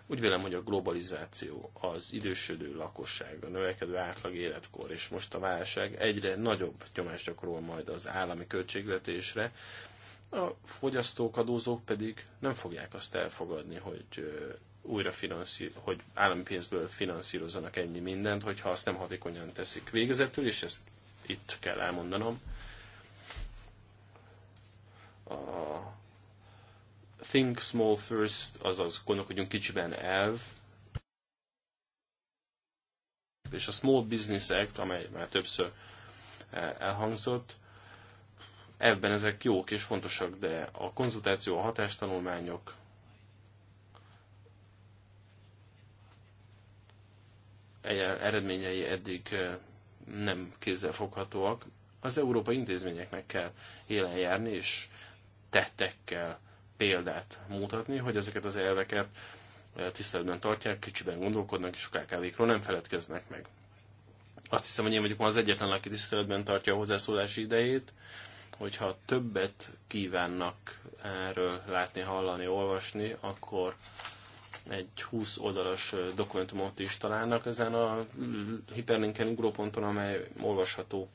Úgy vélem, hogy a globalizáció, az idősödő lakosság, a növekedő átlag életkor és most a válság egyre nagyobb nyomást gyakorol majd az állami költségvetésre, a fogyasztók, adózók pedig nem fogják azt elfogadni, hogy újra finanszír, hogy állami pénzből finanszírozzanak ennyi mindent, hogyha azt nem hatékonyan teszik végezetül, és ezt itt kell elmondanom. A Think Small First, azaz gondolkodjunk kicsiben elv, és a Small Business Act, amely már többször e, elhangzott, Ebben ezek jók és fontosak, de a konzultáció, a hatástanulmányok, e- eredményei eddig e, nem kézzelfoghatóak. Az európai intézményeknek kell élen járni, és tettekkel példát mutatni, hogy ezeket az elveket e, tiszteletben tartják, kicsiben gondolkodnak, és a kkv nem feledkeznek meg. Azt hiszem, hogy én vagyok ma az egyetlen, aki tiszteletben tartja a hozzászólási idejét hogyha többet kívánnak erről látni, hallani, olvasni, akkor egy 20 oldalas dokumentumot is találnak ezen a hiperlinken ugróponton, amely olvasható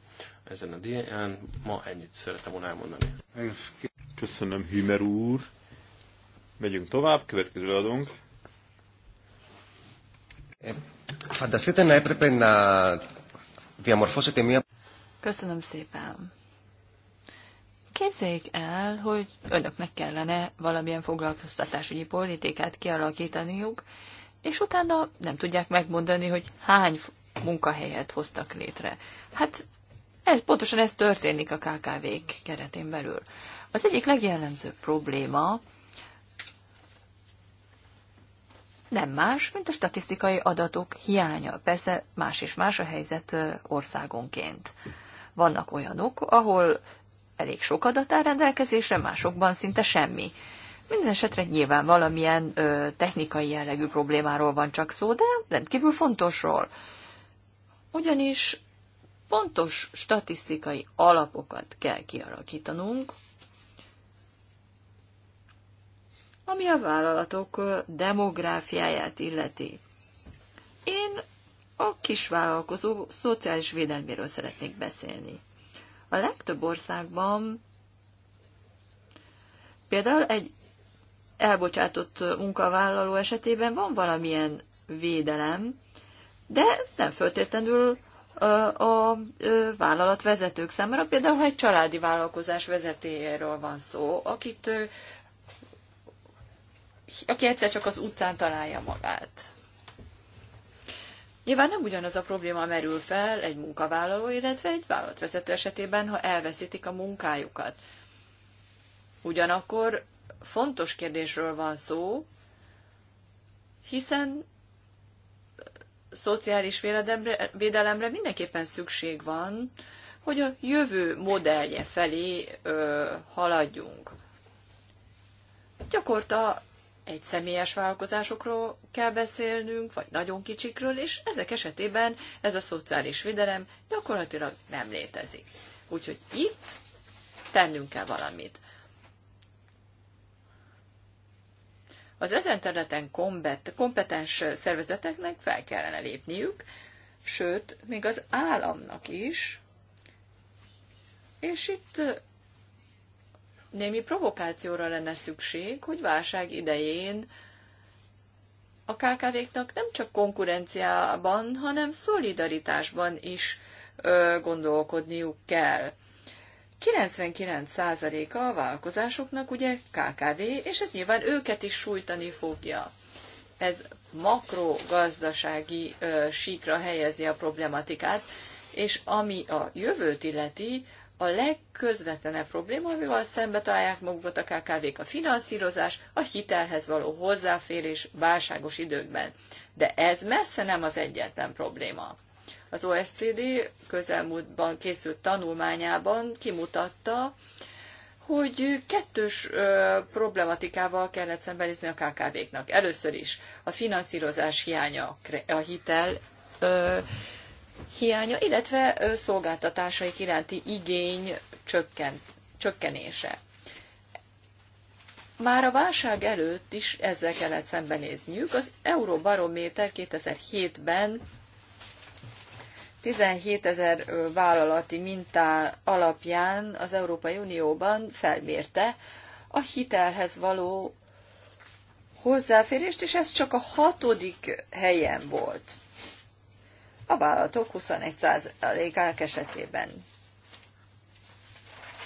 ezen a dián. Ma ennyit szeretem volna elmondani. Köszönöm, Hümer úr. Megyünk tovább, következő adunk. Fantasztite, ne έπρεπε να διαμορφώσετε Köszönöm szépen. Képzeljék el, hogy önöknek kellene valamilyen foglalkoztatásügyi politikát kialakítaniuk, és utána nem tudják megmondani, hogy hány munkahelyet hoztak létre. Hát ez, pontosan ez történik a KKV-k keretén belül. Az egyik legjellemzőbb probléma nem más, mint a statisztikai adatok hiánya. Persze más és más a helyzet országonként. Vannak olyanok, ahol elég sok adat áll rendelkezésre, másokban szinte semmi. Minden esetre nyilván valamilyen ö, technikai jellegű problémáról van csak szó, de rendkívül fontosról. Ugyanis pontos statisztikai alapokat kell kialakítanunk, ami a vállalatok demográfiáját illeti. Én a kisvállalkozó szociális védelméről szeretnék beszélni. A legtöbb országban például egy elbocsátott munkavállaló esetében van valamilyen védelem, de nem föltétlenül a vállalat vezetők számára, például ha egy családi vállalkozás vezetéjéről van szó, akit, aki egyszer csak az utcán találja magát. Nyilván nem ugyanaz a probléma merül fel egy munkavállaló, illetve egy vállalatvezető esetében, ha elveszítik a munkájukat. Ugyanakkor fontos kérdésről van szó, hiszen szociális védelemre, védelemre mindenképpen szükség van, hogy a jövő modellje felé ö, haladjunk. Gyakorta egy személyes vállalkozásokról kell beszélnünk, vagy nagyon kicsikről, és ezek esetében ez a szociális védelem gyakorlatilag nem létezik. Úgyhogy itt tennünk kell valamit. Az ezen területen kompetens szervezeteknek fel kellene lépniük, sőt, még az államnak is, és itt némi provokációra lenne szükség, hogy válság idején a KKV-knak nem csak konkurenciában, hanem szolidaritásban is ö, gondolkodniuk kell. 99%-a a vállalkozásoknak ugye KKV, és ez nyilván őket is sújtani fogja. Ez makrogazdasági ö, síkra helyezi a problematikát, és ami a jövőt illeti, a legközvetlenebb probléma, amivel szembe találják magukat a KKV-k a finanszírozás, a hitelhez való hozzáférés válságos időkben. De ez messze nem az egyetlen probléma. Az OSCD közelmúltban készült tanulmányában kimutatta, hogy kettős ö, problematikával kellett szembenézni a KKV-knak. Először is a finanszírozás hiánya, a hitel ö, hiánya, illetve szolgáltatásaik iránti igény csökken, csökkenése. Már a válság előtt is ezzel kellett szembenézniük. Az Euróbarométer 2007-ben 17 ezer vállalati mintá alapján az Európai Unióban felmérte a hitelhez való hozzáférést, és ez csak a hatodik helyen volt a vállalatok 21%-ák esetében.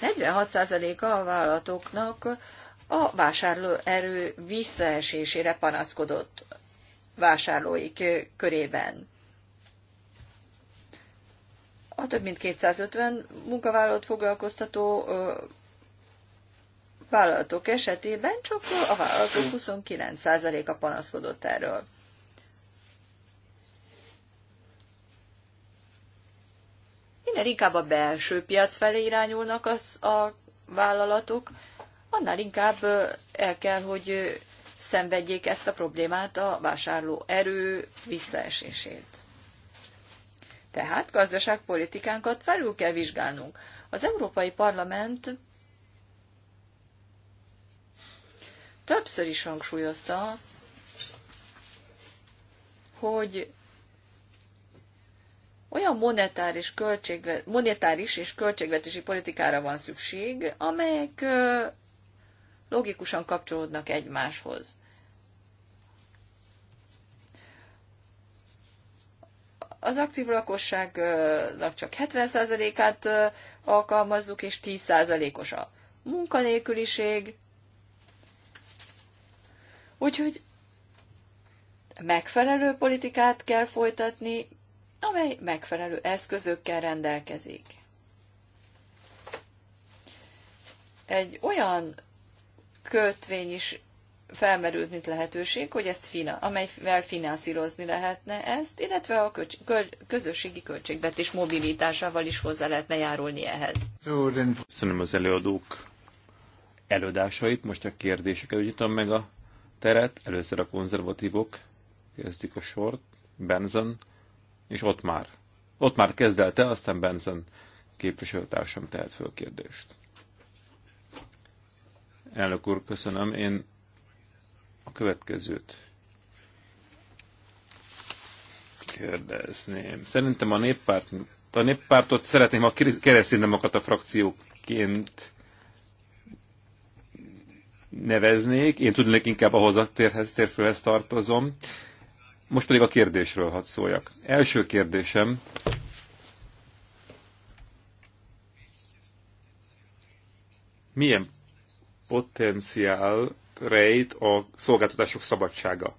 46%-a a vállalatoknak a vásárlóerő visszaesésére panaszkodott vásárlóik körében. A több mint 250 munkavállalót foglalkoztató vállalatok esetében csak a vállalatok 29%-a panaszkodott erről. minél inkább a belső piac felé irányulnak az a vállalatok, annál inkább el kell, hogy szenvedjék ezt a problémát a vásárló erő visszaesését. Tehát gazdaságpolitikánkat felül kell vizsgálnunk. Az Európai Parlament többször is hangsúlyozta, hogy olyan monetáris, költségvet, monetáris és költségvetési politikára van szükség, amelyek logikusan kapcsolódnak egymáshoz. Az aktív lakosságnak csak 70%-át alkalmazzuk, és 10%-os a munkanélküliség. Úgyhogy megfelelő politikát kell folytatni, amely megfelelő eszközökkel rendelkezik. Egy olyan kötvény is felmerült, mint lehetőség, hogy ezt fina, amelyvel finanszírozni lehetne ezt, illetve a köcs, kö, közösségi költségvetés mobilitásával is hozzá lehetne járulni ehhez. Köszönöm az előadók előadásait, most a kérdéseket ügyítem meg a teret. Először a konzervatívok kezdik a sort. Benzen és ott már. Ott már kezdelte, aztán Benson képviselőtársam tehet föl kérdést. Elnök úr, köszönöm. Én a következőt kérdezném. Szerintem a néppárt, a néppártot szeretném a a frakcióként neveznék. Én tudnék inkább ahhoz a térhez, térfőhez tartozom. Most pedig a kérdésről hadd szóljak. Első kérdésem, milyen potenciál rejt a szolgáltatások szabadsága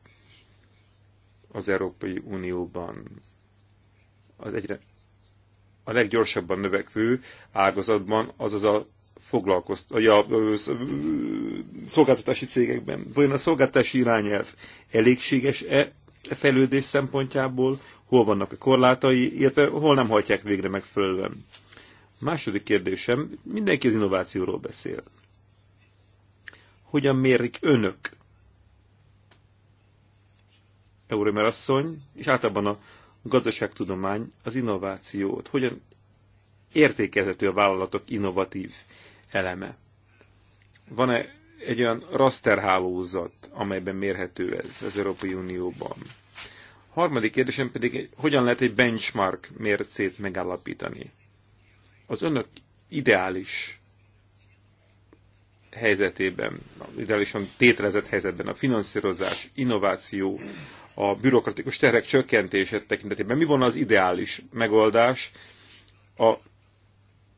az Európai Unióban? Az egyre a leggyorsabban növekvő ágazatban, azaz a foglalkozt, a, a, szolgáltatási cégekben. Vajon a szolgáltatási irányelv elégséges-e fejlődés szempontjából, hol vannak a korlátai, illetve hol nem hajtják végre megfelelően. Második kérdésem, mindenki az innovációról beszél. Hogyan mérik önök? Eurómer asszony, és általában a gazdaságtudomány az innovációt. Hogyan értékelhető a vállalatok innovatív eleme? Van-e egy olyan rasterhálózat, amelyben mérhető ez az Európai Unióban. A harmadik kérdésem pedig, hogyan lehet egy benchmark mércét megállapítani? Az önök ideális helyzetében, ideálisan tétrezett helyzetben a finanszírozás, innováció, a bürokratikus terhek csökkentése tekintetében mi van az ideális megoldás a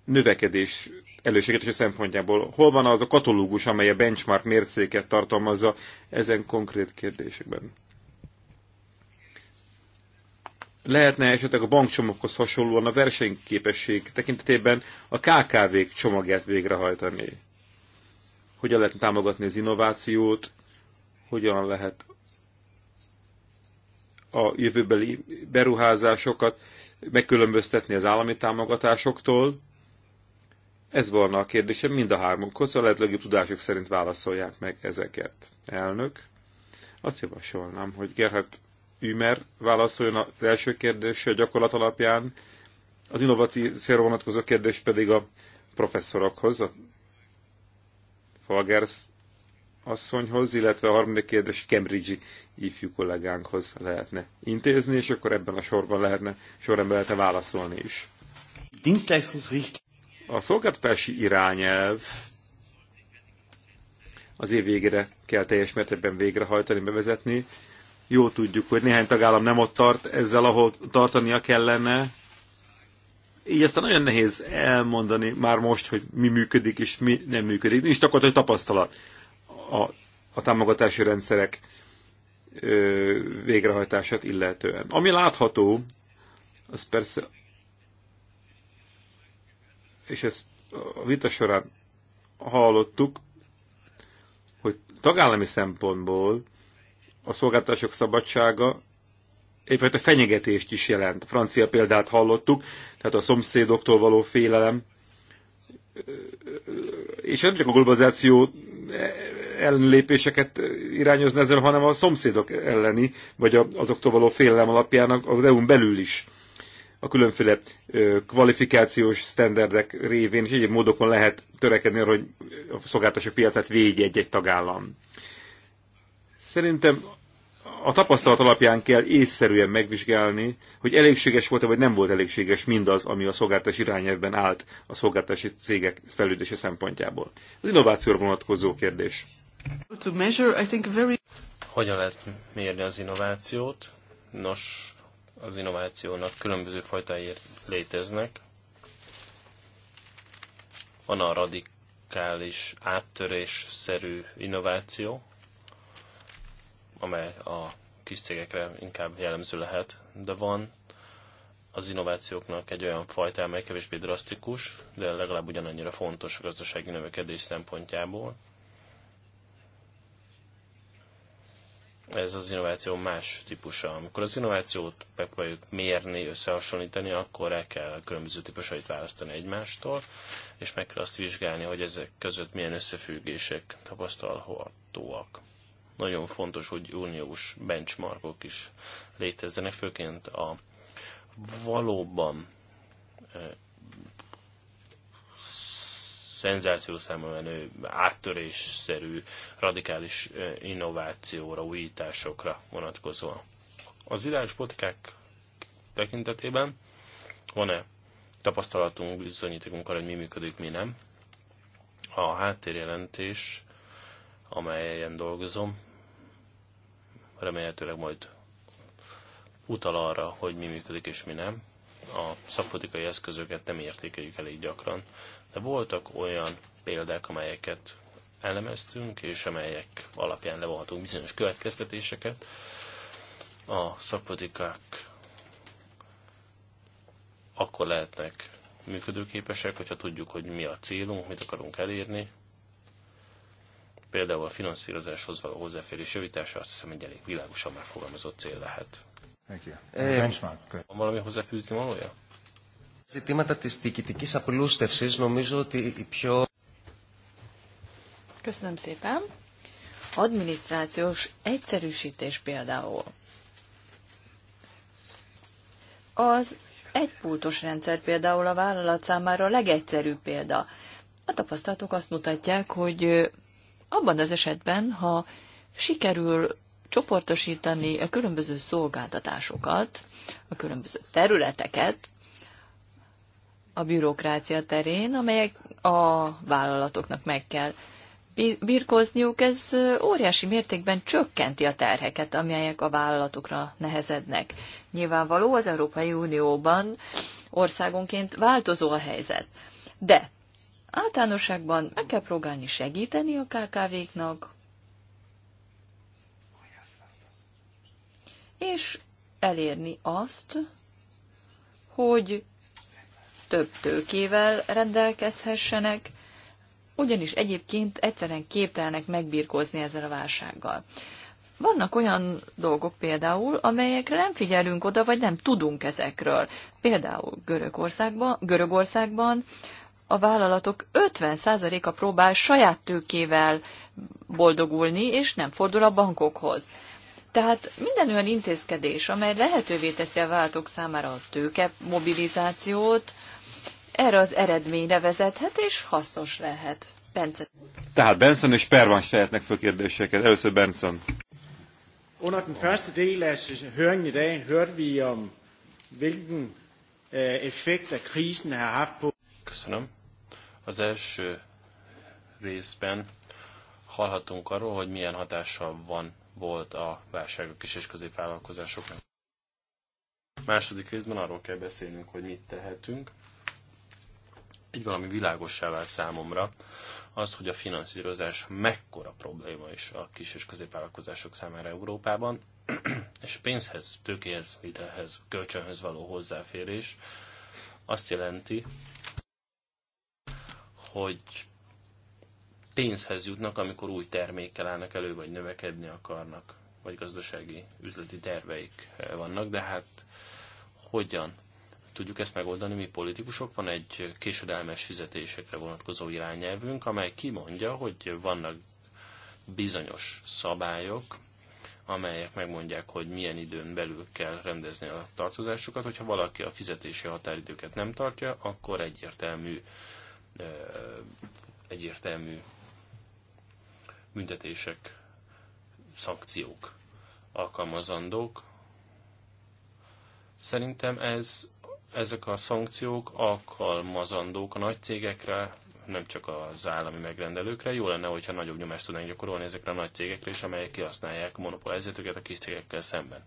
növekedés előségetési szempontjából. Hol van az a katalógus, amely a benchmark mércéket tartalmazza ezen konkrét kérdésekben? Lehetne esetleg a bankcsomaghoz hasonlóan a versenyképesség tekintetében a KKV-k csomagját végrehajtani? Hogyan lehetne támogatni az innovációt? Hogyan lehet a jövőbeli beruházásokat megkülönböztetni az állami támogatásoktól? Ez volna a kérdésem mind a hármunkhoz, a lehet legjobb tudások szerint válaszolják meg ezeket. Elnök, azt javasolnám, hogy Gerhard Ümer válaszoljon az első kérdésre gyakorlat alapján, az innovatív szélre vonatkozó kérdés pedig a professzorokhoz, a Falgers asszonyhoz, illetve a harmadik kérdés Cambridge-i ifjú kollégánkhoz lehetne intézni, és akkor ebben a sorban lehetne, sorrendben lehetne válaszolni is. Dienstleistungsricht. A szolgáltatási irányelv az év végére kell teljes mértékben végrehajtani, bevezetni. Jó tudjuk, hogy néhány tagállam nem ott tart ezzel, ahol tartania kellene. Így aztán nagyon nehéz elmondani már most, hogy mi működik és mi nem működik. Nincs akkor, hogy tapasztalat a, a támogatási rendszerek ö, végrehajtását illetően. Ami látható, az persze és ezt a vita során hallottuk, hogy tagállami szempontból a szolgáltatások szabadsága egyfajta fenyegetést is jelent. A francia példát hallottuk, tehát a szomszédoktól való félelem, és nem csak a globalizáció ellenlépéseket irányozni ezzel, hanem a szomszédok elleni, vagy azoktól való félelem alapjának az EU-n belül is a különféle kvalifikációs sztenderdek révén és egyéb módokon lehet törekedni arra, hogy a szolgáltatási piacát végig egy-egy tagállam. Szerintem a tapasztalat alapján kell észszerűen megvizsgálni, hogy elégséges volt-e, vagy nem volt elégséges mindaz, ami a szolgáltás irányelvben állt a szolgáltatási cégek fejlődése szempontjából. Az innovációra vonatkozó kérdés. Hogyan lehet mérni az innovációt? Nos, az innovációnak különböző fajtái léteznek. Van a radikális áttörésszerű innováció, amely a kis cégekre inkább jellemző lehet, de van az innovációknak egy olyan fajta, amely kevésbé drasztikus, de legalább ugyanannyira fontos a gazdasági növekedés szempontjából. ez az innováció más típusa. Amikor az innovációt megpróbáljuk mérni, összehasonlítani, akkor el kell a különböző típusait választani egymástól, és meg kell azt vizsgálni, hogy ezek között milyen összefüggések tapasztalhatóak. Nagyon fontos, hogy uniós benchmarkok is létezzenek, főként a valóban eh, szenzáció menő, áttörésszerű, radikális innovációra, újításokra vonatkozóan. Az irányos politikák tekintetében van-e tapasztalatunk, bizonyítékunk arra, hogy mi működik, mi nem. A háttérjelentés, amelyen dolgozom, remélhetőleg majd utal arra, hogy mi működik és mi nem. A szakpolitikai eszközöket nem értékeljük elég gyakran. De voltak olyan példák, amelyeket elemeztünk, és amelyek alapján levonhatunk bizonyos következtetéseket. A szakpolitikák akkor lehetnek működőképesek, hogyha tudjuk, hogy mi a célunk, mit akarunk elérni. Például a finanszírozáshoz való hozzáférés javítása azt hiszem egy elég világosan megfogalmazott cél lehet. Thank you. Benchmark. Van valami hozzáfűzni valója? ζητήματα της διοικητικής απλούστευσης νομίζω ότι η πιο... Köszönöm szépen. Adminisztrációs egyszerűsítés például. Az egypultos rendszer például a vállalat számára a legegyszerűbb példa. A tapasztalatok azt mutatják, hogy abban az esetben, ha sikerül csoportosítani a különböző szolgáltatásokat, a különböző területeket, a bürokrácia terén, amelyek a vállalatoknak meg kell birkózniuk, ez óriási mértékben csökkenti a terheket, amelyek a vállalatokra nehezednek. Nyilvánvaló az Európai Unióban országonként változó a helyzet. De általánosságban meg kell próbálni segíteni a KKV-knak, és elérni azt, hogy több tőkével rendelkezhessenek, ugyanis egyébként egyszerűen képtelenek megbírkozni ezzel a válsággal. Vannak olyan dolgok például, amelyekre nem figyelünk oda, vagy nem tudunk ezekről. Például Görögországban, Görögországban a vállalatok 50%-a próbál saját tőkével boldogulni, és nem fordul a bankokhoz. Tehát minden olyan intézkedés, amely lehetővé teszi a vállalatok számára a tőke mobilizációt, erre az eredményre vezethet, és hasznos lehet. Bence. Tehát Benson és Pervan sejtnek föl kérdéseket. Először Benson. Under den første del af høringen i dag hørte vi om, hvilken øh, effekt af krisen har haft på... Köszönöm. Az első részben hallhatunk arról, hogy milyen hatással van volt a válság a kis és középvállalkozásoknak. Második részben arról kell beszélnünk, hogy mit tehetünk, egy valami világossá vált számomra, az, hogy a finanszírozás mekkora probléma is a kis és középvállalkozások számára Európában, és pénzhez, tőkéhez, videhez, kölcsönhöz való hozzáférés azt jelenti, hogy pénzhez jutnak, amikor új termékkel állnak elő, vagy növekedni akarnak, vagy gazdasági üzleti terveik eh, vannak, de hát hogyan tudjuk ezt megoldani mi politikusok. Van egy késedelmes fizetésekre vonatkozó irányelvünk, amely kimondja, hogy vannak bizonyos szabályok, amelyek megmondják, hogy milyen időn belül kell rendezni a tartozásokat. Hogyha valaki a fizetési határidőket nem tartja, akkor egyértelmű, egyértelmű büntetések, szankciók alkalmazandók. Szerintem ez ezek a szankciók alkalmazandók a nagy cégekre, nem csak az állami megrendelőkre. Jó lenne, hogyha nagyobb nyomást tudnánk gyakorolni ezekre a nagy cégekre is, amelyek kihasználják a monopól a kis cégekkel szemben.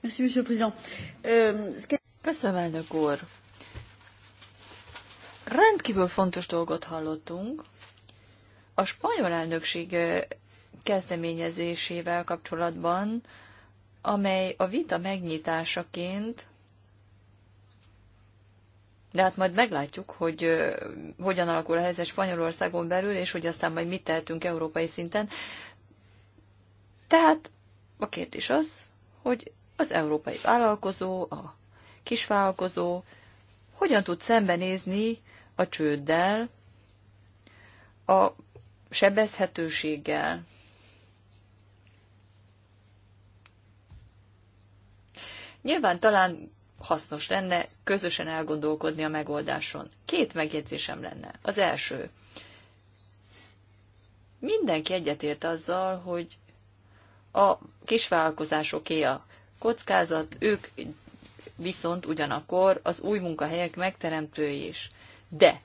Euh, Köszönöm, elnök úr! Rendkívül fontos dolgot hallottunk. A spanyol elnökség kezdeményezésével kapcsolatban amely a vita megnyitásaként, de hát majd meglátjuk, hogy hogyan alakul a helyzet Spanyolországon belül, és hogy aztán majd mit tehetünk európai szinten. Tehát a kérdés az, hogy az európai vállalkozó, a kisvállalkozó hogyan tud szembenézni a csőddel, a sebezhetőséggel. Nyilván talán hasznos lenne közösen elgondolkodni a megoldáson. Két megjegyzésem lenne. Az első. Mindenki egyetért azzal, hogy a kisvállalkozásoké a kockázat, ők viszont ugyanakkor az új munkahelyek megteremtői is. De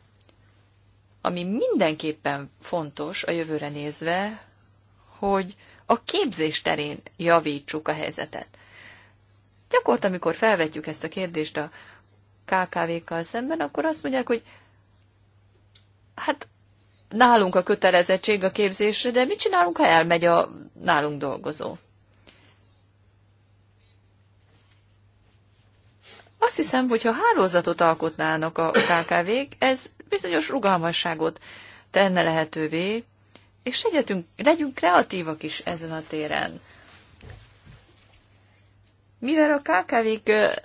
ami mindenképpen fontos a jövőre nézve, hogy a képzés terén javítsuk a helyzetet. Gyakorta, amikor felvetjük ezt a kérdést a KKV-kkal szemben, akkor azt mondják, hogy hát nálunk a kötelezettség a képzésre, de mit csinálunk, ha elmegy a nálunk dolgozó? Azt hiszem, hogy ha hálózatot alkotnának a KKV-k, ez bizonyos rugalmasságot tenne lehetővé, és segítünk, legyünk kreatívak is ezen a téren mivel a KKV-k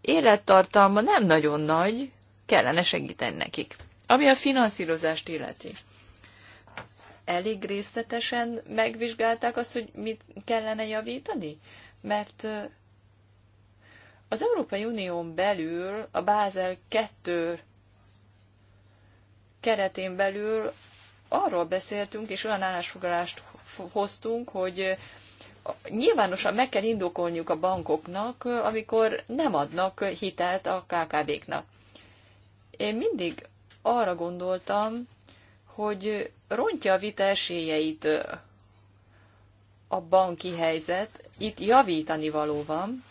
élettartalma nem nagyon nagy, kellene segíteni nekik. Ami a finanszírozást illeti. Elég részletesen megvizsgálták azt, hogy mit kellene javítani? Mert az Európai Unión belül a Bázel 2 keretén belül arról beszéltünk, és olyan állásfoglalást hoztunk, hogy nyilvánosan meg kell indokolniuk a bankoknak, amikor nem adnak hitelt a KKV-knak. Én mindig arra gondoltam, hogy rontja a vita esélyeit a banki helyzet, itt javítani való van,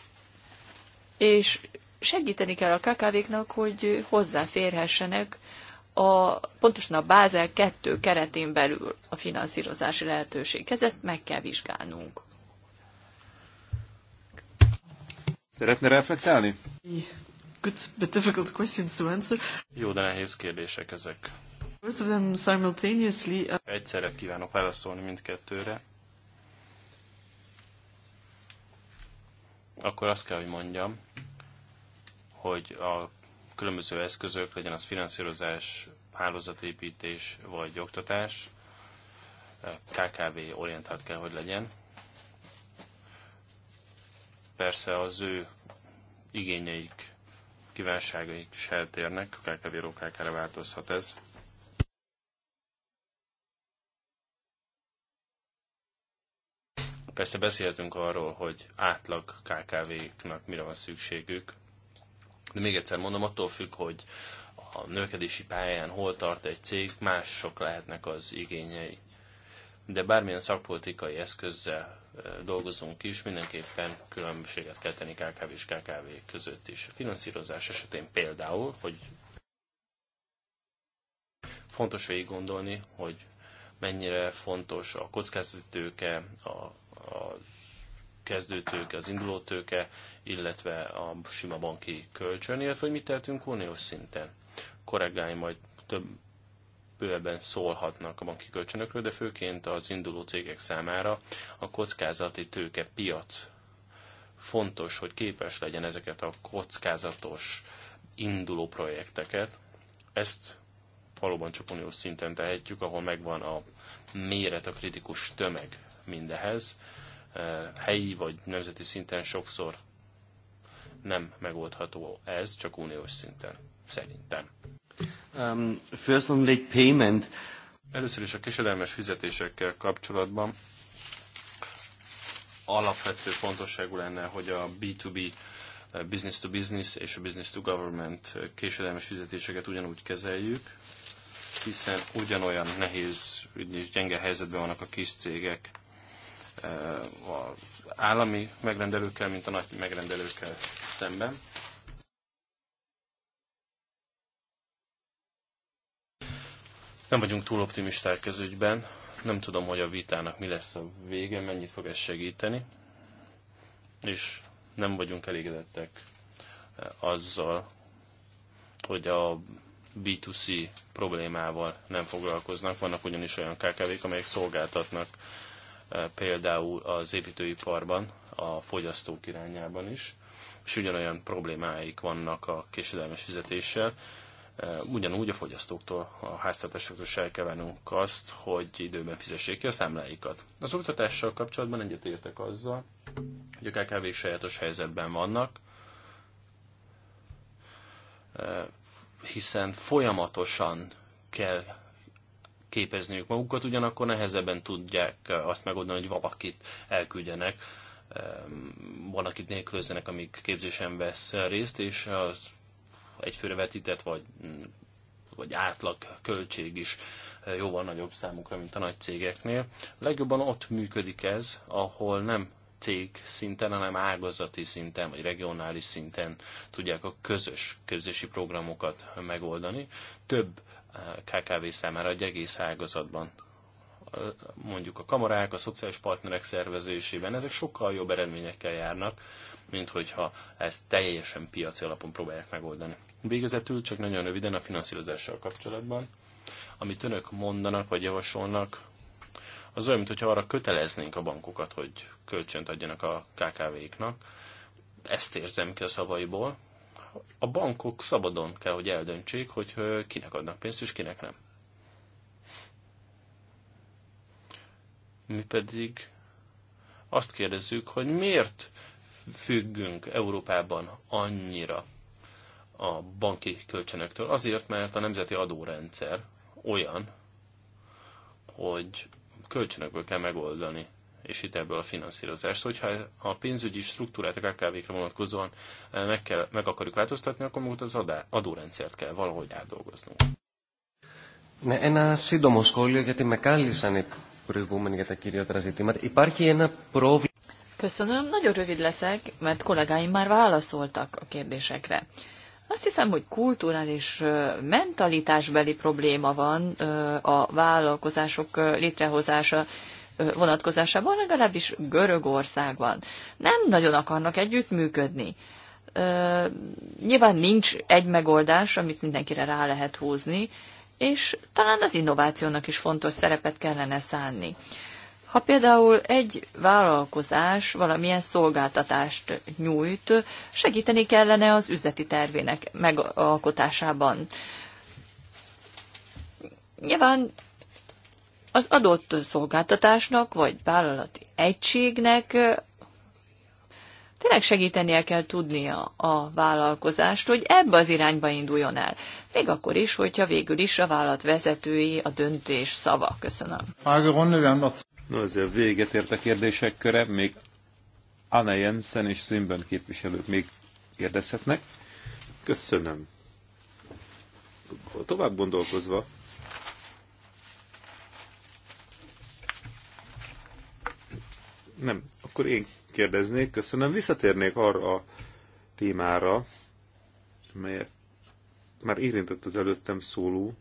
és segíteni kell a KKV-knak, hogy hozzáférhessenek a, pontosan a Bázel 2 keretén belül a finanszírozási lehetőséghez, ezt meg kell vizsgálnunk. Szeretne reflektálni? Good, but difficult questions to answer. Jó, de nehéz kérdések ezek. Both of them simultaneously. Uh, Egyszerre kívánok válaszolni mindkettőre. Akkor azt kell, hogy mondjam, hogy a különböző eszközök, legyen az finanszírozás, hálózatépítés vagy oktatás, eh, KKV orientált kell, hogy legyen persze az ő igényeik, kívánságaik is eltérnek, kkv kkv változhat ez. Persze beszélhetünk arról, hogy átlag KKV-knak mire van szükségük, de még egyszer mondom, attól függ, hogy a növekedési pályán hol tart egy cég, mások lehetnek az igényei de bármilyen szakpolitikai eszközzel dolgozunk is, mindenképpen különbséget kell tenni KKV és KKV között is. finanszírozás esetén például, hogy fontos végig gondolni, hogy mennyire fontos a kockázatőke, a, a kezdőtőke, az indulótőke, illetve a sima banki kölcsön, illetve hogy mit tehetünk uniós szinten. Korregáim majd több bővebben szólhatnak a banki kölcsönökről, de főként az induló cégek számára a kockázati tőke piac fontos, hogy képes legyen ezeket a kockázatos induló projekteket. Ezt valóban csak uniós szinten tehetjük, ahol megvan a méret, a kritikus tömeg mindehez. E, helyi vagy nemzeti szinten sokszor nem megoldható ez, csak uniós szinten, szerintem. Um, first on late payment. Először is a késedelmes fizetésekkel kapcsolatban alapvető fontosságú lenne, hogy a B2B eh, business to business és a business to government eh, késedelmes fizetéseket ugyanúgy kezeljük, hiszen ugyanolyan nehéz és gyenge helyzetben vannak a kis cégek eh, az állami megrendelőkkel, mint a nagy megrendelőkkel szemben. Nem vagyunk túl optimisták ez ügyben. Nem tudom, hogy a vitának mi lesz a vége, mennyit fog ez segíteni. És nem vagyunk elégedettek eh, azzal, hogy a B2C problémával nem foglalkoznak. Vannak ugyanis olyan KKV-k, amelyek szolgáltatnak eh, például az építőiparban, a fogyasztók irányában is, és ugyanolyan problémáik vannak a késedelmes fizetéssel, Eh, ugyanúgy a fogyasztóktól, a háztartásoktól se vennünk azt, hogy időben fizessék ki a számláikat. Az oktatással kapcsolatban egyetértek azzal, hogy a kkv sajátos helyzetben vannak, eh, hiszen folyamatosan kell képezniük magukat, ugyanakkor nehezebben tudják azt megoldani, hogy valakit elküldjenek, eh, valakit nélkülözzenek, amíg képzésen vesz részt, és az egyfőre vetített, vagy, vagy átlag költség is jóval nagyobb számukra, mint a nagy cégeknél. Legjobban ott működik ez, ahol nem cég szinten, hanem ágazati szinten, vagy regionális szinten tudják a közös képzési programokat megoldani. Több eh, KKV számára egy egész ágazatban eh, mondjuk a kamarák, a szociális partnerek szervezésében, ezek sokkal jobb eredményekkel járnak, mint hogyha ezt teljesen piaci alapon próbálják megoldani. Végezetül csak nagyon röviden a finanszírozással kapcsolatban. Amit önök mondanak vagy javasolnak, az olyan, mintha arra köteleznénk a bankokat, hogy kölcsönt adjanak a KKV-knak. Ezt érzem ki a szavaiból. A bankok szabadon kell, hogy eldöntsék, hogy kinek adnak pénzt, és kinek nem. Mi pedig azt kérdezzük, hogy miért függünk Európában annyira a banki kölcsönöktől. Azért, mert a nemzeti adórendszer olyan, hogy kölcsönökből kell megoldani és itt ebből a finanszírozást. Hogyha a pénzügyi struktúrát a KKV-kre vonatkozóan eh, meg, kell, meg akarjuk változtatni, akkor magát az adá, adórendszert kell valahogy átdolgoznunk. Ναι, ένα σύντομο σχόλιο γιατί με κάλυψαν οι προηγούμενοι για τα κυριότερα ζητήματα. Υπάρχει ένα πρόβλημα. Köszönöm, nagyon rövid leszek, mert kollégáim már válaszoltak a kérdésekre. Azt hiszem, hogy kulturális mentalitásbeli probléma van a vállalkozások létrehozása vonatkozásában, legalábbis Görögországban. Nem nagyon akarnak együttműködni. Nyilván nincs egy megoldás, amit mindenkire rá lehet húzni, és talán az innovációnak is fontos szerepet kellene szánni. Ha például egy vállalkozás valamilyen szolgáltatást nyújt, segíteni kellene az üzleti tervének megalkotásában. Nyilván az adott szolgáltatásnak vagy vállalati egységnek tényleg segítenie kell tudnia a vállalkozást, hogy ebbe az irányba induljon el. Még akkor is, hogyha végül is a vállalat vezetői a döntés szava. Köszönöm. No, ezzel véget ért a kérdések köre, még Anna Jensen és Zimben képviselők még kérdezhetnek. Köszönöm. Tovább gondolkozva, nem, akkor én kérdeznék, köszönöm. Visszatérnék arra a témára, melyet már érintett az előttem szóló,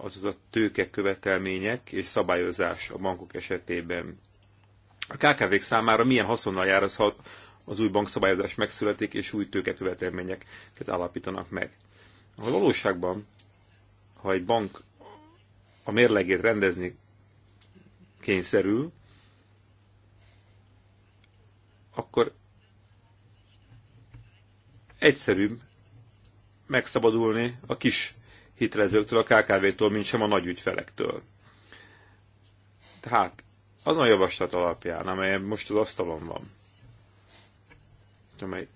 azaz a tőke követelmények és szabályozás a bankok esetében. A kkv számára milyen haszonnal jár az, ha az új bankszabályozás megszületik, és új tőkekövetelményeket állapítanak meg. A valóságban, ha egy bank a mérlegét rendezni kényszerül, akkor egyszerűbb megszabadulni a kis hitelezőktől, a KKV-tól, mint sem a nagy ügyfelektől. Tehát azon a javaslat alapján, amely most az asztalon van, amely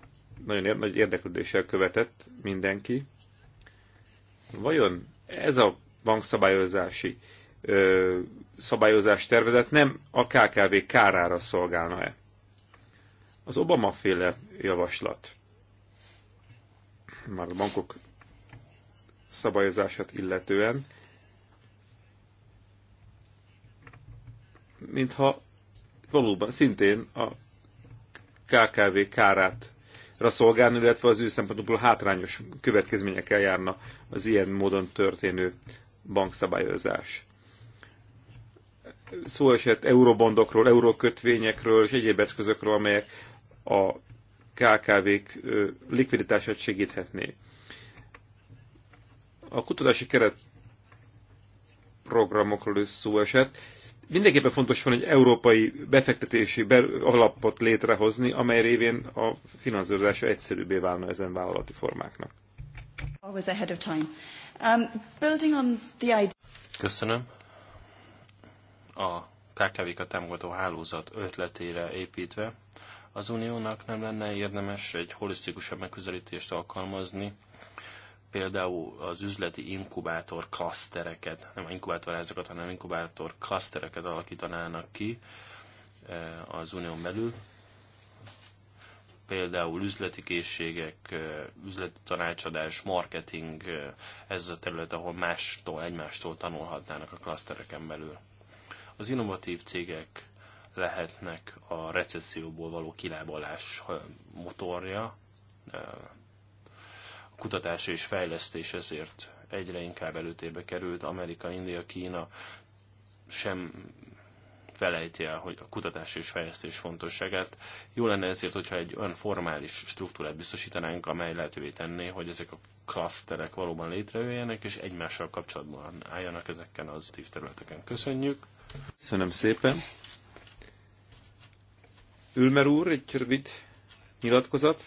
nagyon nagy érdeklődéssel követett mindenki, vajon ez a bankszabályozási ö, szabályozás tervezet nem a KKV kárára szolgálna-e? Az Obama féle javaslat, már a bankok szabályozását illetően, mintha valóban szintén a KKV kárát szolgálni, illetve az ő szempontból hátrányos következményekkel járna az ilyen módon történő bankszabályozás. Szó esett eurobondokról, eurokötvényekről és egyéb eszközökről, amelyek a KKV-k likviditását segíthetnék a kutatási keret programokról is szó esett. Mindenképpen fontos van egy európai befektetési alapot létrehozni, amely révén a finanszírozása egyszerűbbé válna ezen vállalati formáknak. Um, Köszönöm. A KKV-kat támogató hálózat ötletére építve az uniónak nem lenne érdemes egy holisztikusabb megközelítést alkalmazni, például az üzleti inkubátor klasztereket, nem inkubátorházakat, hanem inkubátor klasztereket alakítanának ki eh, az unión belül, például üzleti készségek, eh, üzleti tanácsadás, marketing, eh, ez a terület, ahol mástól, egymástól tanulhatnának a klasztereken belül. Az innovatív cégek lehetnek a recesszióból való kilábalás motorja, kutatás és fejlesztés ezért egyre inkább előtébe került. Amerika, India, Kína sem felejti el, hogy a kutatás és fejlesztés fontosságát. Jó lenne ezért, hogyha egy olyan formális struktúrát biztosítanánk, amely lehetővé tenné, hogy ezek a klaszterek valóban létrejöjjenek, és egymással kapcsolatban álljanak ezeken az aktív területeken. Köszönjük! Köszönöm szépen! Ülmer úr, egy rövid nyilatkozat.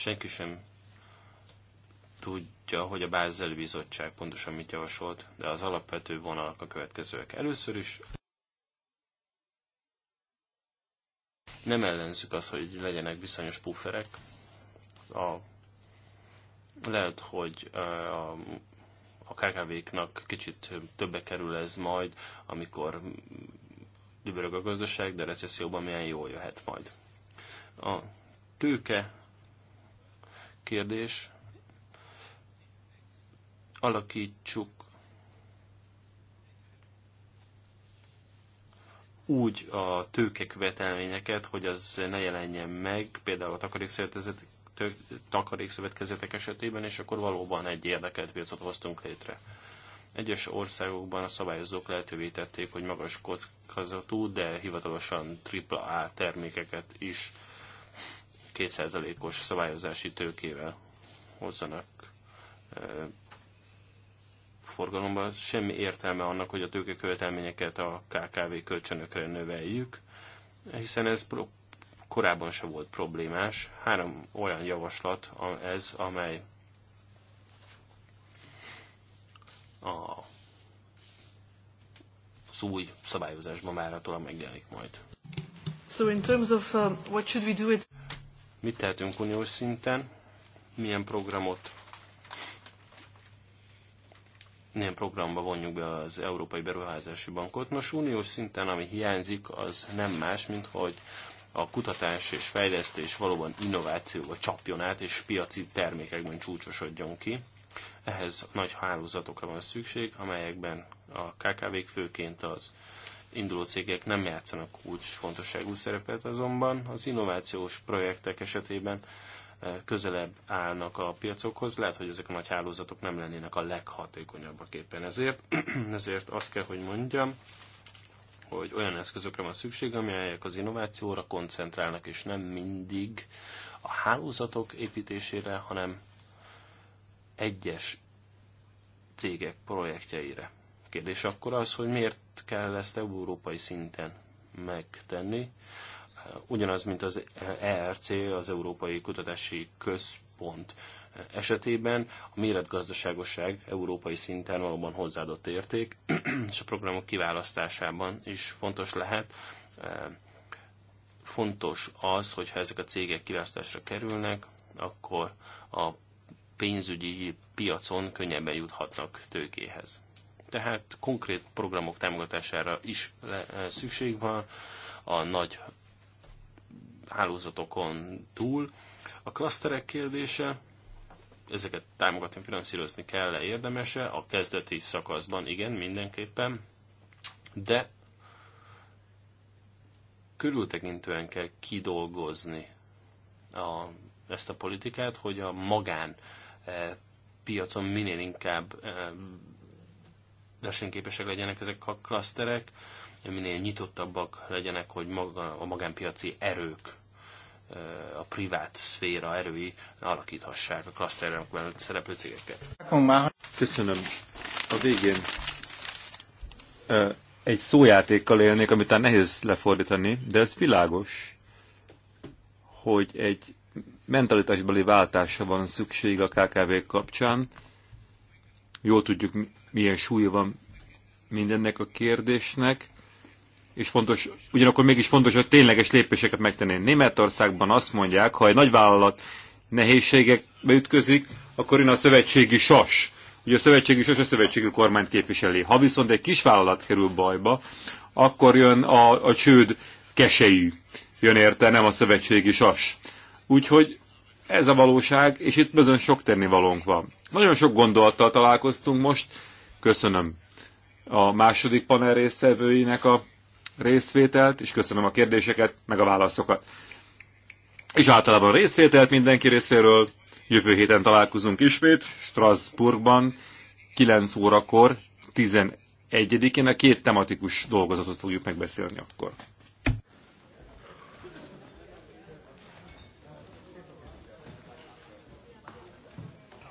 Senki sem tudja, hogy a Bázeli Bizottság pontosan mit javasolt, de az alapvető vonalak a következőek. Először is nem ellenzük azt, hogy legyenek bizonyos pufferek. A, lehet, hogy a, a KKV-knak kicsit többe kerül ez majd, amikor dübörög a gazdaság, de recesszióban milyen jól jöhet majd. A tőke kérdés. Alakítsuk úgy a tőkekövetelményeket, hogy az ne jelenjen meg, például a takarékszövetkezetek, takarékszövetkezetek esetében, és akkor valóban egy érdekelt piacot hoztunk létre. Egyes országokban a szabályozók lehetővé tették, hogy magas kockázatú, de hivatalosan AAA termékeket is 2 szabályozási tőkével hozzanak forgalomba. Semmi értelme annak, hogy a tőkekövetelményeket a KKV kölcsönökre növeljük, hiszen ez korábban se volt problémás. Három olyan javaslat ez, amely a, az új szabályozásban várhatóan megjelenik majd. So in terms of um, what should we do it? Mit tehetünk uniós szinten? Milyen programot milyen programba vonjuk be az Európai Beruházási Bankot. Nos, uniós szinten, ami hiányzik, az nem más, mint hogy a kutatás és fejlesztés valóban innovációba csapjon át, és piaci termékekben csúcsosodjon ki. Ehhez nagy hálózatokra van szükség, amelyekben a KKV-k főként az induló cégek nem játszanak fontosságú szerepet, azonban az innovációs projektek esetében e, közelebb állnak a piacokhoz, lehet, hogy ezek a nagy hálózatok nem lennének a leghatékonyabbak éppen ezért. ezért azt kell, hogy mondjam, hogy olyan eszközökre van szükség, amelyek az innovációra koncentrálnak, és nem mindig a hálózatok építésére, hanem egyes cégek projektjeire. Kérdés akkor az, hogy miért kell ezt európai szinten megtenni. Ugyanaz, mint az ERC, az Európai Kutatási Központ esetében a méretgazdaságosság európai szinten valóban hozzáadott érték, és a programok kiválasztásában is fontos lehet. Fontos az, hogyha ezek a cégek kiválasztásra kerülnek, akkor a pénzügyi piacon könnyebben juthatnak tőkéhez. Tehát konkrét programok támogatására is szükség van a nagy hálózatokon túl. A klaszterek kérdése, ezeket támogatni, finanszírozni kell-e érdemese? A kezdeti szakaszban igen, mindenképpen, de körültekintően kell kidolgozni a, ezt a politikát, hogy a magán e, piacon minél inkább e, versenyképesek legyenek ezek a klaszterek, minél nyitottabbak legyenek, hogy maga, a magánpiaci erők, eh, a privát szféra erői alakíthassák a klaszterekben szereplő cégeket. Köszönöm. A végén eh, egy szójátékkal élnék, amit már nehéz lefordítani, de ez világos, hogy egy mentalitásbeli váltásra van szükség a KKV kapcsán. Jó tudjuk, milyen súlya van mindennek a kérdésnek, és fontos, ugyanakkor mégis fontos, hogy tényleges lépéseket megtenni. Németországban azt mondják, ha egy nagyvállalat nehézségekbe ütközik, akkor én a szövetségi sas. Ugye a szövetségi sas a szövetségi kormányt képviseli. Ha viszont egy kisvállalat kerül bajba, akkor jön a, a csőd kesejű. Jön érte, nem a szövetségi sas. Úgyhogy ez a valóság, és itt bizony sok tennivalónk van. Nagyon sok gondolattal találkoztunk most, Köszönöm a második panel résztvevőinek a részvételt, és köszönöm a kérdéseket, meg a válaszokat. És általában részvételt mindenki részéről. Jövő héten találkozunk ismét, Strasbourgban, 9 órakor, 11-én a két tematikus dolgozatot fogjuk megbeszélni akkor.